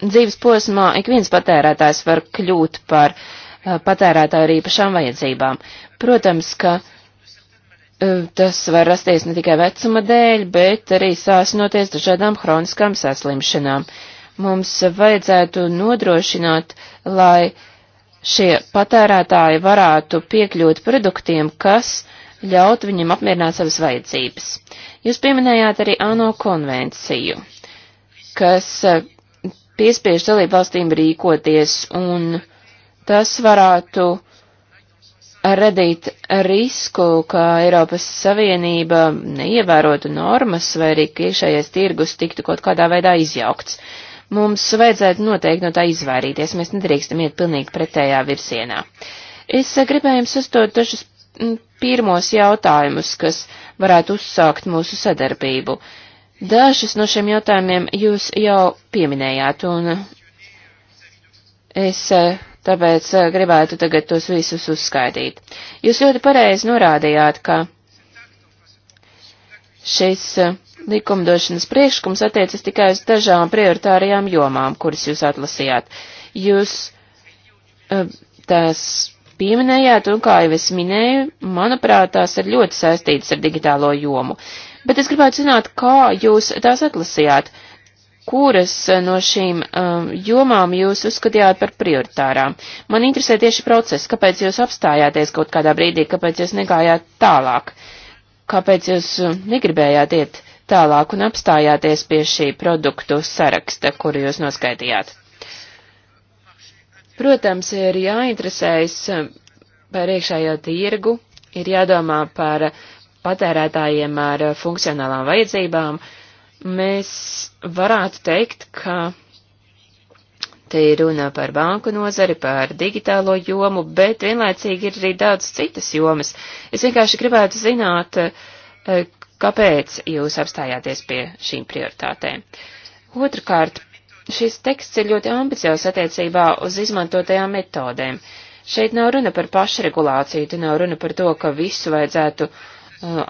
Speaker 4: dzīves posmā ik viens patērētājs var kļūt par uh, patērētāju ar īpašām vajadzībām. Protams, ka uh, tas var rasties ne tikai vecuma dēļ, bet arī sāsinoties dažādām hroniskām saslimšanām. Mums vajadzētu nodrošināt, lai šie patērētāji varētu piekļūt produktiem, kas ļaut viņiem apmierināt savas vajadzības. Jūs pieminējāt arī ANO konvenciju, kas eh, piespiež dalību valstīm rīkoties, un tas varētu radīt risku, ka Eiropas Savienība neievērotu normas vai arī ka iekšējais tirgus tiktu kaut kādā veidā izjaukts. Mums vajadzētu noteikti no tā izvairīties, mēs nedrīkstam iet pilnīgi pretējā virsienā. Es eh, gribēju jums uzdot dažus pirmos jautājumus, kas varētu uzsākt mūsu sadarbību. Dažas no šiem jautājumiem jūs jau pieminējāt, un es e, tāpēc e, gribētu tagad tos visus uzskaidīt. Jūs ļoti pareizi norādījāt, ka šis e, likumdošanas priekšlikums attiecas tikai uz dažām prioritārajām jomām, kuras jūs atlasījāt. Jūs tās pieminējāt, un kā jau es minēju, manuprāt, tās ir ļoti saistītas ar digitālo jomu. Bet es gribētu zināt, kā jūs tās atlasījāt, kuras no šīm um, jomām jūs uzskatījāt par prioritārām. Man interesē tieši process, kāpēc jūs apstājāties kaut kādā brīdī, kāpēc jūs negājāt tālāk, kāpēc jūs um, negribējāt iet tālāk un apstājāties pie šī produktu saraksta, kuru jūs noskaidījāt. Protams, ir jāinteresējas eh, par iekšējo tirgu, ir jādomā par patērētājiem ar funkcionālām vajadzībām. Mēs varētu teikt, ka te ir runa par banku nozari, par digitālo jomu, bet vienlaicīgi ir arī daudz citas jomas. Es vienkārši gribētu zināt, eh, kāpēc jūs apstājāties pie šīm prioritātēm. Otrakārt, Šis teksts ir ļoti ambiciozs attiecībā uz izmantotajām metodēm. Šeit nav runa par pašregulāciju, te nav runa par to, ka visu vajadzētu uh,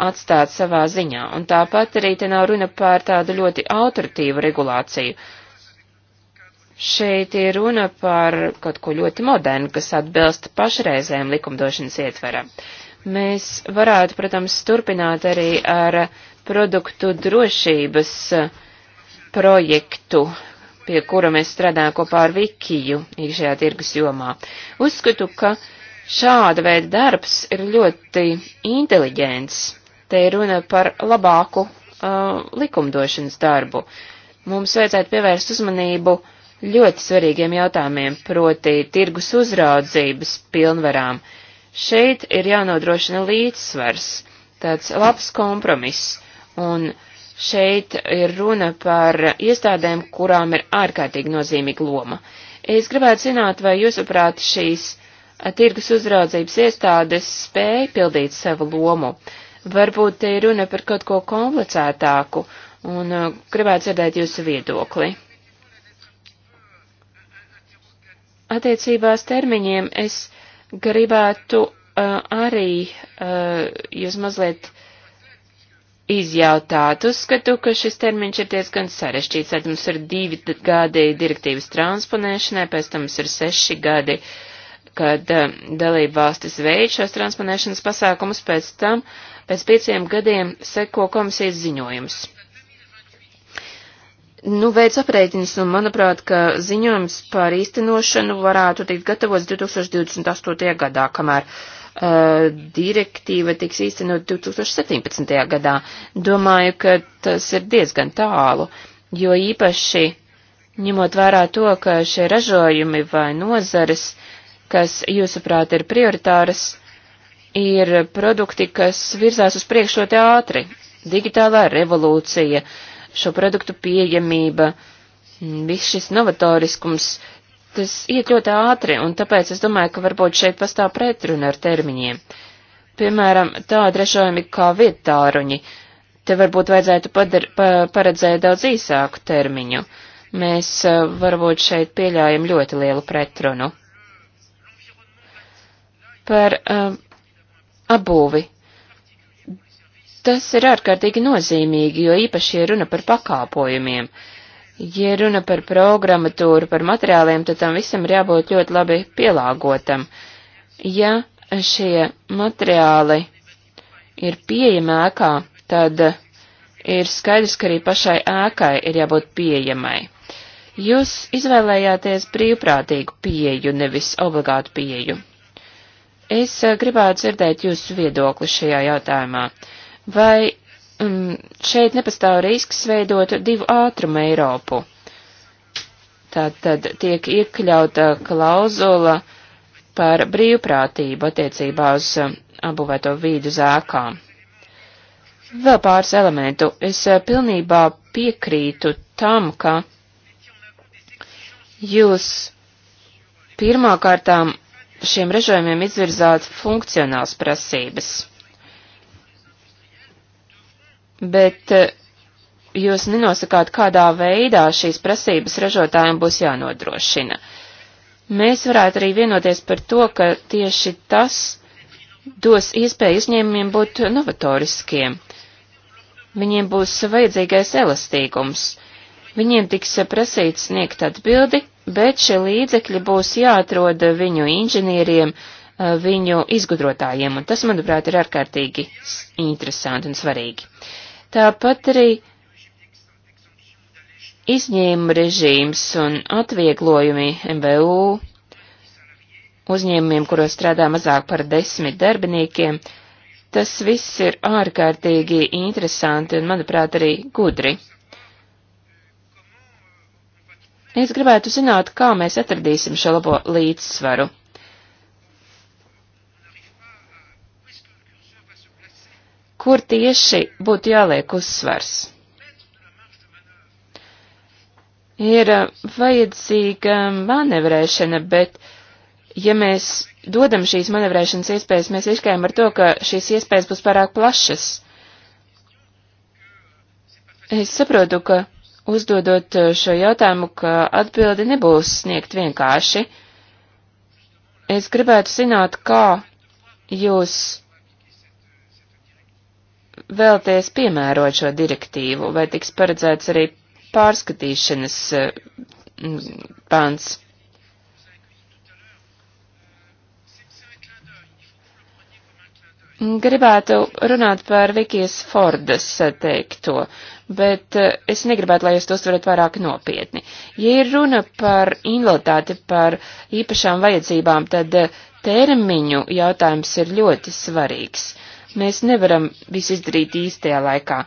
Speaker 4: atstāt savā ziņā, un tāpat arī te nav runa par tādu ļoti autoritīvu regulāciju. Šeit ir runa par kaut ko ļoti modernu, kas atbilst pašreizējiem likumdošanas ietveram. Mēs varētu, protams, turpināt arī ar produktu drošības uh, projektu, pie kura mēs strādājam kopā ar Vikiju iekšējā tirgus jomā. Uzskatu, ka šāda veida darbs ir ļoti inteliģents. Te ir runa par labāku uh, likumdošanas darbu. Mums vajadzētu pievērst uzmanību ļoti svarīgiem jautājumiem, proti tirgus uzraudzības pilnvarām. Šeit ir jānodrošina līdzsvars, tāds labs kompromiss, un Šeit ir runa par iestādēm, kurām ir ārkārtīgi nozīmīga loma. Es gribētu zināt, vai jūsuprāt šīs tirgus uzraudzības iestādes spēja pildīt savu lomu. Varbūt te ir runa par kaut ko komplicētāku un gribētu dzirdēt jūsu viedokli. Attiecībās termiņiem es gribētu uh, arī uh, jūs mazliet izjautāt. Uzskatu, ka šis termiņš ir diezgan sarežģīts. Tad mums ir divi gadi direktīvas transponēšanai, pēc tam mums ir seši gadi, kad eh, dalība valstis veic šos transponēšanas pasākumus, pēc tam pēc pieciem gadiem seko komisijas ziņojums. Nu, veids aprēķins, un manuprāt, ka ziņojums par īstenošanu varētu tikt gatavots 2028. gadā, kamēr uh, Eh, direktīva tiks īstenot 2017. gadā. Domāju, ka tas ir diezgan tālu, jo īpaši ņemot vērā to, ka šie ražojumi vai nozares, kas jūsuprāt ir prioritāras, ir produkti, kas virzās uz priekšu ļoti ātri. Digitālā revolūcija, šo produktu pieejamība, viss šis novatoriskums, uh, tas iet ļoti ātri, un tāpēc es domāju, ka varbūt šeit pastāv pretruna ar termiņiem. Piemēram, tādi ražojumi kā vietāruņi, te varbūt vajadzētu padar, pa, paredzēt daudz īsāku termiņu. Mēs varbūt šeit pieļājam ļoti lielu pretrunu. Par uh, apbūvi. Tas ir ārkārtīgi nozīmīgi, jo īpaši ir runa par pakāpojumiem. Uh, Ja runa par programmatūru, par materiāliem, tad tam visam ir jābūt ļoti labi pielāgotam. Ja šie materiāli ir pieejami ēkā, tad ir skaidrs, ka arī pašai ēkai ir jābūt pieejamai. Jūs izvēlējāties brīvprātīgu pieju, nevis obligātu pieju. Es eh, gribētu dzirdēt jūsu viedokli šajā jautājumā. Vai um, šeit nepastāv risks veidot divu ātrumu Eiropu. Tātad tiek iekļauta klauzula par brīvprātību attiecībā uz um, apbūvēto vīdu zēkām. Vēl pāris elementu. Es uh, pilnībā piekrītu tam, ka jūs pirmkārtām šiem režojumiem izvirzāt funkcionāls prasības bet eh, jūs nenosakāt, kādā veidā šīs prasības ražotājiem būs jānodrošina. Mēs varētu arī vienoties par to, ka tieši tas dos iespēju uzņēmumiem būt novatoriskiem. Viņiem būs vajadzīgais elastīgums. Viņiem tiks prasīts sniegt atbildi, bet šie līdzekļi būs jāatrod viņu inženieriem, eh, viņu izgudrotājiem, un tas, manuprāt, ir ārkārtīgi interesanti un svarīgi. Uh, Tāpat arī izņēmuma režīms un atvieglojumi MVU uzņēmumiem, kuros strādā mazāk par desmit darbiniekiem, tas viss ir ārkārtīgi interesanti un, manuprāt, arī gudri. Es gribētu zināt, kā mēs atradīsim šo labo līdzsvaru. kur tieši būtu jāliek uzsvars. Ir vajadzīga manevrēšana, bet ja mēs dodam šīs manevrēšanas iespējas, mēs riskējam ar to, ka šīs iespējas būs pārāk plašas. Es saprotu, ka uzdodot šo jautājumu, ka atbildi nebūs sniegt vienkārši. Es gribētu zināt, kā jūs vēlties piemērot šo direktīvu, vai tiks paredzēts arī pārskatīšanas eh, pants? Gribētu runāt par Vikijas Fordas eh, teikto, bet eh, es negribētu, lai jūs to uztverat vairāk nopietni. Ja ir runa par invaliditāti, par īpašām vajadzībām, tad termiņu jautājums ir ļoti svarīgs. Mēs nevaram visu izdarīt īstajā laikā.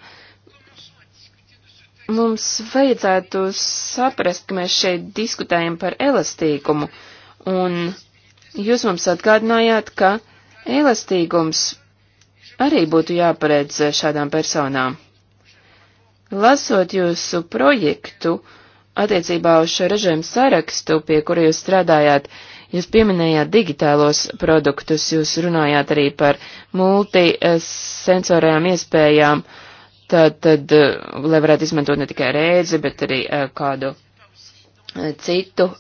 Speaker 4: Mums vajadzētu saprast, ka mēs šeit diskutējam par elastīgumu, un jūs mums atgādinājāt, ka elastīgums arī būtu jāparedz šādām personām. Lasot jūsu projektu attiecībā uz šo režīmu sarakstu, pie kura jūs strādājāt, Jūs pieminējāt digitālos produktus, jūs runājāt arī par multisensorējām iespējām, tad, tad, eh, lai varētu izmantot ne tikai rēdzi, bet arī eh, kādu eh, citu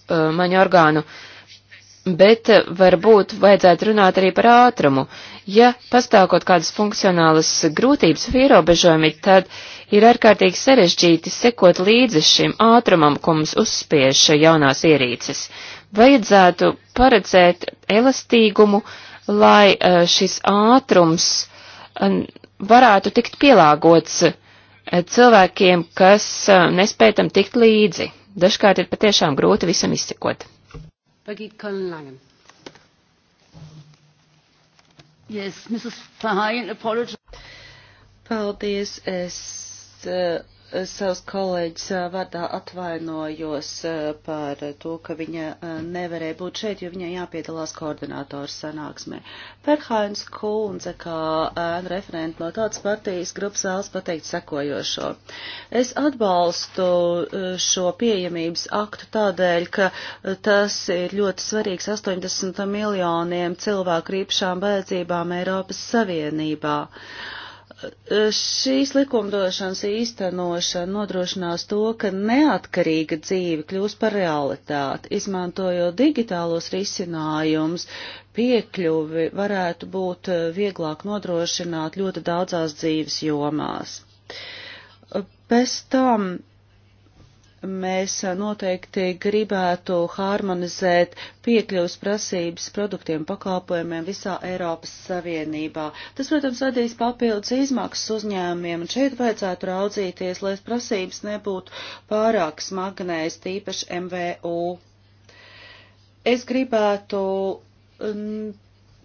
Speaker 4: maņu orgānu. Bet varbūt vajadzētu runāt arī par ātrumu. Ja pastāv kaut kādas funkcionālas grūtības vai ierobežojumi, tad ir ārkārtīgi sarežģīti sekot līdzi šim ātrumam, ko mums uzspiež jaunās ierīces vajadzētu paredzēt elastīgumu, lai eh, šis ātrums eh, varētu tikt pielāgots eh, cilvēkiem, kas nespēj tam tikt līdzi. Dažkārt ir patiešām grūti visam izsekot.
Speaker 2: Yes, Paldies, es Eh, savas kolēģis eh, vārdā atvainojos eh, par to, ka viņa nevarēja būt šeit, jo viņai jāpiedalās koordinātoru sanāksmē. Perhains Kūnze, kā referenta no tādas partijas grupas vēlas pateikt sekojošo. Es atbalstu šo pieejamības aktu tādēļ, ka tas ir ļoti svarīgs 80 miljoniem cilvēku īpašām vajadzībām Eiropas Savienībā. Uh, šīs likumdošanas īstenošana nodrošinās to, ka neatkarīga dzīve kļūs par realitāti. Izmantojot digitālos risinājumus, piekļuvi varētu būt eh, vieglāk nodrošināt ļoti daudzās dzīves jomās. Bez tam mēs noteikti gribētu harmonizēt piekļuvas prasības produktiem pakalpojumiem visā Eiropas Savienībā. Tas, protams, radīs papildus izmaksas uzņēmumiem, un šeit vajadzētu raudzīties, lai prasības nebūtu pārāk smagnējas, tīpaši MVU. Es gribētu mm,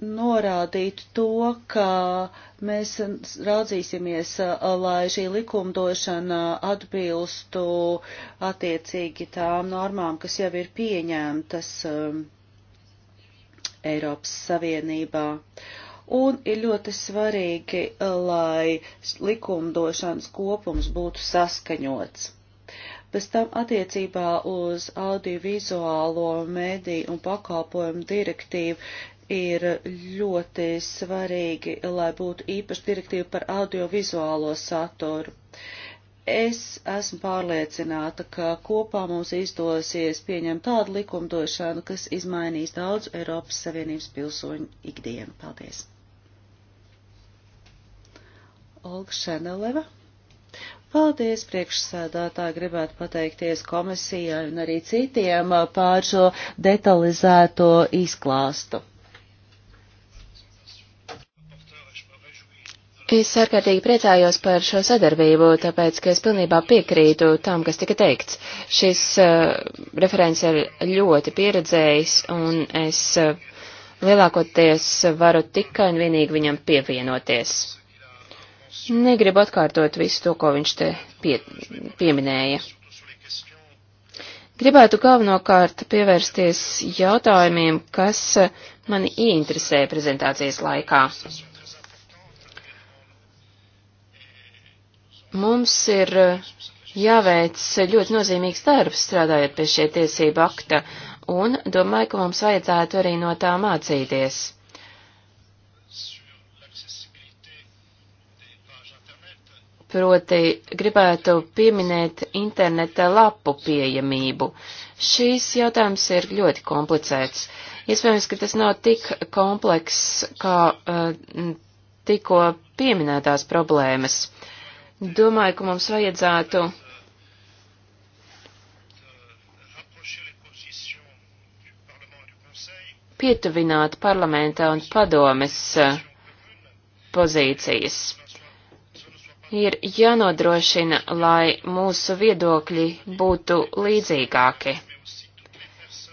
Speaker 2: norādīt to, ka mēs raudzīsimies, lai šī likumdošana atbilstu attiecīgi tām normām, kas jau ir pieņemtas um, Eiropas Savienībā. Un ir ļoti svarīgi, lai likumdošanas kopums būtu saskaņots. Pēc tam attiecībā uz audiovizuālo mediju un pakalpojumu direktīvu ir ļoti svarīgi, lai būtu īpaši direktīva par audiovizuālo saturu. Es esmu pārliecināta, ka kopā mums izdosies pieņemt tādu likumdošanu, kas izmainīs daudz Eiropas Savienības pilsoņu ikdienu. Paldies! Olga Šeneleva. Paldies, priekšsēdātāji, gribētu pateikties komisijai un arī citiem pār šo detalizēto izklāstu. Es
Speaker 4: ārkārtīgi priecājos par šo sadarbību, tāpēc, ka es pilnībā piekrītu tam, kas tika teikts. Šis uh, referents ir ļoti pieredzējis, un es uh, lielākoties varu tikai un vienīgi viņam pievienoties. Negribu atkārtot visu to, ko viņš te pie, pieminēja. Gribētu galvenokārt pievērsties jautājumiem, kas uh, mani ieinteresē prezentācijas laikā. Mums ir eh, jāveic ļoti nozīmīgs darbs strādājot pie šie tiesību akta, un domāju, ka mums vajadzētu arī no tā mācīties. Proti, gribētu pieminēt interneta lapu pieejamību. Šīs jautājums ir ļoti komplicēts. Iespējams, ka tas nav tik kompleks, kā uh, tikko pieminētās problēmas. Uh, Domāju, ka mums vajadzētu pietuvināt parlamenta un padomes eh, pozīcijas. Ir jānodrošina, lai mūsu viedokļi būtu līdzīgāki.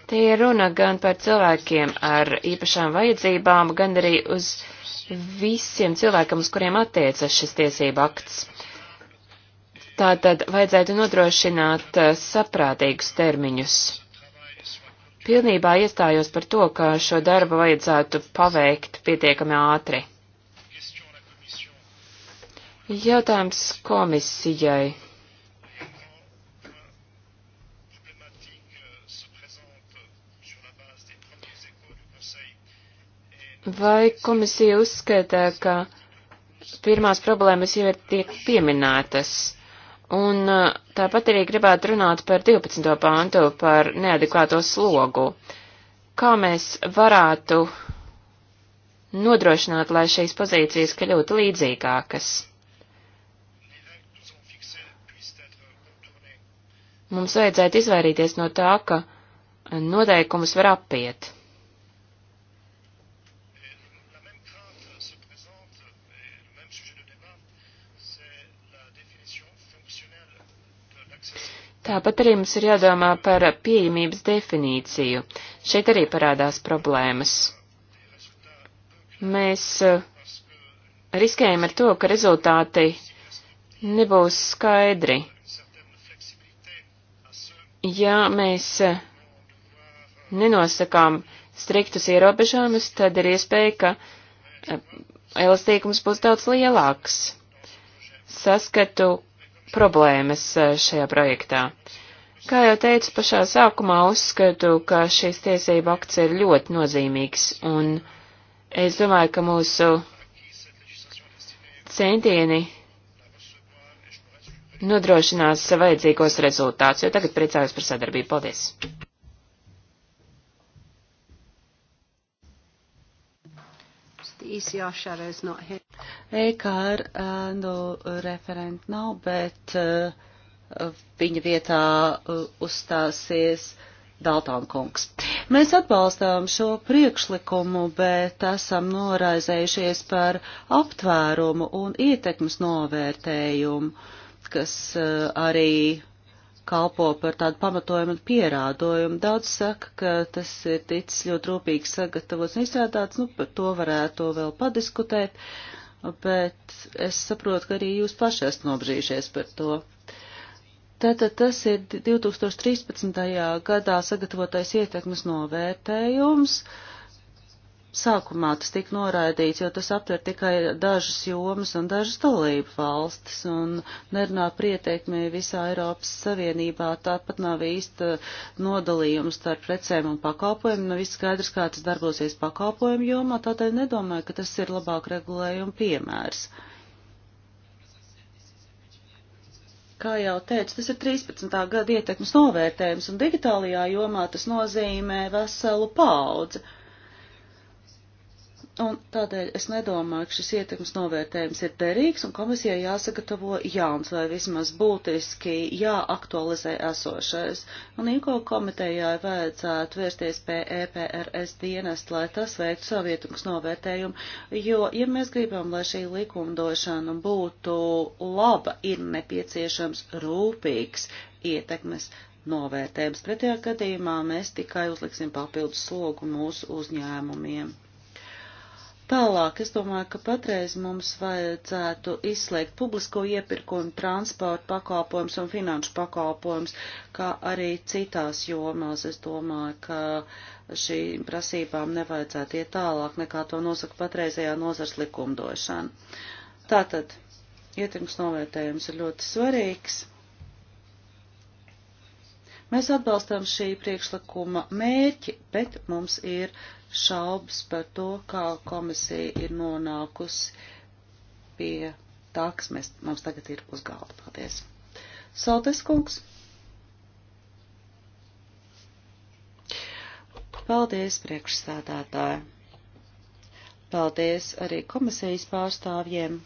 Speaker 4: Te ir runa gan par cilvēkiem ar īpašām vajadzībām, gan arī uz visiem cilvēkiem, uz kuriem attiecas šis tiesība akts. Tātad vajadzētu nodrošināt eh, saprātīgus termiņus. Pilnībā iestājos par to, ka šo darbu vajadzētu paveikt pietiekami ātri. Jautājums komisijai. Vai komisija uzskata, ka pirmās problēmas jau ir tiek pieminētas? Un tāpat arī gribētu runāt par 12. pāntu, par neadekvāto slogu. Kā mēs varētu nodrošināt, lai šīs pozīcijas kļūtu līdzīgākas? Mums vajadzētu izvairīties no tā, ka noteikumus var apiet. Tāpat arī mums ir jādomā par pieejamības definīciju. Šeit arī parādās problēmas. Mēs eh, riskējam ar to, ka rezultāti nebūs skaidri. Ja mēs eh, nenosakām striktus ierobežojumus, tad ir iespēja, ka eh, elastīgums būs daudz lielāks. Saskatu, problēmas eh, šajā projektā. Kā jau teicu pašā sākumā, uzskatu, ka šīs tiesība akts ir ļoti nozīmīgs, un es domāju, ka mūsu centieni nodrošinās vajadzīgos rezultātus, jo tagad priecājos par sadarbību. Paldies!
Speaker 2: ECR shadows not here. EKR uh, no, referent nav, bet uh, uh viņa vietā uh, uzstāsies Daltām kungs. Mēs atbalstām šo priekšlikumu, bet esam noraizējušies par aptvērumu un ietekmes novērtējumu, kas uh, arī kalpo par tādu pamatojumu un pierādojumu. Daudz saka, ka tas ir ticis ļoti rūpīgi sagatavots un izstrādāts, nu par to varētu vēl padiskutēt, bet es saprotu, ka arī jūs paši esat nobrīžies par to. Tātad tas ir 2013. gadā sagatavotais ietekmes novērtējums. Uh, sākumā tas tika noraidīts, jo tas aptver tikai dažas jomas un dažas dalību valstis un nerunā prieteikmi visā Eiropas Savienībā. Tāpat nav īsta nodalījums starp precēm un pakalpojumiem. Nav nu, viss skaidrs, kā tas darbosies pakalpojumu jomā, tādēļ nedomāju, ka tas ir labāk regulējuma piemērs. kā jau teicu, tas ir 13. gada ietekmes novērtējums, un digitālajā jomā tas nozīmē veselu paudzi. Uh, un tādēļ es nedomāju, ka šis ietekmes novērtējums ir derīgs, un komisijai jāsagatavo jauns vai vismaz būtiski jāaktualizē esošais. Un Inko komitejai vajadzētu vērsties pie EPRS dienest, lai tas veiktu savu ietekmes novērtējumu, jo, ja mēs gribam, lai šī likumdošana būtu laba, ir nepieciešams rūpīgs ietekmes novērtējums. Pretējā gadījumā mēs tikai uzliksim papildus slogu mūsu uzņēmumiem. Tālāk, es domāju, ka patreiz mums vajadzētu izslēgt publisko iepirkumu, transporta pakalpojums un finanšu pakalpojums, kā arī citās jomās. Es domāju, ka šīm prasībām nevajadzētu iet tālāk, nekā to nosaka patreizējā nozars likumdošana. Tātad, ietekmes novērtējums ir ļoti svarīgs. Mēs atbalstam šī priekšlikuma mērķi, bet mums ir šaubas par to, kā komisija ir nonākusi pie tā, kas mēs, mums tagad ir uz galda. Paldies. Saltes kungs. Paldies, priekšstādātāji. Paldies arī komisijas pārstāvjiem.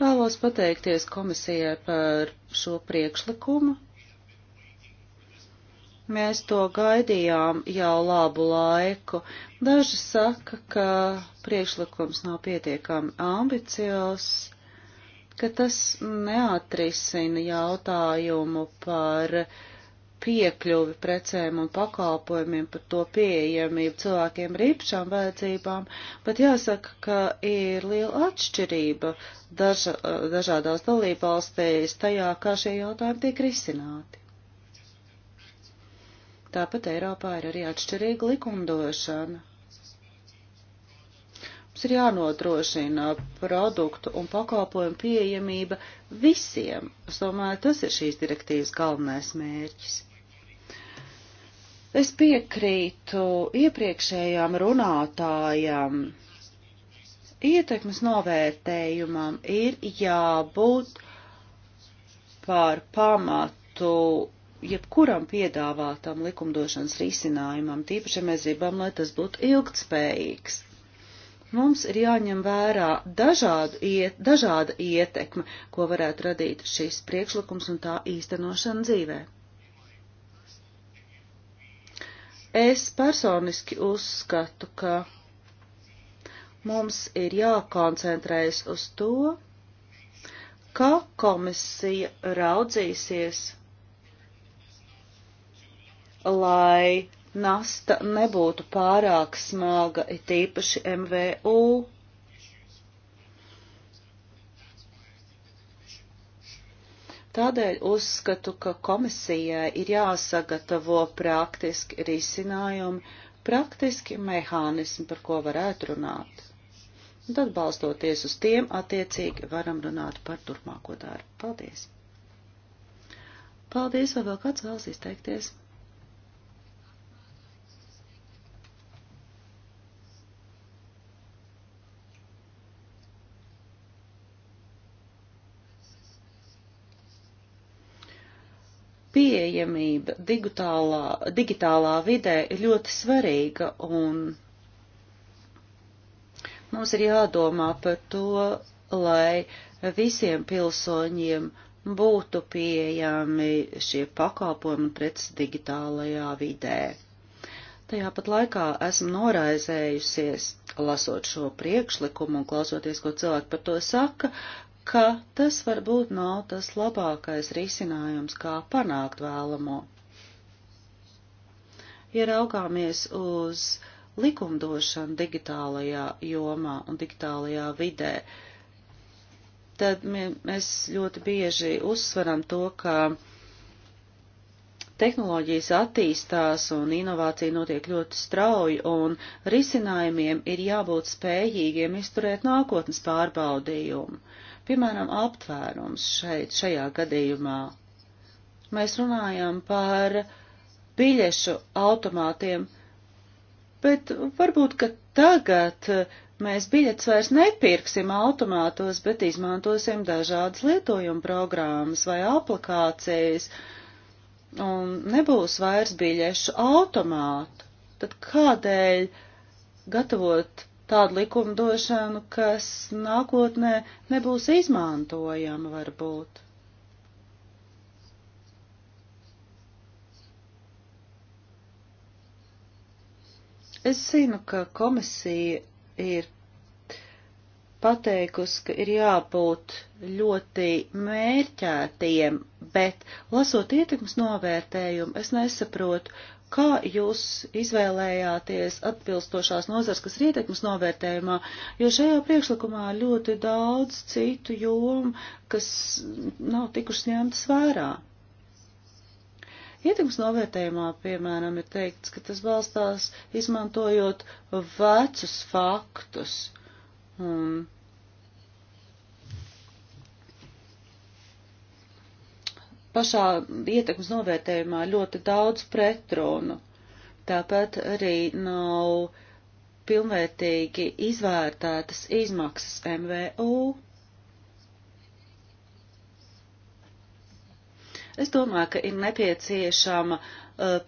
Speaker 2: Vēlos pateikties komisijai par šo priekšlikumu Mēs to gaidījām jau labu laiku. Daži saka, ka priekšlikums nav pietiekami ambiciozs, ka tas neatrisina jautājumu par piekļuvi precēm un pakalpojumiem, par to pieejamību cilvēkiem ar īpašām vajadzībām, bet jāsaka, ka ir liela atšķirība daža, dažādās dalībvalstīs tajā, kā šie jautājumi tiek risināti. Tāpat Eiropā ir arī atšķirīga likumdošana. Mums ir jānodrošina produktu un pakalpojumu pieejamība visiem. Es domāju, tas ir šīs direktīvas galvenais mērķis. Es piekrītu iepriekšējām runātājām. Ietekmes novērtējumam ir jābūt par pamatu jebkuram piedāvātam likumdošanas risinājumam, tīpaši, ja mēs gribam, lai tas būtu ilgtspējīgs. Mums ir jāņem vērā dažādu iet, dažāda ietekme, ko varētu radīt šis priekšlikums un tā īstenošana dzīvē. Es personiski uzskatu, ka mums ir jākoncentrējas uz to, ka komisija raudzīsies lai nasta nebūtu pārāk smaga, it īpaši MVU. Tādēļ uzskatu, ka komisijai ir jāsagatavo praktiski risinājumi, praktiski mehānismi, par ko varētu runāt. Un tad, balstoties uz tiem, attiecīgi varam runāt par turpmāko darbu. Paldies! Paldies, vai vēl kāds vēlas izteikties? pieejamība digitālā, digitālā vidē ir ļoti svarīga un mums ir jādomā par to, lai visiem pilsoņiem būtu pieejami šie pakalpojumi un preces digitālajā vidē. Tajā pat laikā esmu noraizējusies, lasot šo priekšlikumu un klausoties, ko cilvēki par to saka, ka tas varbūt nav tas labākais risinājums, kā panākt vēlamo. Ja raugāmies uz likumdošanu digitālajā jomā un digitālajā vidē, tad mēs ļoti bieži uzsveram to, ka tehnoloģijas attīstās un inovācija notiek ļoti strauji, un risinājumiem ir jābūt spējīgiem izturēt nākotnes pārbaudījumu. Piemēram, aptvērums šeit, šajā gadījumā. Mēs runājam par biļešu automātiem, bet varbūt, ka tagad mēs biļetes vairs nepirksim automātos, bet izmantosim dažādas lietojuma programmas vai aplikācijas, un nebūs vairs biļešu automātu. Tad kādēļ gatavot tādu likumdošanu, kas nākotnē nebūs izmantojama varbūt. Es zinu, ka komisija ir pateikusi, ka ir jābūt ļoti mērķētiem, bet lasot ietekmes novērtējumu, es nesaprotu, Kā jūs izvēlējāties atbilstošās nozars, kas ir ietekmes novērtējumā, jo šajā priekšlikumā ļoti daudz citu jomu, kas nav tikušas ņemtas vērā? Ietekmes novērtējumā, piemēram, ir teikts, ka tas balstās izmantojot vecus faktus. Un pašā ietekmes novērtējumā ļoti daudz pretrunu. Tāpat arī nav pilnvērtīgi izvērtētas izmaksas MVU. Es domāju, ka ir nepieciešama uh,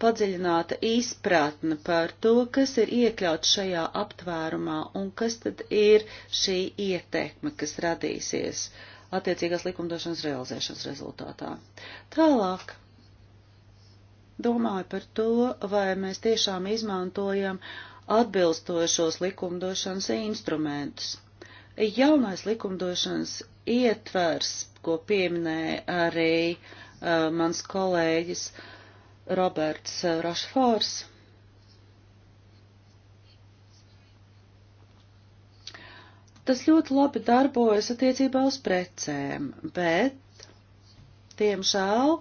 Speaker 2: padziļināta izpratne par to, kas ir iekļauts šajā aptvērumā un kas tad ir šī ietekme, kas radīsies. Uh, attiecīgās likumdošanas realizēšanas rezultātā. Tālāk domāju par to, vai mēs tiešām izmantojam atbilstošos likumdošanas instrumentus. Jaunais likumdošanas ietvers, ko pieminēja arī uh, mans kolēģis Roberts uh, Rašfors, Tas ļoti labi darbojas attiecībā uz precēm, bet, diemžēl,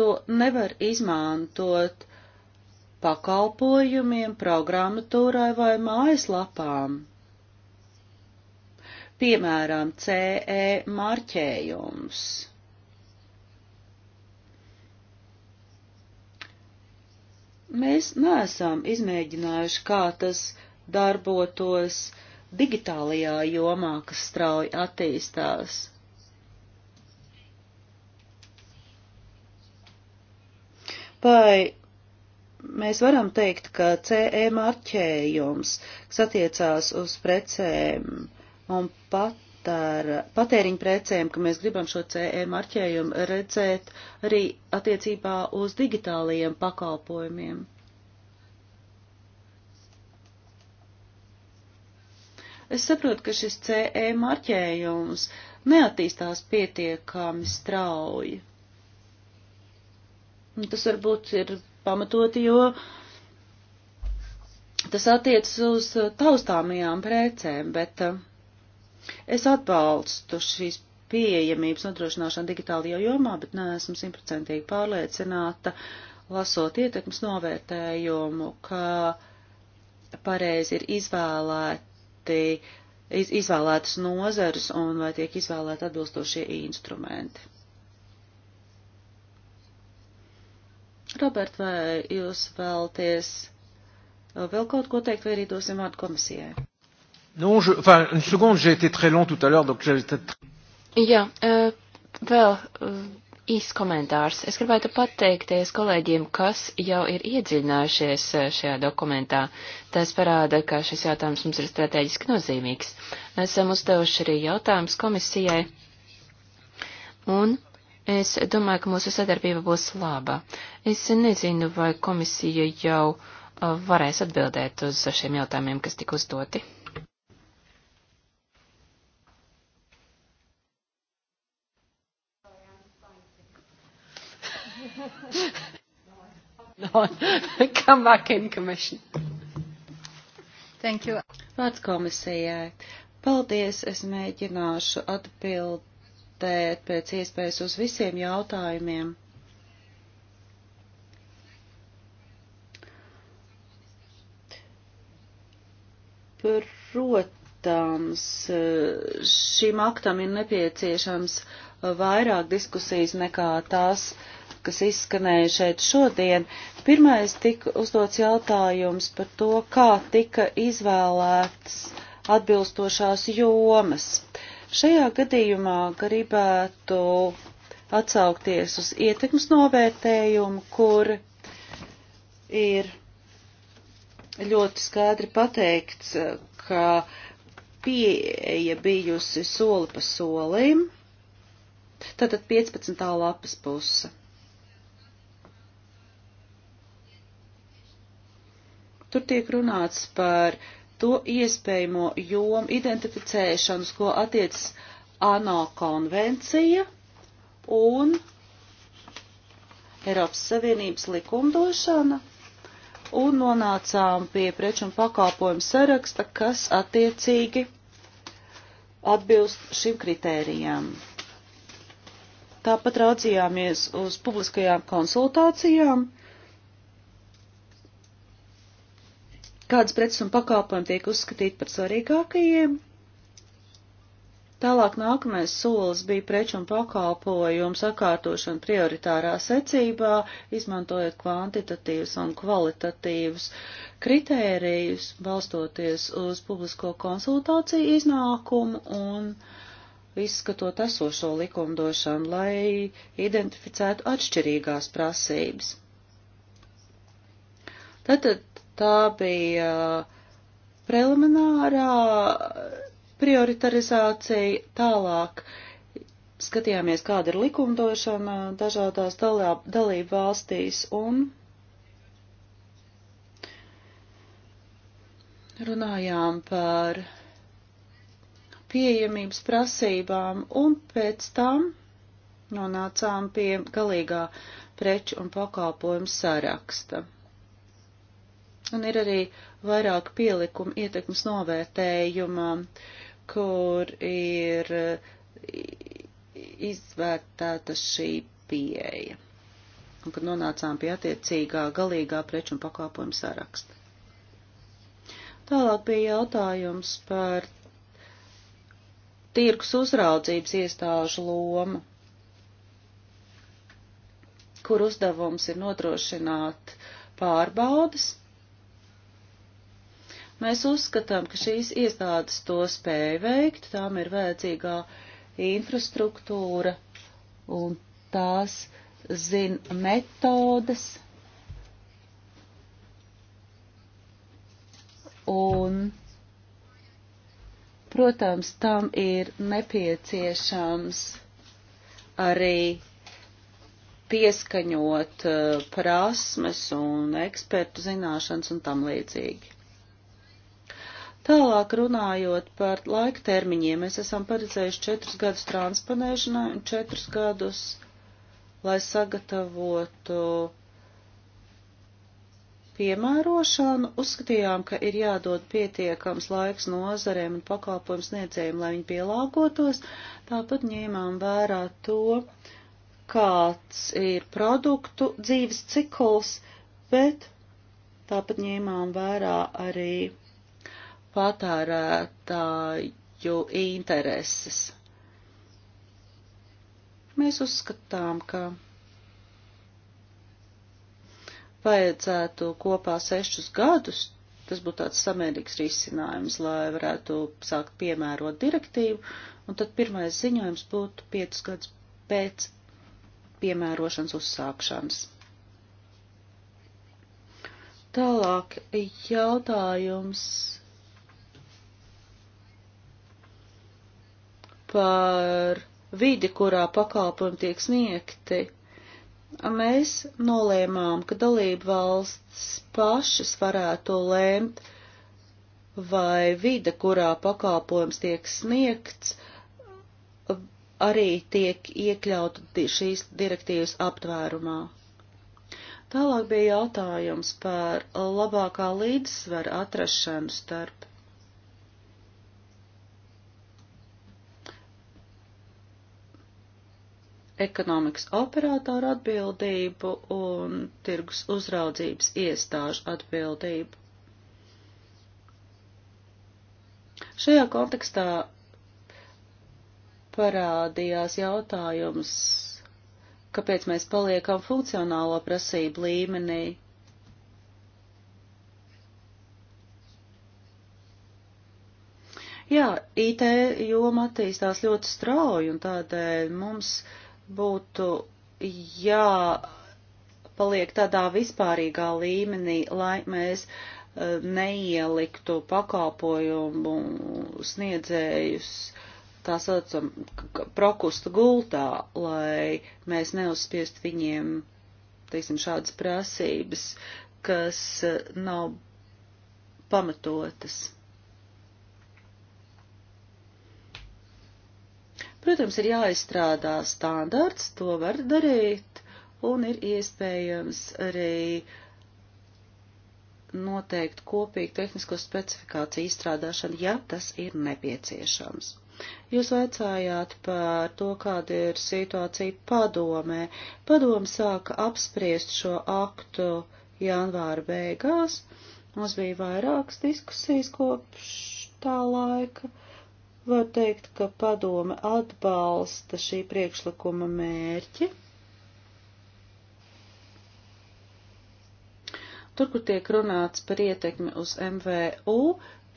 Speaker 2: to nevar izmantot pakalpojumiem, programmatūrai vai mājaslapām. Piemēram, CE marķējums Mēs neesam izmēģinājuši, kā tas darbotos digitālajā jomā, kas strauji attīstās. Vai mēs varam teikt, ka CE marķējums, kas attiecās uz precēm un pat par patēriņu precēm, ka mēs gribam šo CE marķējumu redzēt arī attiecībā uz digitālajiem pakalpojumiem. Es saprotu, ka šis CE marķējums neattīstās pietiekami strauji. Un tas varbūt ir pamatoti, jo tas attiecas uz taustāmajām precēm, bet uh, Es atbalstu šīs pieejamības nodrošināšanu digitālajā jomā, bet neesmu simtprocentīgi pārliecināta, lasot ietekmes novērtējumu, ka pareizi ir izvēlēti, iz, izvēlētas nozares un vai tiek izvēlēti atbilstošie instrumenti. Robert, vai jūs vēlties vēl kaut ko teikt, vai arī dosim vārdu komisijai?
Speaker 1: Nu, je, enfin, une seconde, j'ai été très long tout à l'heure, donc j'avais tad...
Speaker 2: Jā, vēl īsts
Speaker 4: komentārs. Es gribētu pateikties kolēģiem, kas jau ir iedziļinājušies šajā dokumentā. Tas parāda, ka šis jautājums mums ir strateģiski nozīmīgs. Esam uzdevuši arī jautājumus komisijai, un es domāju, ka mūsu sadarbība būs laba. Es nezinu, vai komisija jau varēs atbildēt uz šiem jautājumiem, kas tika uzdoti.
Speaker 2: no, come back in commission. Thank you. Vārds komisijai. Paldies, es mēģināšu atbildēt pēc iespējas uz visiem jautājumiem. Protams, šim aktam ir nepieciešams vairāk diskusijas nekā tās uh, kas izskanēja šeit šodien. Pirmais tika uzdots jautājums par to, kā tika izvēlētas atbilstošās jomas. Šajā gadījumā gribētu atsaukties uz ietekmes novērtējumu, kur ir ļoti skaidri pateikts, ka pieeja bijusi soli pa solim, tātad 15. lapas puse. Tur tiek runāts par to iespējamo jomu identificēšanas, ko attiecas ANO konvencija un Eiropas Savienības likumdošana, un nonācām pie preču un pakalpojumu saraksta, kas attiecīgi atbilst šim kritērijām. Tāpat raudzījāmies uz publiskajām konsultācijām, kādas preces un pakalpojumi tiek uzskatīti par svarīgākajiem. Tālāk nākamais solis bija preču un pakalpojumu sakārtošana prioritārā secībā, izmantojot kvantitatīvus un kvalitatīvus kritērijus, balstoties uz publisko konsultāciju iznākumu un izskatot esošo likumdošanu, lai identificētu atšķirīgās prasības. Tātad Tā bija preliminārā prioritarizācija tālāk. Skatījāmies, kāda ir likumdošana dažādās dalību valstīs un runājām par pieejamības prasībām un pēc tam nonācām pie galīgā preču un pakalpojumu saraksta. Un ir arī vairāk pielikumu ietekmes novērtējumam, kur ir izvērtēta šī pieeja. Un kad nonācām pie attiecīgā galīgā preču un pakāpojumu saraksta. Tālāk bija jautājums par tirgus uzraudzības iestāžu lomu, kur uzdevums ir nodrošināt pārbaudas Mēs uzskatām, ka šīs iestādes to spēja veikt, tām ir vajadzīgā infrastruktūra un tās zina metodes un, protams, tam ir nepieciešams arī pieskaņot eh, prasmes un ekspertu zināšanas un tam līdzīgi. Tālāk runājot par laika termiņiem, mēs esam paredzējuši četrus gadus transponēšanai un četrus gadus, lai sagatavotu piemērošanu. Uzskatījām, ka ir jādod pietiekams laiks nozarēm un pakalpojums sniedzējiem, lai viņi pielāgotos. Tāpat ņēmām vērā to, kāds ir produktu dzīves cikls, bet tāpat ņēmām vērā arī patērētāju intereses. Mēs uzskatām, ka vajadzētu kopā sešus gadus, tas būtu tāds samērīgs risinājums, lai varētu sākt piemērot direktīvu, un tad pirmais ziņojums būtu piecus gadus pēc piemērošanas uzsākšanas. Tālāk jautājums par vidi, kurā pakalpojumi tiek sniegti, mēs nolēmām, ka dalība valsts pašas varētu lēmt, vai vide, kurā pakalpojums tiek sniegts, arī tiek iekļauta šīs direktīvas aptvērumā. Tālāk bija jautājums par labākā līdzsvera atrašanu starp ekonomikas operātoru atbildību un tirgus uzraudzības iestāžu atbildību. Šajā kontekstā parādījās jautājums, kāpēc mēs paliekam funkcionālo prasību līmenī. Jā, IT joma attīstās ļoti strauji, un tādēļ mums uh, būtu jāpaliek tādā vispārīgā līmenī, lai mēs e, neieliktu pakalpojumu sniedzējus tā saucam prokustu gultā, lai mēs neuzspiest viņiem, teiksim, šādas prasības, kas e, nav pamatotas. Protams, ir jāizstrādā standarts, to var darīt, un ir iespējams arī noteikt kopīgu tehnisko specifikāciju izstrādāšanu, ja tas ir nepieciešams. Jūs vaicājāt par to, kāda ir situācija padomē. Padoma sāka apspriest šo aktu janvāra beigās. Mums bija vairākas diskusijas kopš tā laika. Uh, Var teikt, ka padome atbalsta šī priekšlikuma mērķi. Tur, kur tiek runāts par ietekmi uz MVU,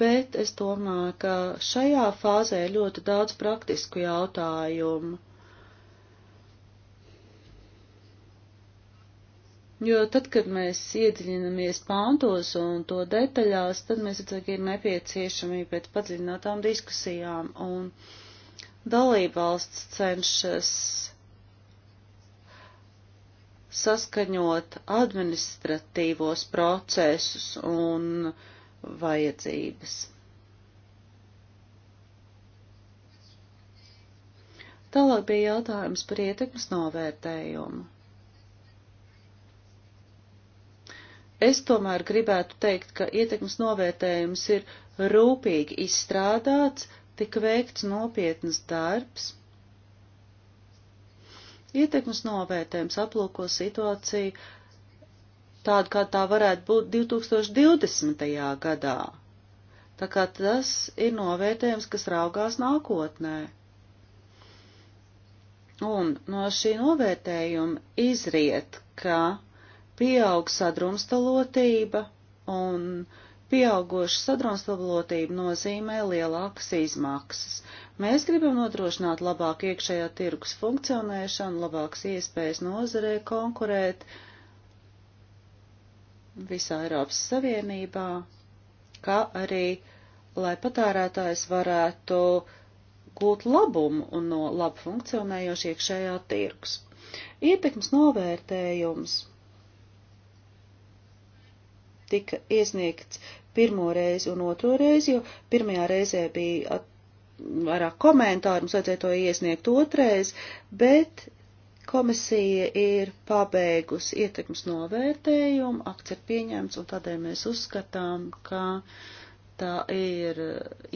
Speaker 2: bet es domāju, ka šajā fāzē ļoti daudz praktisku jautājumu Jo tad, kad mēs iedziļinamies pāntos un to detaļās, tad mēs redzam, ka ir nepieciešamība pēc padziļinātām diskusijām, un dalībvalsts cenšas saskaņot administratīvos procesus un vajadzības. Tālāk bija jautājums par ietekmes novērtējumu. Es tomēr gribētu teikt, ka ietekmes novērtējums ir rūpīgi izstrādāts, tika veikts nopietnas darbs. Ietekmes novērtējums aplūko situāciju tādu, kā tā varētu būt 2020. gadā. Tā kā tas ir novērtējums, kas raugās nākotnē. Un no šī novērtējuma izriet, ka pieaug sadrumstalotība, un pieaugoša sadrumstalotība nozīmē lielākas izmaksas. Mēs gribam nodrošināt labāku iekšējā tirgus funkcionēšanu, labākas iespējas nozarē konkurēt visā Eiropas Savienībā, kā arī, lai patērētājs varētu gūt labumu no labi funkcionējoša iekšējā tirgus. Ietekmes novērtējums tika iesniegts pirmo reizi un otro reizi, jo pirmajā reizē bija vairāk komentāru, mums vajadzēja to iesniegt otrais, bet komisija ir pabeigusi ietekmes novērtējumu, akts ir pieņemts, un tādēļ mēs uzskatām, ka tā ir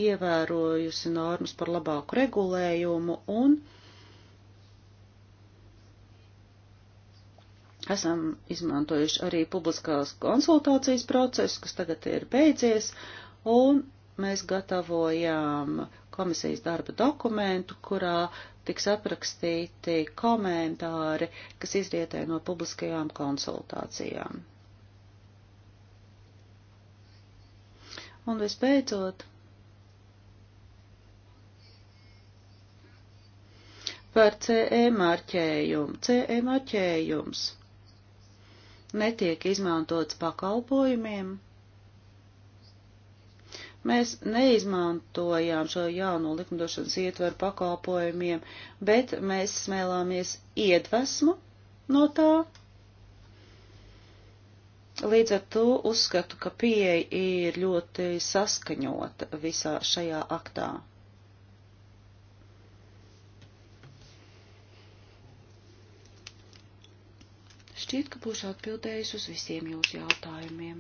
Speaker 2: ievērojusi normas par labāku regulējumu un Esam izmantojuši arī publiskās konsultācijas procesu, kas tagad ir beidzies, un mēs gatavojām komisijas darba dokumentu, kurā tiks aprakstīti komentāri, kas izrietē no publiskajām konsultācijām. Un visbeidzot, par CE marķējumu. CE marķējums netiek izmantots pakalpojumiem. Mēs neizmantojām šo jauno likumdošanas ietveru pakalpojumiem, bet mēs smēlāmies iedvesmu no tā. Līdz ar to uzskatu, ka pieeja ir ļoti saskaņota visā šajā aktā. Šķiet, ka būšu atbildējis uz visiem jūsu jautājumiem.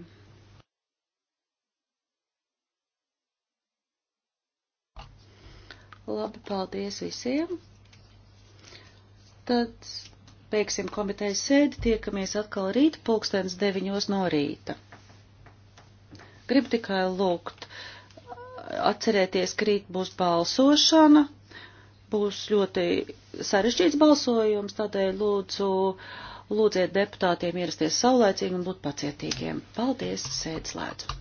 Speaker 2: Labi, paldies visiem. Tad beigsim komitejas sēdi, tiekamies atkal rīt pulkstens deviņos no rīta. Gribu tikai lūgt, atcerēties, ka rīt būs balsošana, būs ļoti sarežģīts balsojums, tādēļ lūdzu Lūdziet deputātiem ierasties saulēcīgi un būt pacietīgiem. Paldies, sēdz slēdzu!